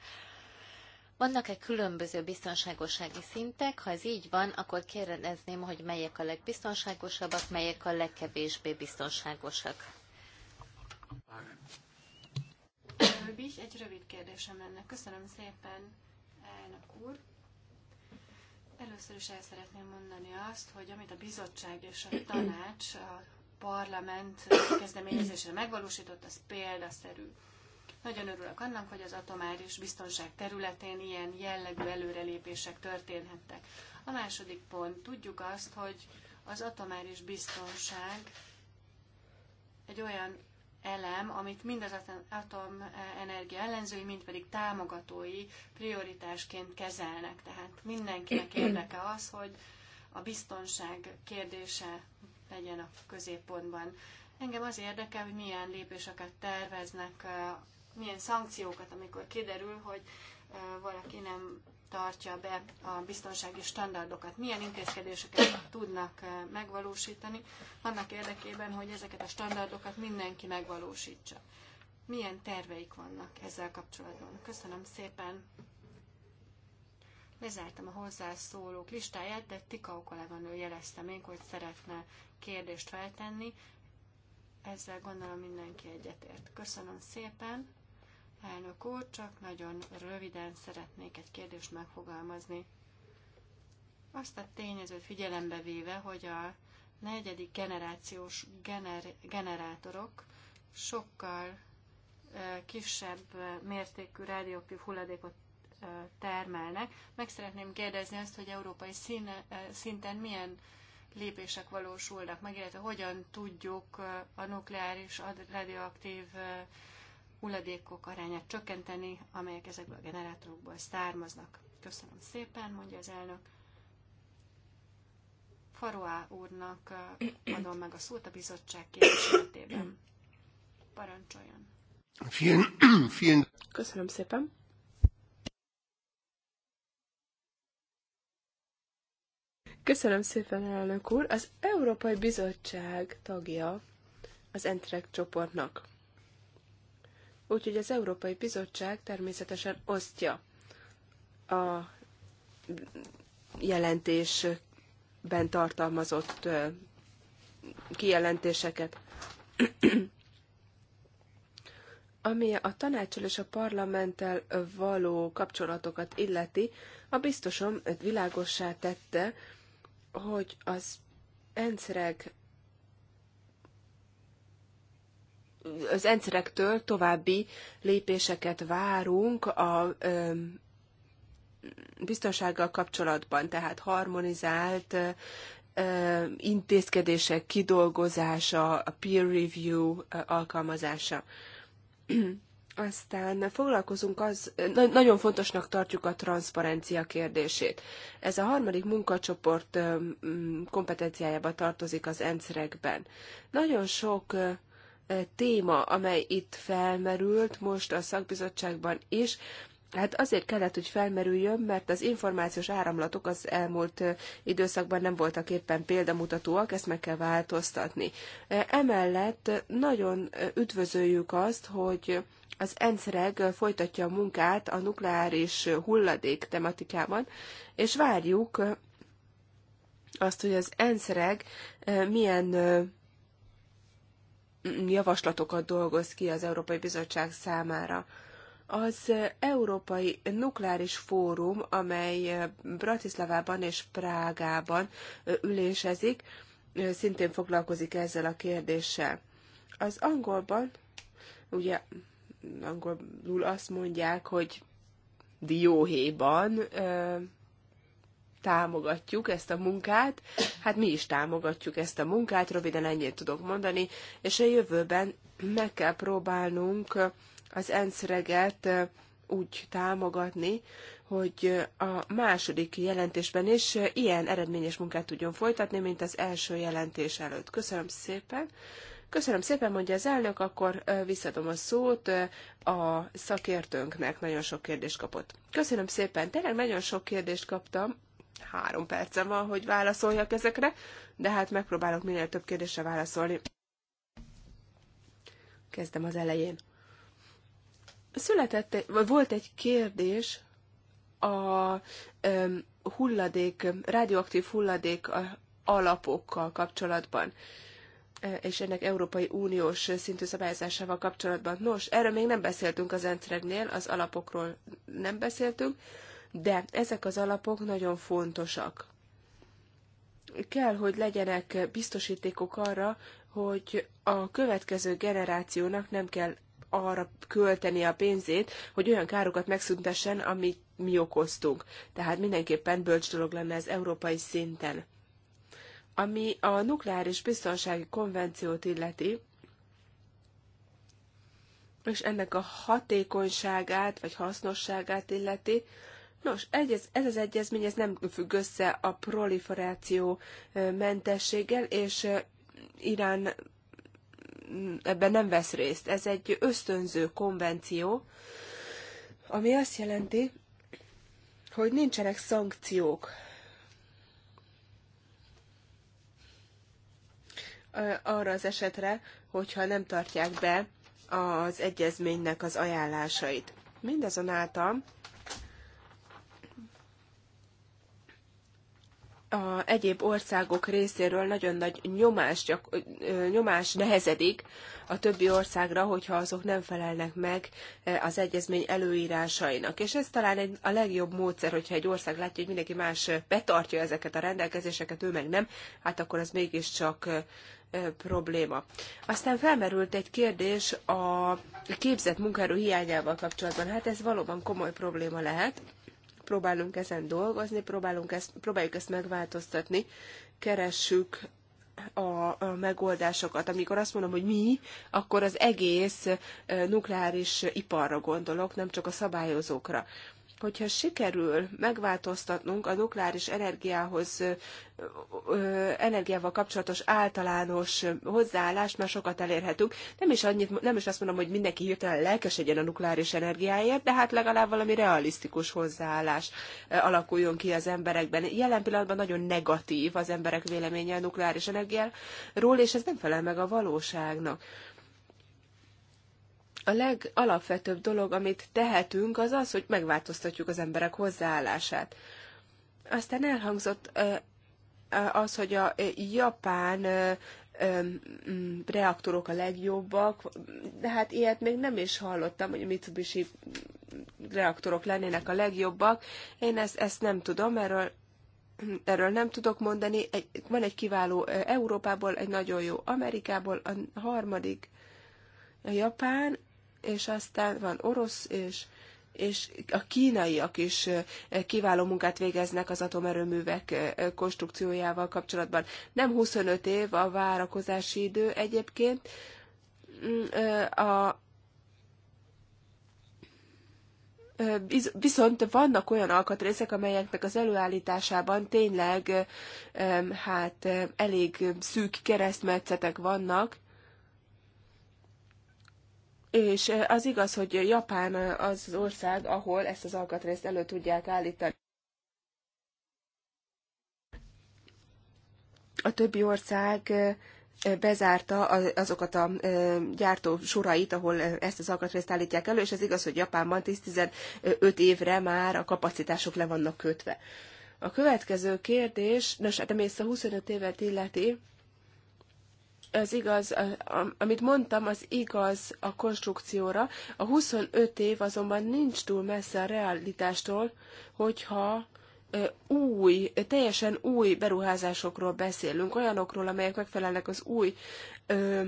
A: Vannak-e különböző biztonságosági szintek? Ha ez így van, akkor kérdezném, hogy melyek a legbiztonságosabbak, melyek a legkevésbé biztonságosak.
C: Bics, egy rövid kérdésem lenne. Köszönöm szépen, elnök úr. Először is el szeretném mondani azt, hogy amit a bizottság és a tanács a parlament kezdeményezésre megvalósított, az példaszerű. Nagyon örülök annak, hogy az atomáris biztonság területén ilyen jellegű előrelépések történhettek. A második pont, tudjuk azt, hogy az atomáris biztonság egy olyan elem, amit mind az atomenergia ellenzői, mind pedig támogatói prioritásként kezelnek. Tehát mindenkinek érdeke az, hogy a biztonság kérdése legyen a középpontban. Engem az érdekel, hogy milyen lépéseket terveznek milyen szankciókat, amikor kiderül, hogy valaki nem tartja be a biztonsági standardokat, milyen intézkedéseket tudnak megvalósítani, annak érdekében, hogy ezeket a standardokat mindenki megvalósítsa. Milyen terveik vannak ezzel kapcsolatban? Köszönöm szépen! Lezártam a hozzászólók listáját, de Tikau kolléganő jelezte még, hogy szeretne kérdést feltenni. Ezzel gondolom mindenki egyetért. Köszönöm szépen! Elnök úr, csak nagyon röviden szeretnék egy kérdést megfogalmazni. Azt a tényezőt figyelembe véve, hogy a negyedik generációs gener- generátorok sokkal kisebb mértékű rádióaktív hulladékot termelnek. Meg szeretném kérdezni azt, hogy európai színe, szinten milyen lépések valósulnak meg, illetve hogyan tudjuk a nukleáris radioaktív hulladékok arányát csökkenteni, amelyek ezekből a generátorokból származnak. Köszönöm szépen, mondja az elnök. Faroá úrnak eh, adom meg a szót a bizottság képviseletében. Parancsoljon. *clears throat*
D: Köszönöm szépen. Köszönöm szépen, elnök úr. Az Európai Bizottság tagja az Entrek csoportnak. Úgyhogy az Európai Bizottság természetesen osztja a jelentésben tartalmazott kijelentéseket. Ami a tanácsal és a parlamenttel való kapcsolatokat illeti, a biztosom világossá tette, hogy az ENCREG az rendszerektől további lépéseket várunk a biztonsággal kapcsolatban, tehát harmonizált intézkedések kidolgozása, a peer review alkalmazása. *clears throat* Aztán foglalkozunk az, nagyon fontosnak tartjuk a transzparencia kérdését. Ez a harmadik munkacsoport kompetenciájába tartozik az encrek Nagyon sok téma, amely itt felmerült most a szakbizottságban is, Hát azért kellett, hogy felmerüljön, mert az információs áramlatok az elmúlt időszakban nem voltak éppen példamutatóak, ezt meg kell változtatni. Emellett nagyon üdvözöljük azt, hogy az ENSZREG folytatja a munkát a nukleáris hulladék tematikában, és várjuk azt, hogy az ENSZREG milyen javaslatokat dolgoz ki az Európai Bizottság számára. Az Európai Nukleáris Fórum, amely Bratislavában és Prágában ülésezik, szintén foglalkozik ezzel a kérdéssel. Az angolban, ugye angolul azt mondják, hogy dióhéjban támogatjuk ezt a munkát, hát mi is támogatjuk ezt a munkát, röviden ennyit tudok mondani, és a jövőben meg kell próbálnunk az ENSZ reget úgy támogatni, hogy a második jelentésben is ilyen eredményes munkát tudjon folytatni, mint az első jelentés előtt. Köszönöm szépen! Köszönöm szépen, mondja az elnök, akkor visszadom a szót a szakértőnknek. Nagyon sok kérdést kapott. Köszönöm szépen, tényleg nagyon sok kérdést kaptam. Három percem van, hogy válaszoljak ezekre, de hát megpróbálok minél több kérdésre válaszolni. Kezdem az elején. Született, vagy volt egy kérdés a hulladék, radioaktív hulladék alapokkal kapcsolatban e, és ennek Európai Uniós szintű szabályozásával kapcsolatban. Nos, erről még nem beszéltünk az Entregnél, az alapokról nem beszéltünk de ezek az alapok nagyon fontosak. Kell, hogy legyenek biztosítékok arra, hogy a következő generációnak nem kell arra költeni a pénzét, hogy olyan károkat megszüntessen, amit mi okoztunk. Tehát mindenképpen bölcs dolog lenne ez európai szinten. Ami a nukleáris biztonsági konvenciót illeti, és ennek a hatékonyságát vagy hasznosságát illeti, Nos, egyez, ez az egyezmény ez nem függ össze a proliferáció mentességgel, és Irán mm, ebben nem vesz részt. Ez egy ösztönző konvenció, ami azt jelenti, hogy nincsenek szankciók arra az esetre, hogyha nem tartják be az egyezménynek az ajánlásait. Mindazonáltal a egyéb országok részéről nagyon nagy nyomás, gyak, nyomás nehezedik a többi országra, hogyha azok nem felelnek meg az egyezmény előírásainak. És ez talán egy, a legjobb módszer, hogyha egy ország látja, hogy mindenki más betartja ezeket a rendelkezéseket, ő meg nem, hát akkor az mégiscsak probléma. Aztán felmerült egy kérdés a képzett munkáról hiányával kapcsolatban. Hát ez valóban komoly probléma lehet próbálunk ezen dolgozni, próbálunk ezt, próbáljuk ezt megváltoztatni, keressük a, megoldásokat. Amikor azt mondom, hogy mi, akkor az egész nukleáris iparra gondolok, nem csak a szabályozókra hogyha sikerül megváltoztatnunk a nukleáris energiához, energiával kapcsolatos általános hozzáállást, már sokat elérhetünk. Nem is, annyit, nem is azt mondom, hogy mindenki hirtelen lelkesedjen a nukleáris energiáért, de hát legalább valami realisztikus hozzáállás alakuljon ki az emberekben. Jelen pillanatban nagyon negatív az emberek véleménye a nukleáris energiáról, és ez nem felel meg a valóságnak a legalapvetőbb dolog, amit tehetünk, az az, hogy megváltoztatjuk az emberek hozzáállását. Aztán elhangzott az, hogy a japán reaktorok a legjobbak, de hát ilyet még nem is hallottam, hogy a Mitsubishi reaktorok lennének a legjobbak. Én ezt, ezt nem tudom, erről, erről nem tudok mondani. Egy, van egy kiváló Európából, egy nagyon jó Amerikából, a harmadik a Japán, és aztán van orosz, és, és a kínaiak is kiváló munkát végeznek az atomerőművek konstrukciójával kapcsolatban. Nem 25 év a várakozási idő egyébként. Mm, a, Viszont vannak olyan alkatrészek, amelyeknek az előállításában tényleg hát elég szűk keresztmetszetek vannak, és eh, az igaz, hogy Japán eh, az ország, ahol ezt az alkatrészt elő tudják állítani. A többi ország eh, bezárta azokat a gyártó sorait, ahol ezt az alkatrészt állítják elő, és ez igaz, hogy Japánban 10-15 évre már a kapacitások le vannak kötve. A következő kérdés, nos, hát ami ezt a 25 évet illeti, az igaz, amit mondtam, az igaz a konstrukcióra. A 25 év azonban nincs túl messze a realitástól, hogyha új, teljesen új beruházásokról beszélünk, olyanokról, amelyek megfelelnek az új ö,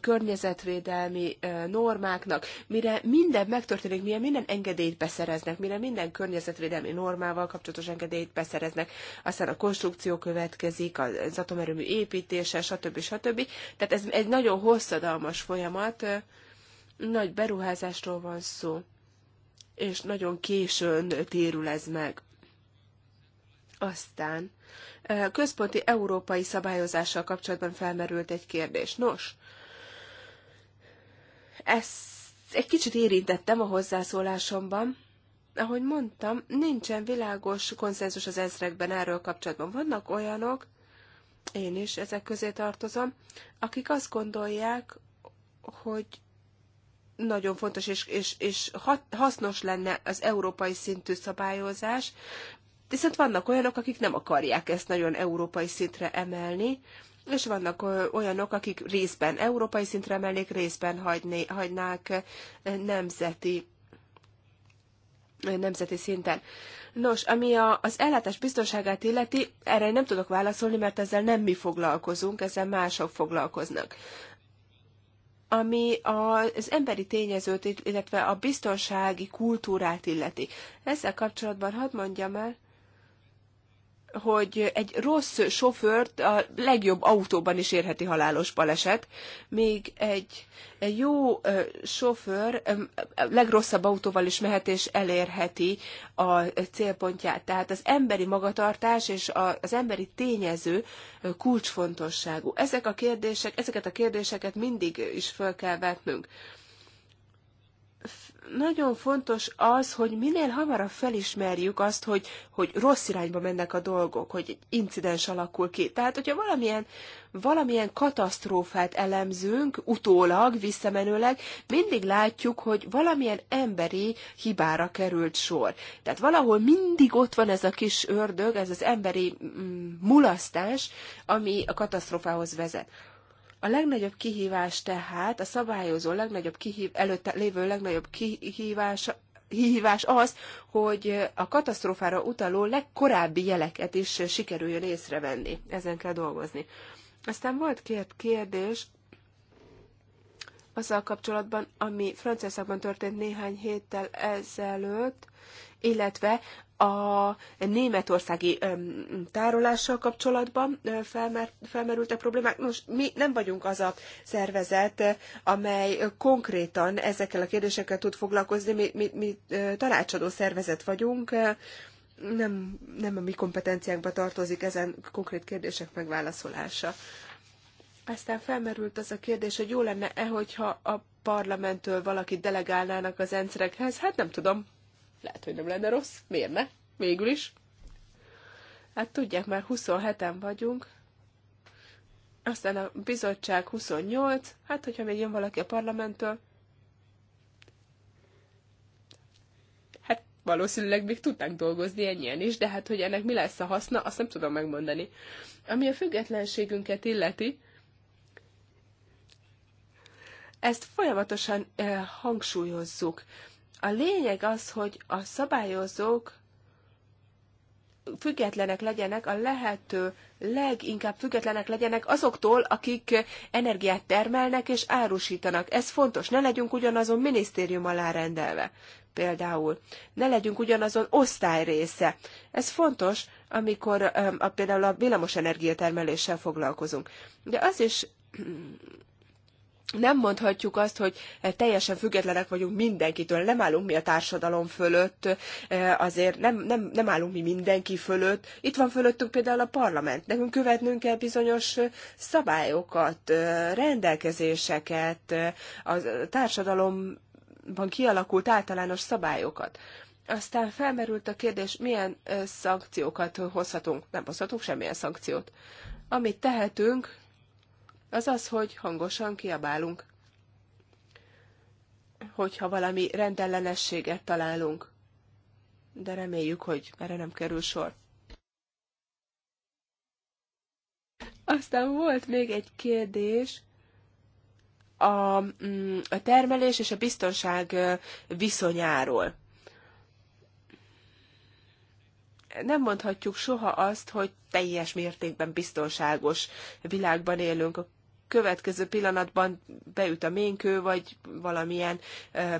D: környezetvédelmi ö, normáknak, mire minden megtörténik, mire minden engedélyt beszereznek, mire minden környezetvédelmi normával kapcsolatos engedélyt beszereznek, aztán a konstrukció következik, az atomerőmű építése, stb. stb. Tehát ez egy nagyon hosszadalmas folyamat, ö, nagy beruházásról van szó, és nagyon későn térül ez meg. Aztán központi európai szabályozással kapcsolatban felmerült egy kérdés. Nos, ezt egy kicsit érintettem a hozzászólásomban. Ahogy mondtam, nincsen világos konszenzus az ezrekben erről kapcsolatban. Vannak olyanok, én is ezek közé tartozom, akik azt gondolják, hogy nagyon fontos és, és, és hasznos lenne az európai szintű szabályozás, Viszont vannak olyanok, akik nem akarják ezt nagyon európai szintre emelni, és vannak olyanok, akik részben európai szintre emelnék, részben hagyné, hagynák nemzeti nemzeti szinten. Nos, ami a, az ellátás biztonságát illeti, erre nem tudok válaszolni, mert ezzel nem mi foglalkozunk, ezzel mások foglalkoznak. Ami az emberi tényezőt, illetve a biztonsági kultúrát illeti. Ezzel kapcsolatban hadd mondjam el, hogy egy rossz sofőrt a legjobb autóban is érheti halálos baleset, még egy, egy jó sofőr a legrosszabb autóval is mehet és elérheti a célpontját. Tehát az emberi magatartás és az emberi tényező kulcsfontosságú. Ezek a kérdések, ezeket a kérdéseket mindig is föl kell vetnünk nagyon fontos az, hogy minél hamarabb felismerjük azt, hogy, hogy rossz irányba mennek a dolgok, hogy egy incidens alakul ki. Tehát, hogyha valamilyen, valamilyen katasztrófát elemzünk, utólag, visszamenőleg, mindig látjuk, hogy valamilyen emberi hibára került sor. Tehát valahol mindig ott van ez a kis ördög, ez az emberi mm, mulasztás, ami a katasztrófához vezet. A legnagyobb kihívás tehát, a szabályozó legnagyobb kihív, előtte lévő legnagyobb kihívás, kihívás az, hogy a katasztrófára utaló legkorábbi jeleket is sikerüljön észrevenni. Ezen kell dolgozni. Aztán volt két kérdés azzal kapcsolatban, ami Franciaországban történt néhány héttel ezelőtt, illetve a németországi tárolással kapcsolatban felmer, felmerültek problémák. Nos, mi nem vagyunk az a szervezet, amely konkrétan ezekkel a kérdésekkel tud foglalkozni. Mi, mi, mi tanácsadó szervezet vagyunk, nem, nem a mi kompetenciánkba tartozik ezen konkrét kérdések megválaszolása. Aztán felmerült az a kérdés, hogy jó lenne-e, hogyha a parlamenttől valakit delegálnának az enszerekhez. Hát nem tudom, lehet, hogy nem lenne rossz. Miért ne? Végül is. Hát tudják, már 27-en vagyunk. Aztán a bizottság 28. Hát, hogyha még jön valaki a parlamenttől, hát, valószínűleg még tudnánk dolgozni ennyien is, de hát, hogy ennek mi lesz a haszna, azt nem tudom megmondani. Ami a függetlenségünket illeti, ezt folyamatosan eh, hangsúlyozzuk. A lényeg az, hogy a szabályozók függetlenek legyenek, a lehető leginkább függetlenek legyenek azoktól, akik energiát termelnek és árusítanak. Ez fontos, ne legyünk ugyanazon minisztérium alá rendelve. Például ne legyünk ugyanazon osztály része. Ez fontos, amikor a, például a villamos energiatermeléssel foglalkozunk. De az is nem mondhatjuk azt, hogy eh, teljesen függetlenek vagyunk mindenkitől, nem állunk mi a társadalom fölött, eh, azért nem, nem, nem állunk mi mindenki fölött. Itt van fölöttünk például a parlament. Nekünk követnünk kell bizonyos eh, szabályokat, rendelkezéseket, a társadalomban kialakult általános szabályokat. Aztán felmerült a kérdés, milyen szankciókat hozhatunk. Nem hozhatunk semmilyen szankciót. Amit tehetünk, Azaz hogy hangosan kiabálunk, hogyha valami rendellenességet találunk. De reméljük, hogy erre nem kerül sor. Aztán volt még egy kérdés a, mm, a termelés és a biztonság viszonyáról. Nem mondhatjuk soha azt, hogy teljes mértékben biztonságos világban élünk. A következő pillanatban beüt a ménkő, vagy valamilyen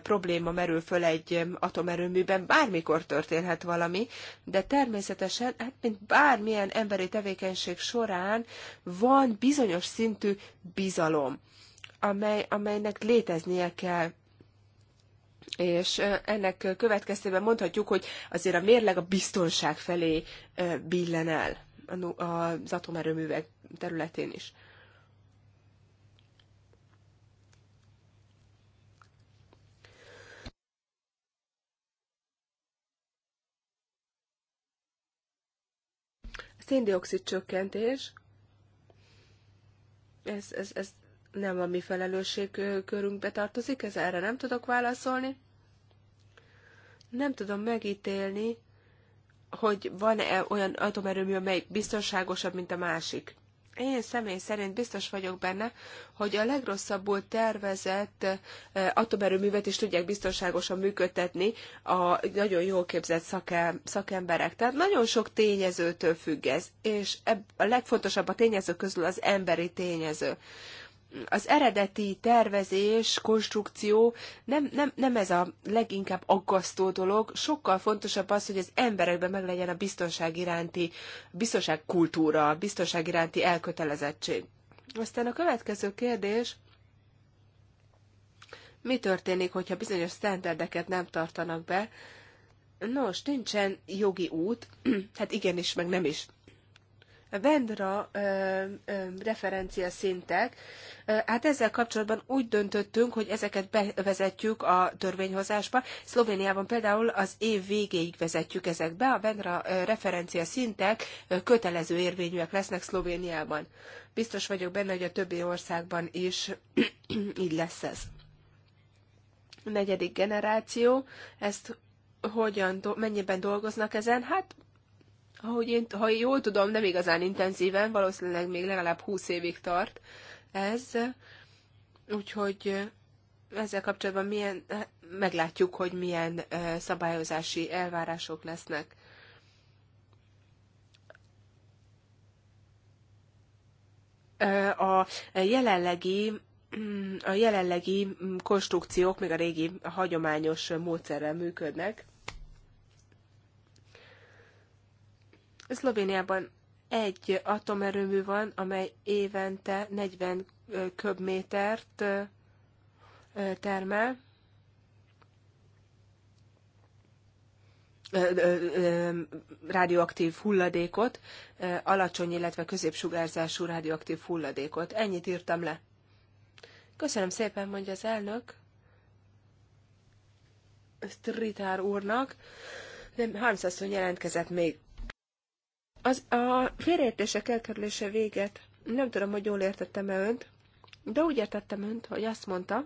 D: probléma merül föl egy atomerőműben, bármikor történhet valami, de természetesen, hát mint bármilyen emberi tevékenység során van bizonyos szintű bizalom, amely, amelynek léteznie kell és ennek következtében mondhatjuk, hogy azért a mérleg a biztonság felé billen el az atomerőművek területén is. széndiokszid csökkentés, ez, ez, ez nem a mi felelősségkörünkbe tartozik, ez erre nem tudok válaszolni. Nem tudom megítélni, hogy van-e olyan atomerőmű, amely biztonságosabb, mint a másik. Én személy szerint biztos vagyok benne, hogy a legrosszabbul tervezett eh, atomerőművet is tudják biztonságosan működtetni a nagyon jól képzett szakemberek. Tehát nagyon sok tényezőtől függ ez, és a legfontosabb a tényező közül az emberi tényező az eredeti tervezés, konstrukció nem, nem, nem ez a leginkább aggasztó dolog, sokkal fontosabb az, hogy az emberekben meglegyen a biztonság iránti, biztonságkultúra, a biztonság iránti elkötelezettség. Aztán a következő kérdés, mi történik, hogyha bizonyos standardeket nem tartanak be? Nos, nincsen jogi út, *clears throat* hát igenis, meg nem is. Vendra referencia szintek, hát ezzel kapcsolatban úgy döntöttünk, hogy ezeket bevezetjük a törvényhozásba. Szlovéniában például az év végéig vezetjük ezek be, a Vendra referencia szintek kötelező érvényűek lesznek Szlovéniában. Biztos vagyok benne, hogy a többi országban is *clears throat* így lesz ez. A negyedik generáció, ezt hogyan, mennyiben dolgoznak ezen? Hát ahogy én, ha jól tudom, nem igazán intenzíven, valószínűleg még legalább 20 évig tart ez, úgyhogy ezzel kapcsolatban milyen, meglátjuk, hogy milyen szabályozási elvárások lesznek. A jelenlegi mm, a jelenlegi konstrukciók még a régi hagyományos módszerrel működnek, Szlovéniában egy atomerőmű van, amely évente 40 köbmétert termel. radioaktív hulladékot, alacsony, illetve középsugárzású radioaktív hulladékot. Ennyit írtam le. Köszönöm szépen, mondja az elnök. Stritár úrnak. Nem, Harmsasszony jelentkezett még az, a félreértések elkerülése véget. Nem tudom, hogy jól értettem-e önt, de úgy értettem önt, hogy azt mondta,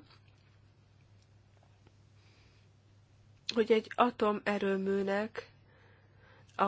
D: hogy egy atomerőműnek a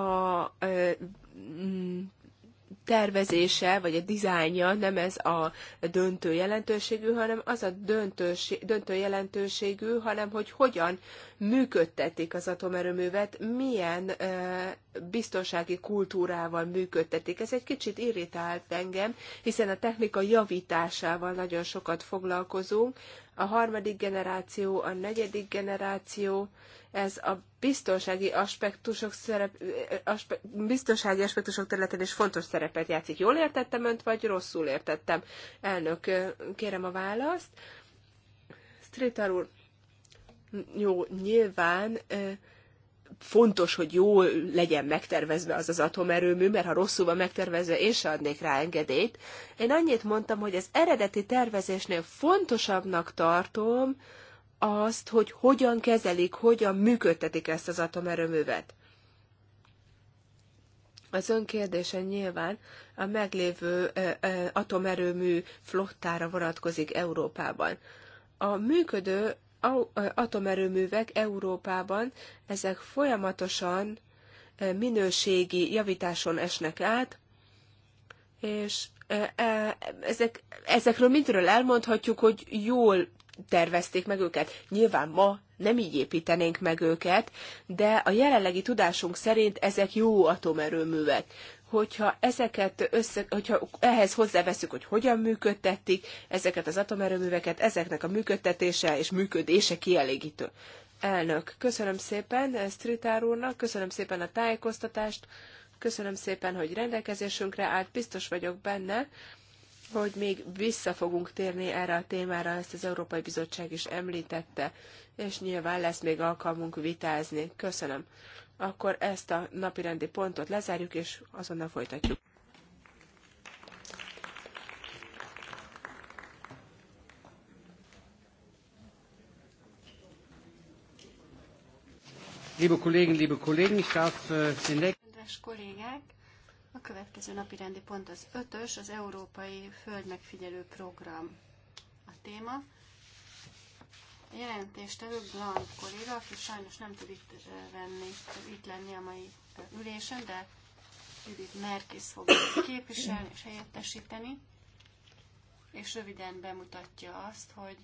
D: tervezése, vagy a dizájnja nem ez a döntő jelentőségű, hanem az a döntőség, döntő jelentőségű, hanem hogy hogyan működtetik az atomerőművet, milyen e, biztonsági kultúrával működtetik. Ez egy kicsit irritált engem, hiszen a technika javításával nagyon sokat foglalkozunk, a harmadik generáció, a negyedik generáció, ez a biztonsági aspektusok, szerep, aspe, biztonsági aspektusok területen is fontos szerepet játszik. Jól értettem önt, vagy rosszul értettem? Elnök, kérem a választ. Stritar úr, jó, nyilván fontos, hogy jól legyen megtervezve az az atomerőmű, mert ha rosszul van megtervezve, én se adnék rá engedélyt. Én annyit mondtam, hogy az eredeti tervezésnél fontosabbnak tartom azt, hogy hogyan kezelik, hogyan működtetik ezt az atomerőművet. Az ön kérdése nyilván a meglévő atomerőmű flottára vonatkozik Európában. A működő atomerőművek Európában, ezek folyamatosan minőségi javításon esnek át, és e, ezek, ezekről mindről elmondhatjuk, hogy jól tervezték meg őket. Nyilván ma nem így építenénk meg őket, de a jelenlegi tudásunk szerint ezek jó atomerőművek hogyha ezeket össze, hogyha ehhez hozzáveszünk, hogy hogyan működtették ezeket az atomerőműveket, ezeknek a működtetése és működése kielégítő. Elnök, köszönöm szépen Stritár úrnak, köszönöm szépen a tájékoztatást, köszönöm szépen, hogy rendelkezésünkre állt, biztos vagyok benne, hogy még vissza fogunk térni erre a témára, ezt az Európai Bizottság is említette, és nyilván lesz még alkalmunk vitázni. Köszönöm akkor ezt a napirendi pontot lezárjuk, és azonnal folytatjuk.
B: Liebe Kollegen, liebe Kollegen, ich darf äh, den
C: Kedves kollégák, a következő napi rendi pont az ötös, az Európai Földmegfigyelő Program a téma. A jelentéstevő Blanc kolléga, aki sajnos nem tud itt, venni, itt lenni a mai ülésen, de Judit Merkész fog képviselni és helyettesíteni, és röviden bemutatja azt, hogy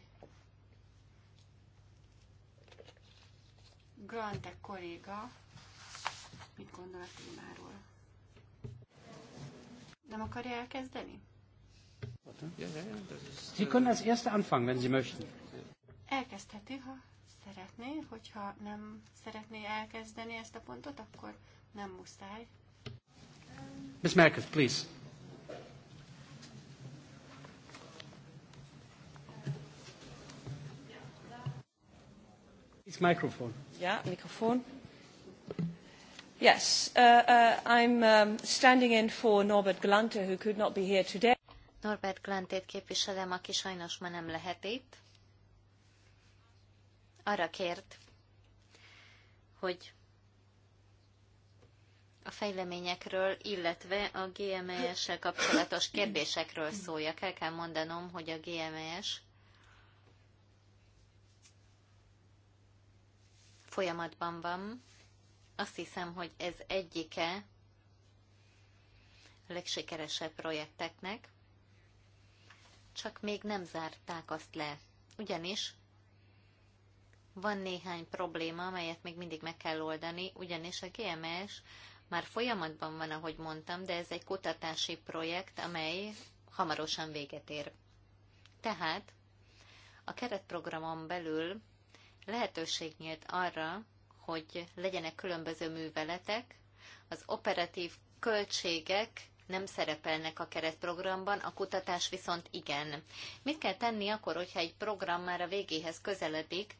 C: Grante kolléga mit gondol a témáról. Nem akarja elkezdeni?
B: Sie können als Erste anfangen, wenn Sie möchten.
C: Elkezdheti, ha szeretné, hogyha nem szeretné elkezdeni ezt a pontot, akkor nem muszáj.
B: Ms. Merkel, please. It's microphone. Yeah,
D: microphone.
A: Yes, uh, uh, I'm um, standing in for Norbert Glante, who could not be here today. Norbert Glantét képviselem, aki sajnos ma nem lehet itt arra kért, hogy a fejleményekről, illetve a GMS-sel e kapcsolatos kérdésekről szóljak. El kell mondanom, hogy a GMS e folyamatban van. Azt hiszem, hogy ez egyike a legsikeresebb projekteknek, csak még nem zárták azt le. Ugyanis van néhány probléma, amelyet még mindig meg kell oldani, ugyanis a GMS már folyamatban van, ahogy mondtam, de ez egy kutatási projekt, amely hamarosan véget ér. Tehát a keretprogramon belül lehetőség nyílt arra, hogy legyenek különböző műveletek, az operatív költségek nem szerepelnek a keretprogramban, a kutatás viszont igen. Mit kell tenni akkor, hogyha egy program már a végéhez közeledik,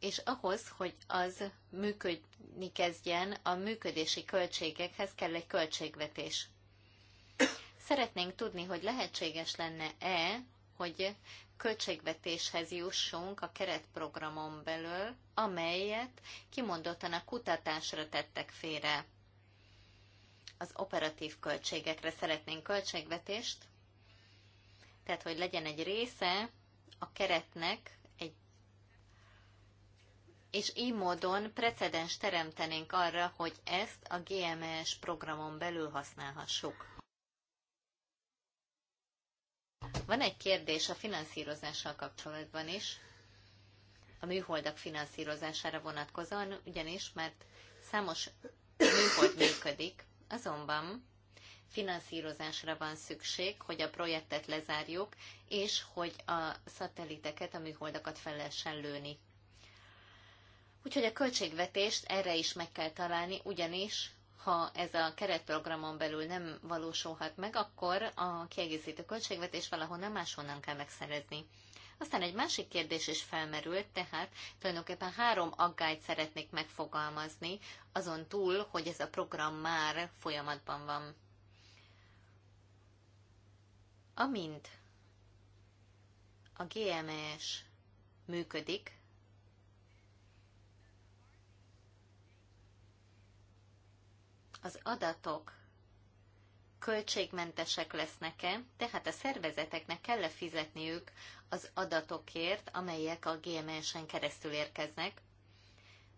A: és ahhoz, hogy az működni kezdjen, a működési költségekhez kell egy költségvetés. Szeretnénk tudni, hogy lehetséges lenne-e, hogy költségvetéshez jussunk a keretprogramon belül, amelyet kimondottan a kutatásra tettek félre. Az operatív költségekre szeretnénk költségvetést, tehát hogy legyen egy része a keretnek, és így módon precedens teremtenénk arra, hogy ezt a GMS e programon belül használhassuk. Van egy kérdés a finanszírozással kapcsolatban is, a műholdak finanszírozására vonatkozóan, ugyanis, mert számos műhold működik, azonban finanszírozásra van szükség, hogy a projektet lezárjuk, és hogy a szatelliteket, a műholdakat fel lehessen lőni. Úgyhogy a költségvetést erre is meg kell találni, ugyanis ha ez a keretprogramon belül nem valósulhat meg, akkor a kiegészítő költségvetés valahonnan máshonnan kell megszerezni. Aztán egy másik kérdés is felmerült, tehát tulajdonképpen három aggályt szeretnék megfogalmazni, azon túl, hogy ez a program már folyamatban van. Amint a GMS működik, az adatok költségmentesek lesznek-e, tehát a szervezeteknek kell -e fizetniük az adatokért, amelyek a GMS-en keresztül érkeznek,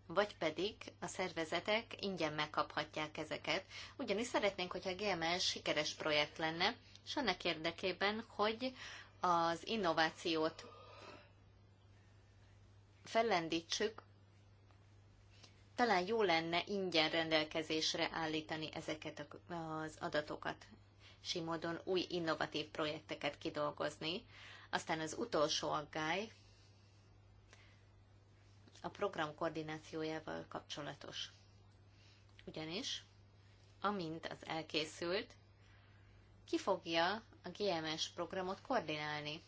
A: vagy pedig a szervezetek ingyen megkaphatják ezeket. Ugyanis szeretnénk, hogyha a GMS sikeres projekt lenne, és annak érdekében, hogy az innovációt fellendítsük, talán jó lenne ingyen rendelkezésre állítani ezeket az adatokat, és így módon új innovatív projekteket kidolgozni. Aztán az utolsó aggály a program koordinációjával kapcsolatos. Ugyanis, amint az elkészült, ki fogja a GMS programot koordinálni?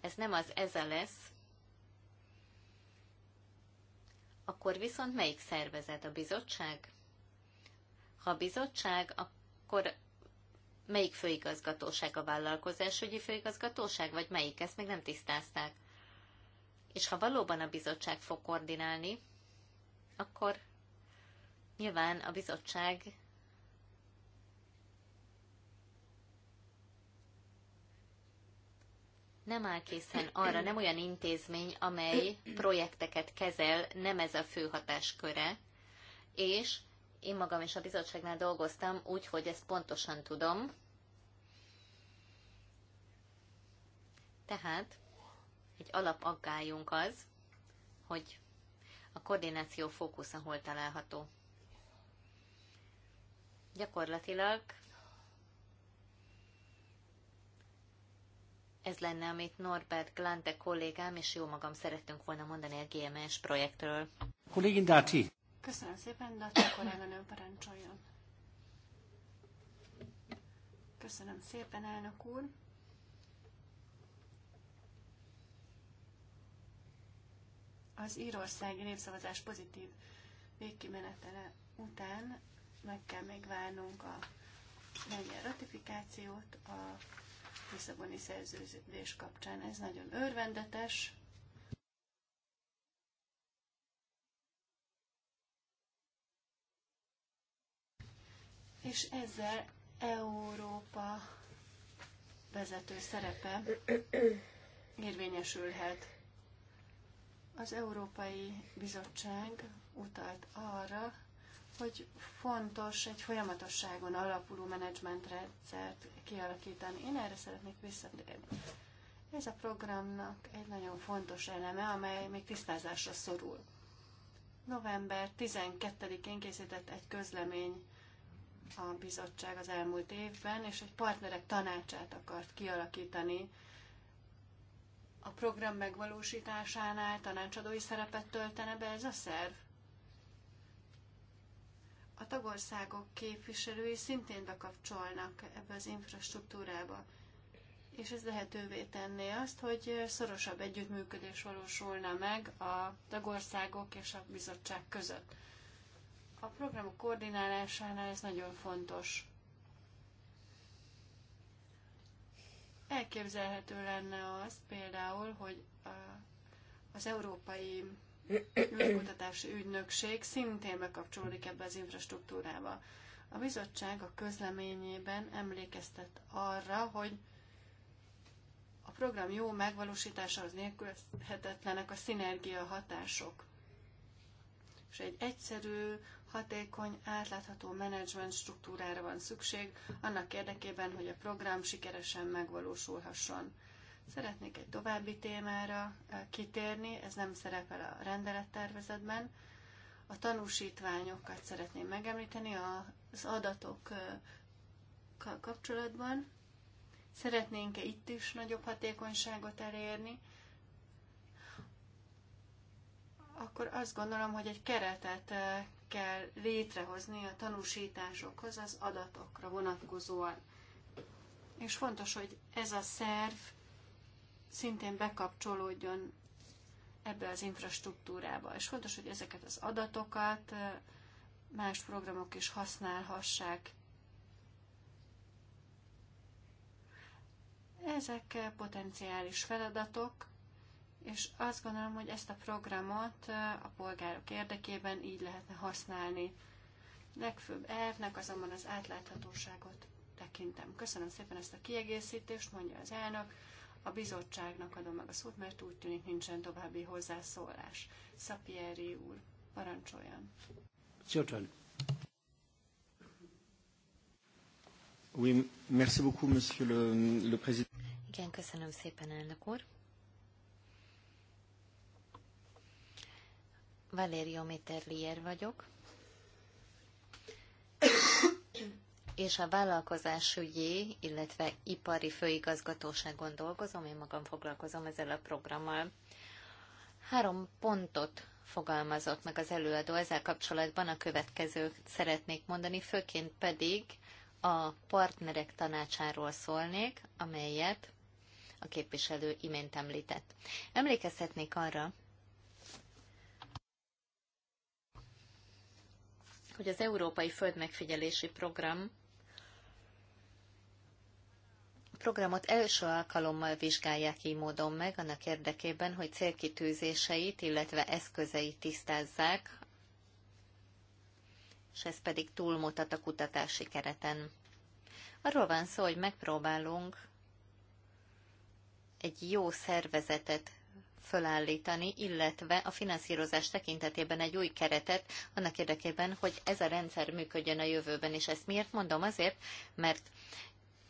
A: Ez nem az EZA lesz, akkor viszont melyik szervezet a bizottság? Ha a bizottság, akkor melyik főigazgatóság a vállalkozásügyi főigazgatóság, vagy melyik? Ezt még nem tisztázták. És ha valóban a bizottság fog koordinálni, akkor nyilván a bizottság nem áll készen arra, nem olyan intézmény, amely projekteket kezel, nem ez a fő hatásköre, és én magam is a bizottságnál dolgoztam, úgyhogy ezt pontosan tudom. Tehát egy alapaggályunk az, hogy a koordináció fókusza hol található. Gyakorlatilag Ez lenne, amit Norbert Glante kollégám és jó magam szerettünk volna mondani a GMS projektről.
B: Kollégin Dáti.
C: Köszönöm szépen, Dáti kolléganő parancsoljon. Köszönöm szépen, elnök úr. Az írországi népszavazás pozitív végkimenetele után meg kell még várnunk a lengyel ratifikációt, a Lisszaboni szerződés kapcsán. Ez nagyon örvendetes. És ezzel Európa vezető szerepe érvényesülhet. Az Európai Bizottság utalt arra, hogy fontos egy folyamatosságon alapuló menedzsmentrendszert kialakítani. Én erre szeretnék visszatérni. Ez a programnak egy nagyon fontos eleme, amely még tisztázásra szorul. November 12-én készített egy közlemény a bizottság az elmúlt évben, és egy partnerek tanácsát akart kialakítani a program megvalósításánál tanácsadói szerepet töltene be ez a szerv? a tagországok képviselői szintén bekapcsolnak ebbe az infrastruktúrába, és ez lehetővé tenné azt, hogy szorosabb együttműködés valósulna meg a tagországok és a bizottság között. A programok koordinálásánál ez nagyon fontos. Elképzelhető lenne az például, hogy az európai kutatási ügynökség szintén bekapcsolódik ebbe az infrastruktúrába. A bizottság a közleményében emlékeztet arra, hogy a program jó megvalósítása az nélkülhetetlenek a szinergia hatások. És egy egyszerű, hatékony, átlátható menedzsment struktúrára van szükség, annak érdekében, hogy a program sikeresen megvalósulhasson. Szeretnék egy további témára eh, kitérni, ez nem szerepel a rendelettervezetben. A tanúsítványokat szeretném megemlíteni az adatok eh, kapcsolatban. Szeretnénk-e itt is nagyobb hatékonyságot elérni? Akkor azt gondolom, hogy egy keretet eh, kell létrehozni a tanúsításokhoz, az adatokra vonatkozóan. És fontos, hogy ez a szerv szintén bekapcsolódjon ebbe az infrastruktúrába. És fontos, hogy ezeket az adatokat más programok is használhassák. Ezek potenciális feladatok, és azt gondolom, hogy ezt a programot a polgárok érdekében így lehetne használni. Legfőbb elvnek azonban az átláthatóságot tekintem. Köszönöm szépen ezt a kiegészítést, mondja az elnök. A bizottságnak adom meg a szót, mert úgy tűnik nincsen további hozzászólás. Szapieri úr, parancsoljon.
B: Csotan. Oui, merci beaucoup, monsieur le, le président.
A: Igen, köszönöm szépen, elnök úr. Valerio Méterlier vagyok, és a vállalkozásügyi, illetve ipari főigazgatóságon dolgozom, én magam foglalkozom ezzel a programmal. Három pontot fogalmazott meg az előadó ezzel kapcsolatban, a következőt szeretnék mondani, főként pedig a partnerek tanácsáról szólnék, amelyet a képviselő imént említett. Emlékezhetnék arra, hogy az Európai Földmegfigyelési Program programot első alkalommal vizsgálják így módon meg, annak érdekében, hogy célkitűzéseit, illetve eszközeit tisztázzák, és ez pedig túlmutat a kutatási kereten. Arról van szó, hogy megpróbálunk egy jó szervezetet fölállítani, illetve a finanszírozás tekintetében egy új keretet annak érdekében, hogy ez a rendszer működjön a jövőben. És ezt miért mondom? Azért, mert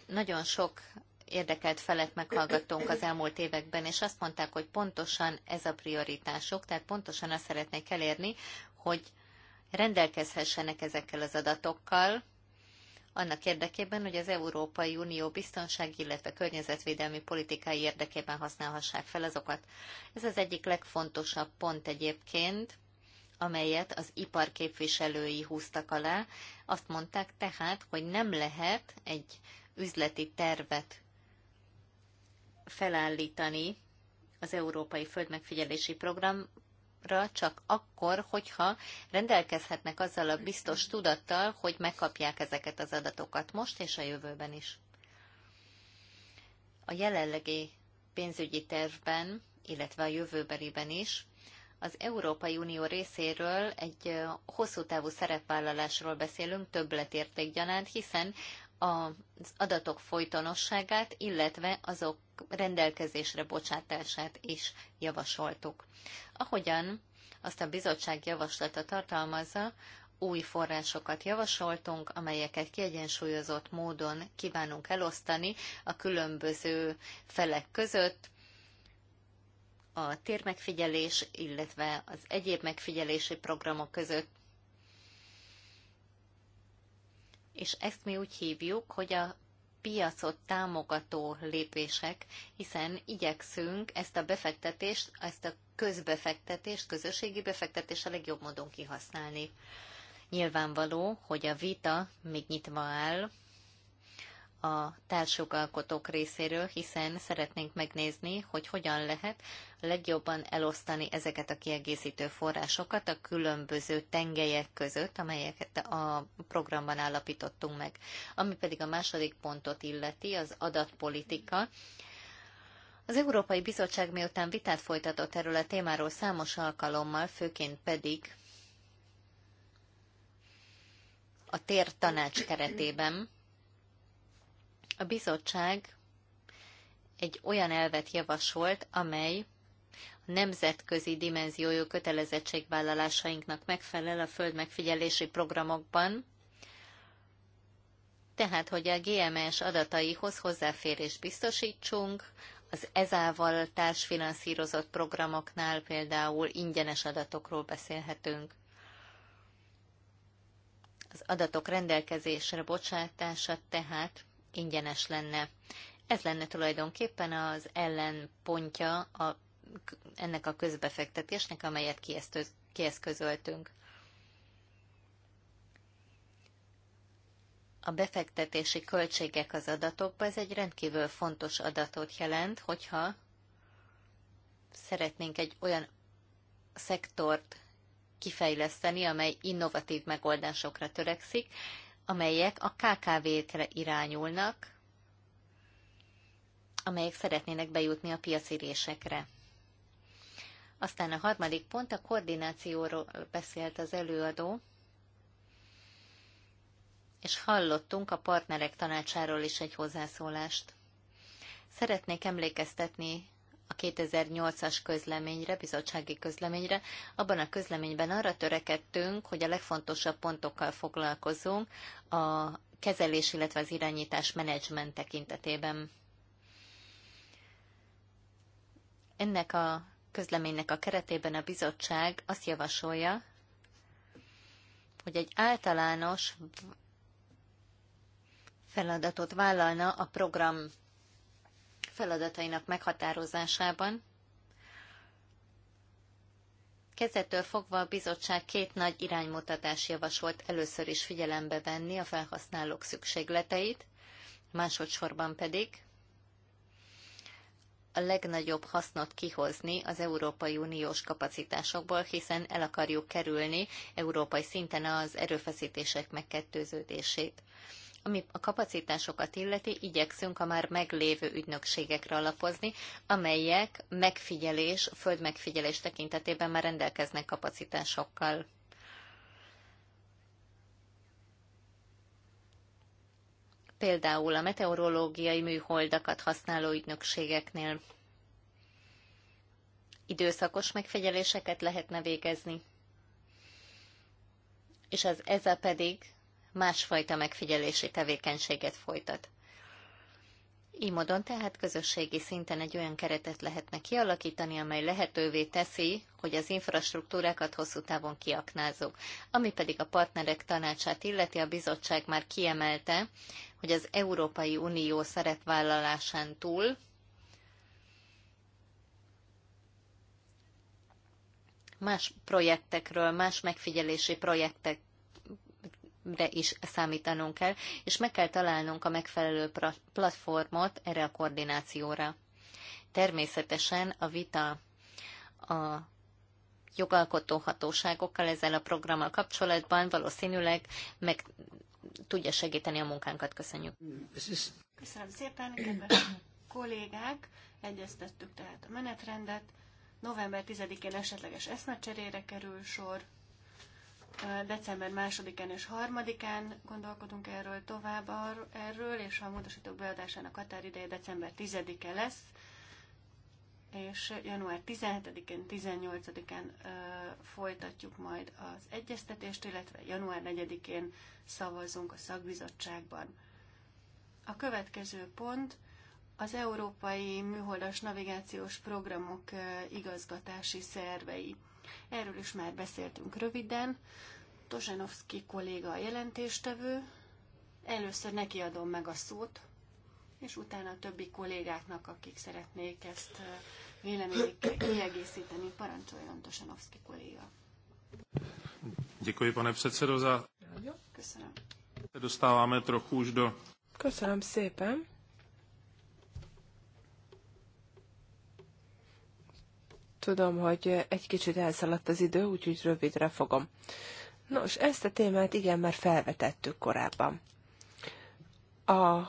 A: nagyon sok érdekelt felet meghallgattunk az elmúlt években, és azt mondták, hogy pontosan ez a prioritások, tehát pontosan azt szeretnék elérni, hogy rendelkezhessenek ezekkel az adatokkal, annak érdekében, hogy az Európai Unió biztonsági, illetve környezetvédelmi politikai érdekében használhassák fel azokat. Ez az egyik legfontosabb pont egyébként, amelyet az ipar képviselői húztak alá. Azt mondták tehát, hogy nem lehet egy üzleti tervet felállítani az Európai Földmegfigyelési Programra csak akkor, hogyha rendelkezhetnek azzal a biztos tudattal, hogy megkapják ezeket az adatokat most és a jövőben is. A jelenlegi pénzügyi tervben, illetve a jövőbeliben is az Európai Unió részéről egy hosszú távú szerepvállalásról beszélünk többletértékgyanánt, hiszen az adatok folytonosságát, illetve azok rendelkezésre bocsátását is javasoltuk. Ahogyan azt a bizottság javaslata tartalmazza, új forrásokat javasoltunk, amelyeket kiegyensúlyozott módon kívánunk elosztani a különböző felek között, a térmegfigyelés, illetve az egyéb megfigyelési programok között és ezt mi úgy hívjuk, hogy a piacot támogató lépések, hiszen igyekszünk ezt a befektetést, ezt a közbefektetést, közösségi befektetést a legjobb módon kihasználni. Nyilvánvaló, hogy a vita még nyitva áll a társjogalkotók részéről, hiszen szeretnénk megnézni, hogy hogyan lehet legjobban elosztani ezeket a kiegészítő forrásokat a különböző tengelyek között, amelyeket a programban állapítottunk meg. Ami pedig a második pontot illeti, az adatpolitika. Az Európai Bizottság miután vitát folytatott erről a témáról számos alkalommal, főként pedig a tér tanács keretében, a bizottság egy olyan elvet javasolt, amely a nemzetközi dimenziójú kötelezettségvállalásainknak megfelel a föld megfigyelési programokban, tehát hogy a GMS adataihoz hozzáférést biztosítsunk, az ezával társfinanszírozott programoknál például ingyenes adatokról beszélhetünk. Az adatok rendelkezésre bocsátása tehát ingyenes lenne. Ez lenne tulajdonképpen az ellenpontja a, ennek a közbefektetésnek, amelyet kieszközöltünk. A befektetési költségek az adatokba, ez egy rendkívül fontos adatot jelent, hogyha szeretnénk egy olyan szektort kifejleszteni, amely innovatív megoldásokra törekszik, amelyek a KKV-kre irányulnak, amelyek szeretnének bejutni a piacérésekre. Aztán a harmadik pont a koordinációról beszélt az előadó, és hallottunk a partnerek tanácsáról is egy hozzászólást. Szeretnék emlékeztetni a 2008-as közleményre, bizottsági közleményre. Abban a közleményben arra törekedtünk, hogy a legfontosabb pontokkal foglalkozunk a kezelés, illetve az irányítás menedzsment tekintetében. Ennek a közleménynek a keretében a bizottság azt javasolja, hogy egy általános feladatot vállalna a program feladatainak meghatározásában. Kezdettől fogva a bizottság két nagy iránymutatás javasolt először is figyelembe venni a felhasználók szükségleteit, másodszorban pedig a legnagyobb hasznot kihozni az Európai Uniós kapacitásokból, hiszen el akarjuk kerülni európai szinten az erőfeszítések megkettőződését ami a kapacitásokat illeti, igyekszünk a már meglévő ügynökségekre alapozni, amelyek megfigyelés, földmegfigyelés tekintetében már rendelkeznek kapacitásokkal. Például a meteorológiai műholdakat használó ügynökségeknél időszakos megfigyeléseket lehetne végezni, és az a pedig másfajta megfigyelési tevékenységet folytat. Így módon tehát közösségi szinten egy olyan keretet lehetne kialakítani, amely lehetővé teszi, hogy az infrastruktúrákat hosszú távon kiaknázzuk. Ami pedig a partnerek tanácsát illeti, a bizottság már kiemelte, hogy az Európai Unió szerepvállalásán túl más projektekről, más megfigyelési projektek de is számítanunk kell, és meg kell találnunk a megfelelő platformot erre a koordinációra. Természetesen a vita a jogalkotó hatóságokkal ezzel a programmal kapcsolatban valószínűleg meg tudja segíteni a munkánkat. Köszönjük.
C: Köszönöm szépen, kedves kollégák, egyeztettük tehát a menetrendet. November 10-én esetleges eszmecserére kerül sor. December 2-án és 3-án gondolkodunk erről tovább erről, és a módosítók beadásának határideje december 10-e lesz, és január 17-én, 18-án folytatjuk majd az egyeztetést, illetve január 4-én szavazunk a szakbizottságban. A következő pont az Európai Műholdas Navigációs Programok igazgatási szervei. Erről is már beszéltünk röviden. Tosanovszki kolléga a jelentéstevő. Először neki adom meg a szót, és utána a többi kollégáknak, akik szeretnék ezt véleményükkel kiegészíteni. Parancsoljon Tosanovszki kolléga.
A: Děkuji, pane předsedo, za... Köszönöm. Dostáváme trochu už do...
D: Köszönöm szépen. Tudom, hogy egy kicsit elszaladt az idő, úgyhogy rövidre fogom. Nos, ezt a témát igen, már felvetettük korábban. A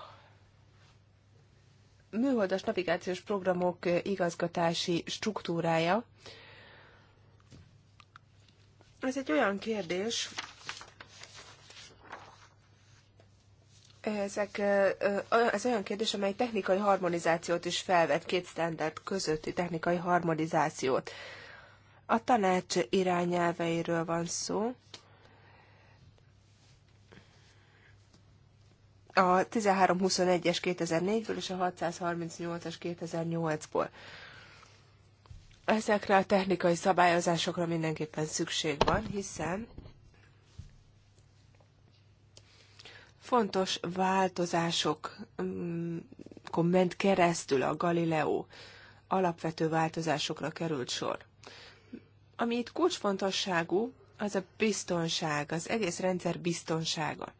D: műholdas navigációs programok igazgatási struktúrája. Ez egy olyan kérdés, Ezek, ez olyan kérdés, amely technikai harmonizációt is felvet, két standard közötti technikai harmonizációt. A tanács irányelveiről van szó. A 1321-es 2004-ből és a 638-as 2008-ból. Ezekre a technikai szabályozásokra mindenképpen szükség van, hiszen fontos változások mm, ment keresztül a Galileo. Alapvető változásokra került sor. Ami itt kulcsfontosságú, az a biztonság, az egész rendszer biztonsága.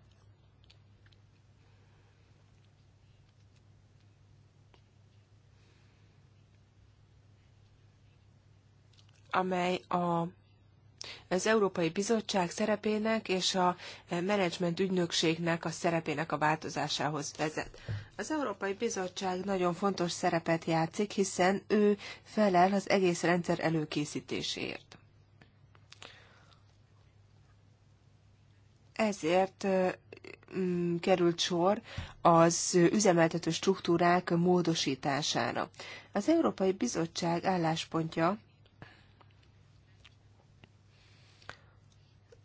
D: amely a az Európai Bizottság szerepének és a menedzsment ügynökségnek a szerepének a változásához vezet. Az Európai Bizottság nagyon fontos szerepet játszik, hiszen ő felel az egész rendszer előkészítéséért. Ezért mm, került sor az üzemeltető struktúrák módosítására. Az Európai Bizottság álláspontja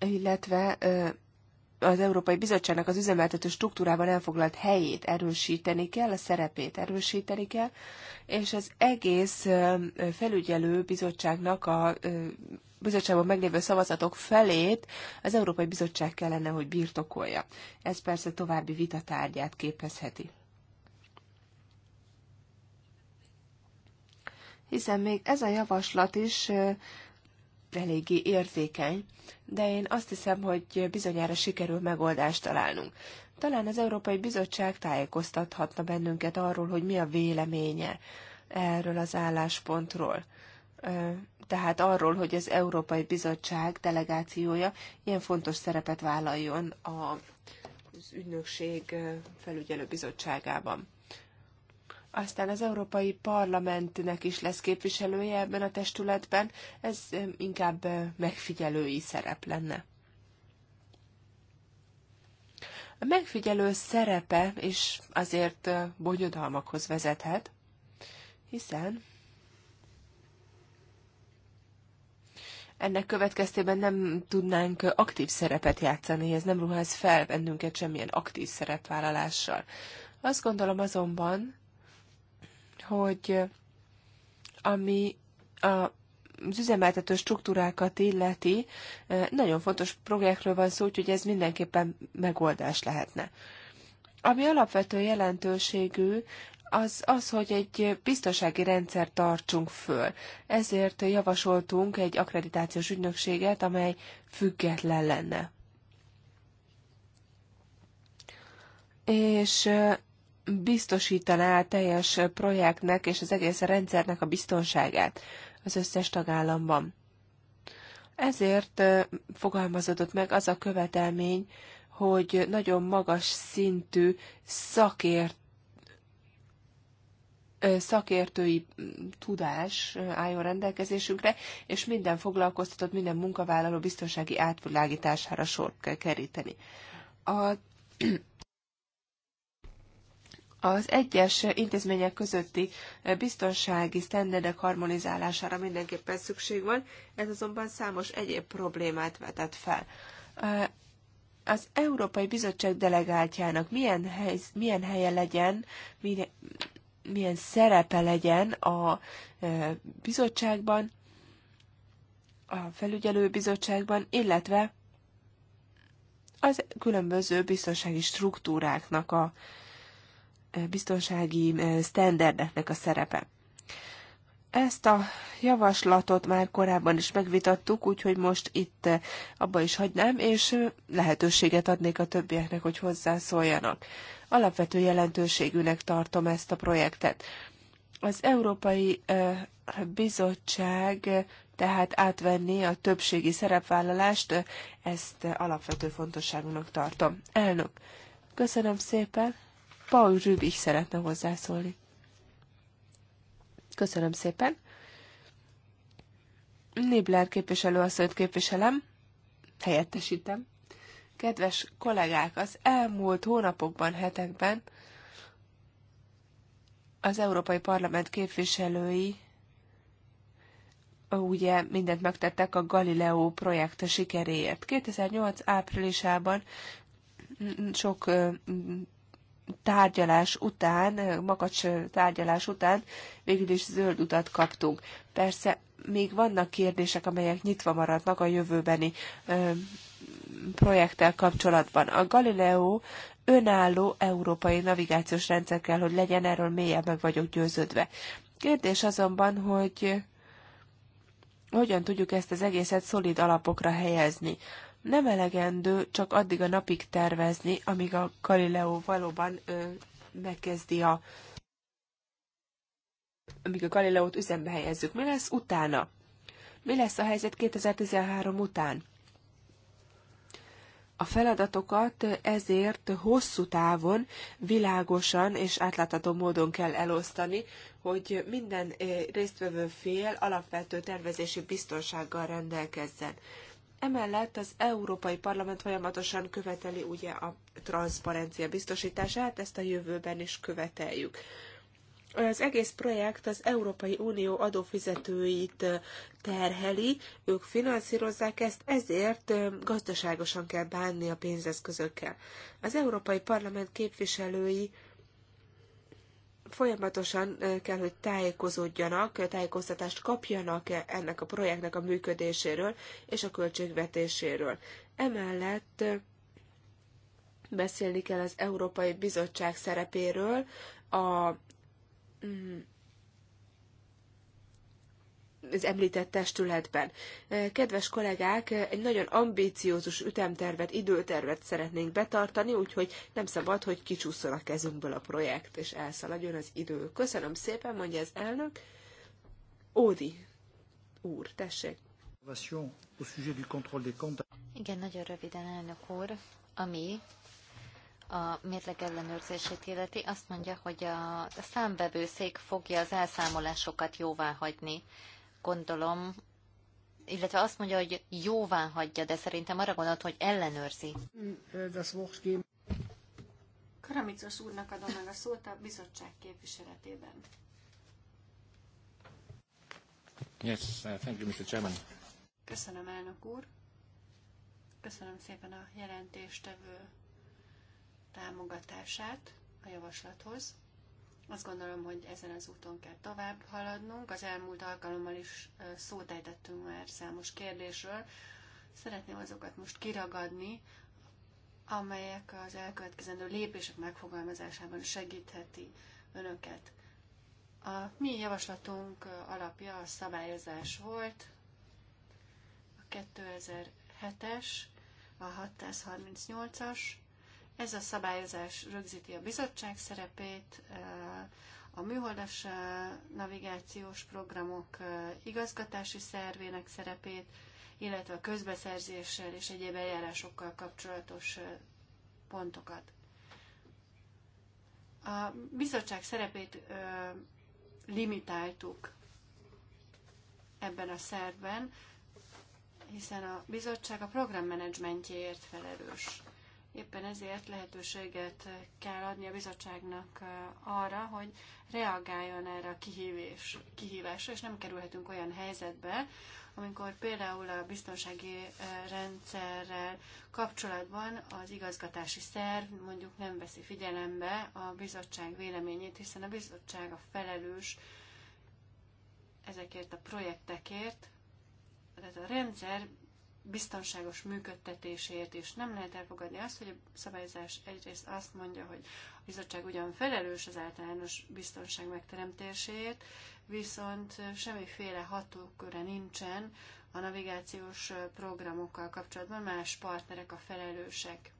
D: illetve az Európai Bizottságnak az üzemeltető struktúrában elfoglalt helyét erősíteni kell, a szerepét erősíteni kell, és az egész felügyelő bizottságnak a bizottságban meglévő szavazatok felét az Európai Bizottság kellene, hogy birtokolja. Ez persze további vitatárgyát képezheti. Hiszen még ez a javaslat is eléggé érzékeny, de én azt hiszem, hogy bizonyára sikerül megoldást találnunk. Talán az Európai Bizottság tájékoztathatna bennünket arról, hogy mi a véleménye erről az álláspontról. Tehát arról, hogy az Európai Bizottság delegációja ilyen fontos szerepet vállaljon az ügynökség felügyelő bizottságában. Aztán az Európai Parlamentnek is lesz képviselője ebben a testületben, ez inkább megfigyelői szerep lenne. A megfigyelő szerepe is azért bonyodalmakhoz vezethet, hiszen ennek következtében nem tudnánk aktív szerepet játszani, ez nem ruház fel bennünket semmilyen aktív szerepvállalással. Azt gondolom azonban, hogy ami a az üzemeltető struktúrákat illeti, nagyon fontos projektről van szó, úgyhogy ez mindenképpen megoldás lehetne. Ami alapvető jelentőségű, az az, hogy egy biztonsági rendszer tartsunk föl. Ezért javasoltunk egy akkreditációs ügynökséget, amely független lenne. És biztosítaná a teljes projektnek és az egész rendszernek a biztonságát az összes tagállamban. Ezért fogalmazódott meg az a követelmény, hogy nagyon magas szintű szakért, szakértői tudás álljon rendelkezésünkre, és minden foglalkoztatott, minden munkavállaló biztonsági átvilágítására sort kell keríteni. A az egyes intézmények közötti biztonsági sztenderdek harmonizálására mindenképpen szükség van, ez azonban számos egyéb problémát vetett fel. Az Európai Bizottság delegáltjának milyen, hely, milyen helye legyen, milyen, milyen szerepe legyen a bizottságban, a felügyelő bizottságban illetve az különböző biztonsági struktúráknak a biztonsági sztenderdeknek a szerepe. Ezt a javaslatot már korábban is megvitattuk, úgyhogy most itt abba is hagynám, és lehetőséget adnék a többieknek, hogy hozzászóljanak. Alapvető jelentőségűnek tartom ezt a projektet. Az Európai Bizottság tehát átvenni a többségi szerepvállalást, ezt alapvető fontosságúnak tartom. Elnök, köszönöm szépen! Paul is szeretne hozzászólni. Köszönöm szépen. Nibler képviselő asszonyt képviselem, helyettesítem. Kedves kollégák, az elmúlt hónapokban, hetekben az Európai Parlament képviselői ugye mindent megtettek a Galileo projekt sikeréért. 2008 áprilisában sok tárgyalás után, makacs tárgyalás után végül is zöld utat kaptunk. Persze még vannak kérdések, amelyek nyitva maradnak a jövőbeni ö, projekttel kapcsolatban. A Galileo önálló európai navigációs rendszer kell, hogy legyen, erről mélyebb meg vagyok győződve. Kérdés azonban, hogy hogyan tudjuk ezt az egészet szolid alapokra helyezni nem elegendő csak addig a napig tervezni, amíg a Galileo valóban ö, megkezdi a amíg a Galileót üzembe helyezzük. Mi lesz utána? Mi lesz a helyzet 2013 után? A feladatokat ezért hosszú távon, világosan és átlátható módon kell elosztani, hogy minden résztvevő fél alapvető tervezési biztonsággal rendelkezzen. Emellett az Európai Parlament folyamatosan követeli ugye a transzparencia biztosítását, ezt a jövőben is követeljük. Az egész projekt az Európai Unió adófizetőit terheli, ők finanszírozzák ezt, ezért gazdaságosan kell bánni a pénzeszközökkel. Az Európai Parlament képviselői folyamatosan kell, hogy tájékozódjanak, tájékoztatást kapjanak e, ennek a projektnek a működéséről és a költségvetéséről. Emellett beszélni kell az Európai Bizottság szerepéről, a mm, az említett testületben. Kedves kollégák, egy nagyon ambíciózus ütemtervet, időtervet szeretnénk betartani, úgyhogy nem szabad, hogy kicsúszol a kezünkből a projekt, és elszaladjon az idő. Köszönöm szépen,
A: mondja az elnök. Ódi úr, tessék. Igen, nagyon röviden, elnök úr. Ami a mérleg ellenőrzését illeti, azt mondja, hogy a számbevőszék fogja az elszámolásokat jóvá hagyni gondolom, illetve azt mondja, hogy jóvá hagyja, de szerintem arra gondolt, hogy ellenőrzi.
C: Karamicos úrnak adom meg a szót a bizottság képviseletében.
B: Yes, uh, thank you, Mr. Chairman.
C: Köszönöm, elnök úr. Köszönöm szépen a jelentéstevő támogatását a javaslathoz. Azt gondolom, hogy ezen az úton kell tovább haladnunk. Az elmúlt alkalommal is szót ejtettünk már számos kérdésről. Szeretném azokat most kiragadni, amelyek az elkövetkezendő lépések megfogalmazásában segítheti önöket. A mi javaslatunk alapja a szabályozás volt, a 2007-es, a 638-as, ez a szabályozás rögzíti a bizottság szerepét, a műholdas navigációs programok igazgatási szervének szerepét, illetve a közbeszerzéssel és egyéb eljárásokkal kapcsolatos pontokat. A bizottság szerepét limitáltuk ebben a szervben, hiszen a bizottság a programmenedzsmentjéért felelős. Éppen ezért lehetőséget kell adni a bizottságnak arra, hogy reagáljon erre a kihívés, kihívásra, és nem kerülhetünk olyan helyzetbe, amikor például a biztonsági rendszerrel kapcsolatban az igazgatási szerv mondjuk nem veszi figyelembe a bizottság véleményét, hiszen a bizottság a felelős ezekért a projektekért, tehát a rendszer biztonságos működtetéséért és Nem lehet elfogadni azt, hogy a szabályozás egyrészt azt mondja, hogy a bizottság ugyan felelős az általános biztonság megteremtéséért, viszont semmiféle hatóköre nincsen a navigációs programokkal kapcsolatban, más partnerek a felelősek.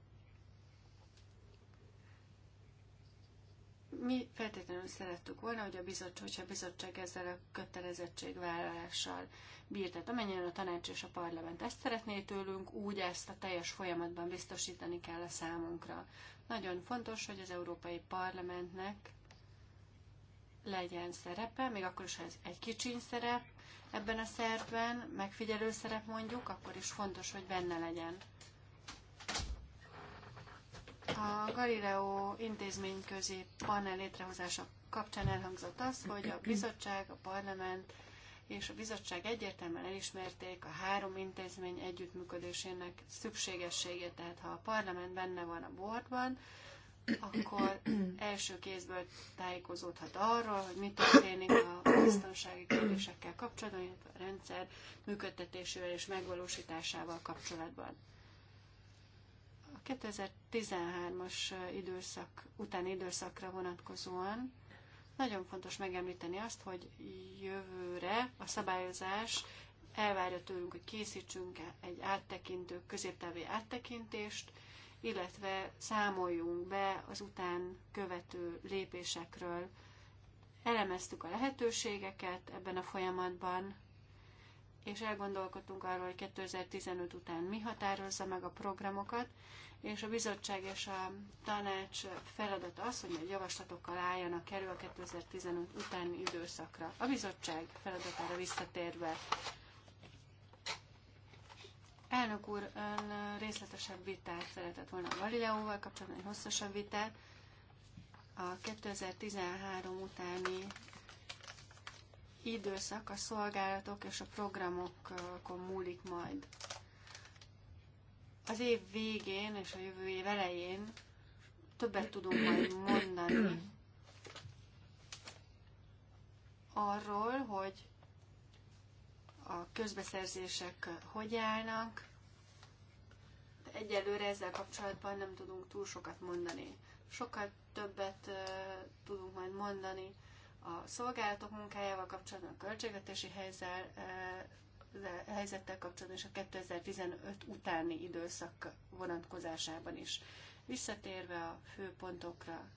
C: mi feltétlenül szerettük volna, hogy a bizottság, hogyha a bizottság ezzel a kötelezettségvállalással bír, tehát amennyire a tanács és a parlament ezt szeretné tőlünk, úgy ezt a teljes folyamatban biztosítani kell a számunkra. Nagyon fontos, hogy az Európai Parlamentnek legyen szerepe, még akkor is, ha ez egy kicsi szerep ebben a szervben, megfigyelő szerep mondjuk, akkor is fontos, hogy benne legyen. A Galileo intézményközi panel létrehozása kapcsán elhangzott az, hogy a bizottság, a parlament és a bizottság egyértelműen elismerték a három intézmény együttműködésének szükségességét. Tehát ha a parlament benne van a boardban, akkor első kézből tájékozódhat arról, hogy mi történik a biztonsági
D: kérdésekkel
C: kapcsolatban, illetve a rendszer működtetésével és megvalósításával kapcsolatban. 2013-as időszak utáni időszakra vonatkozóan nagyon fontos megemlíteni azt, hogy jövőre a szabályozás elvárja tőlünk, hogy készítsünk egy áttekintő, középtávé áttekintést, illetve számoljunk be az után követő lépésekről. Elemeztük a lehetőségeket ebben a folyamatban, és elgondolkodtunk arról, hogy 2015 után mi határozza meg a programokat, és a bizottság és a tanács feladata az, hogy egy javaslatokkal álljanak elő a 2015 utáni időszakra. A bizottság feladatára visszatérve. Elnök úr, ön részletesebb vitát szeretett volna a Galileóval kapcsolatban, egy hosszasabb vitát. A 2013 utáni időszak a szolgálatok és a programokon múlik majd az év végén és a jövő év elején többet tudunk majd mondani arról, hogy a közbeszerzések hogy állnak, de egyelőre ezzel kapcsolatban nem tudunk túl sokat mondani. Sokkal többet uh, tudunk majd mondani a szolgálatok munkájával kapcsolatban, a költségvetési helyzel, uh, helyzettel kapcsolatban és a 2015 utáni időszak vonatkozásában is. Visszatérve a fő pontokra,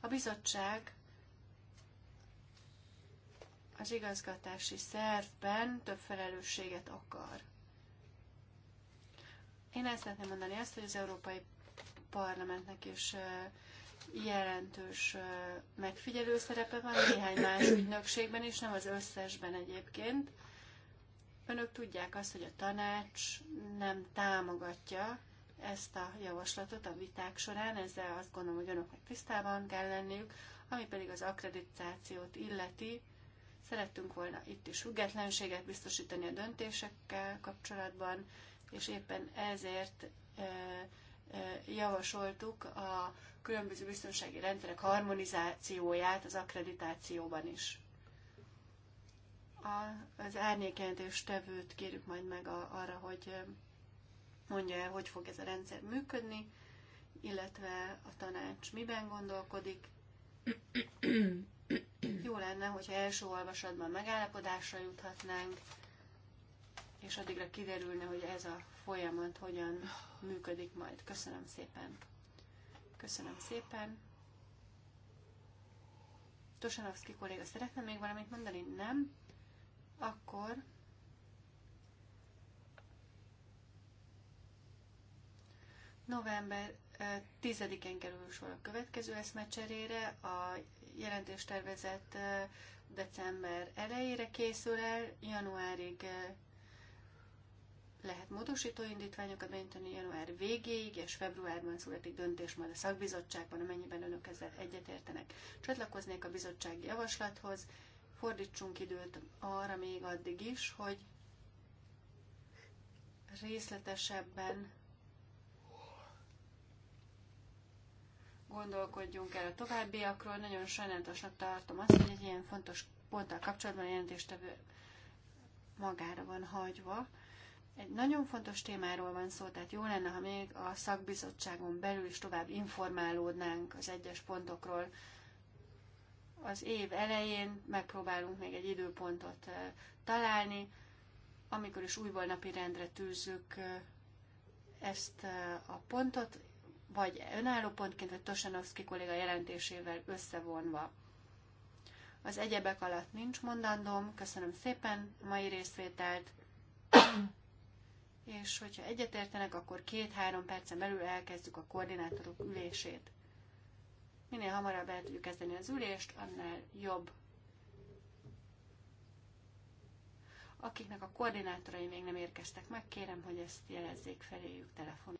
C: a bizottság az igazgatási szervben több felelősséget akar. Én ezt szeretném mondani azt, hogy az Európai Parlamentnek is jelentős megfigyelő szerepe van néhány más ügynökségben is, nem az összesben egyébként. Önök tudják azt, hogy a tanács nem támogatja ezt a javaslatot a viták során, ezzel azt gondolom, hogy önöknek tisztában kell lenniük, ami pedig az akkreditációt illeti. Szerettünk volna itt is függetlenséget biztosítani a döntésekkel kapcsolatban, és éppen ezért javasoltuk a különböző biztonsági rendszerek harmonizációját az akkreditációban is. A, az árnyékjelentés tevőt kérjük majd meg a, arra, hogy mondja el, hogy fog ez a rendszer működni, illetve a tanács miben gondolkodik. Jó lenne, hogyha első olvasatban megállapodásra juthatnánk, és addigra kiderülne, hogy ez a folyamat hogyan működik majd. Köszönöm szépen! Köszönöm szépen. Tosanovszki kolléga szeretne még valamit mondani? Nem? Akkor november 10-én kerül sor a következő eszmecserére, a jelentéstervezet december elejére készül el, januárig lehet módosító indítványokat benyújtani január végéig, és februárban születik döntés majd a szakbizottságban, amennyiben önök ezzel egyetértenek. Csatlakoznék a bizottsági javaslathoz, fordítsunk időt arra még addig is, hogy részletesebben gondolkodjunk el a továbbiakról. Nagyon sajnálatosnak tartom azt, hogy egy ilyen fontos ponttal kapcsolatban a jelentéstevő magára van hagyva. Egy nagyon fontos témáról van szó, tehát jó lenne, ha még a szakbizottságon belül is tovább informálódnánk az egyes pontokról. Az év elején megpróbálunk még egy időpontot eh, találni, amikor is újból napi rendre tűzzük eh, ezt eh, a pontot, vagy önálló pontként, vagy Tosanovszki kolléga jelentésével összevonva. Az egyebek alatt nincs mondandóm. Köszönöm szépen a mai részvételt és hogyha egyetértenek, akkor két-három percen belül elkezdjük a koordinátorok ülését. Minél hamarabb el tudjuk kezdeni az ülést, annál jobb. Akiknek a koordinátorai még nem érkeztek meg, kérem, hogy ezt jelezzék feléjük telefonon.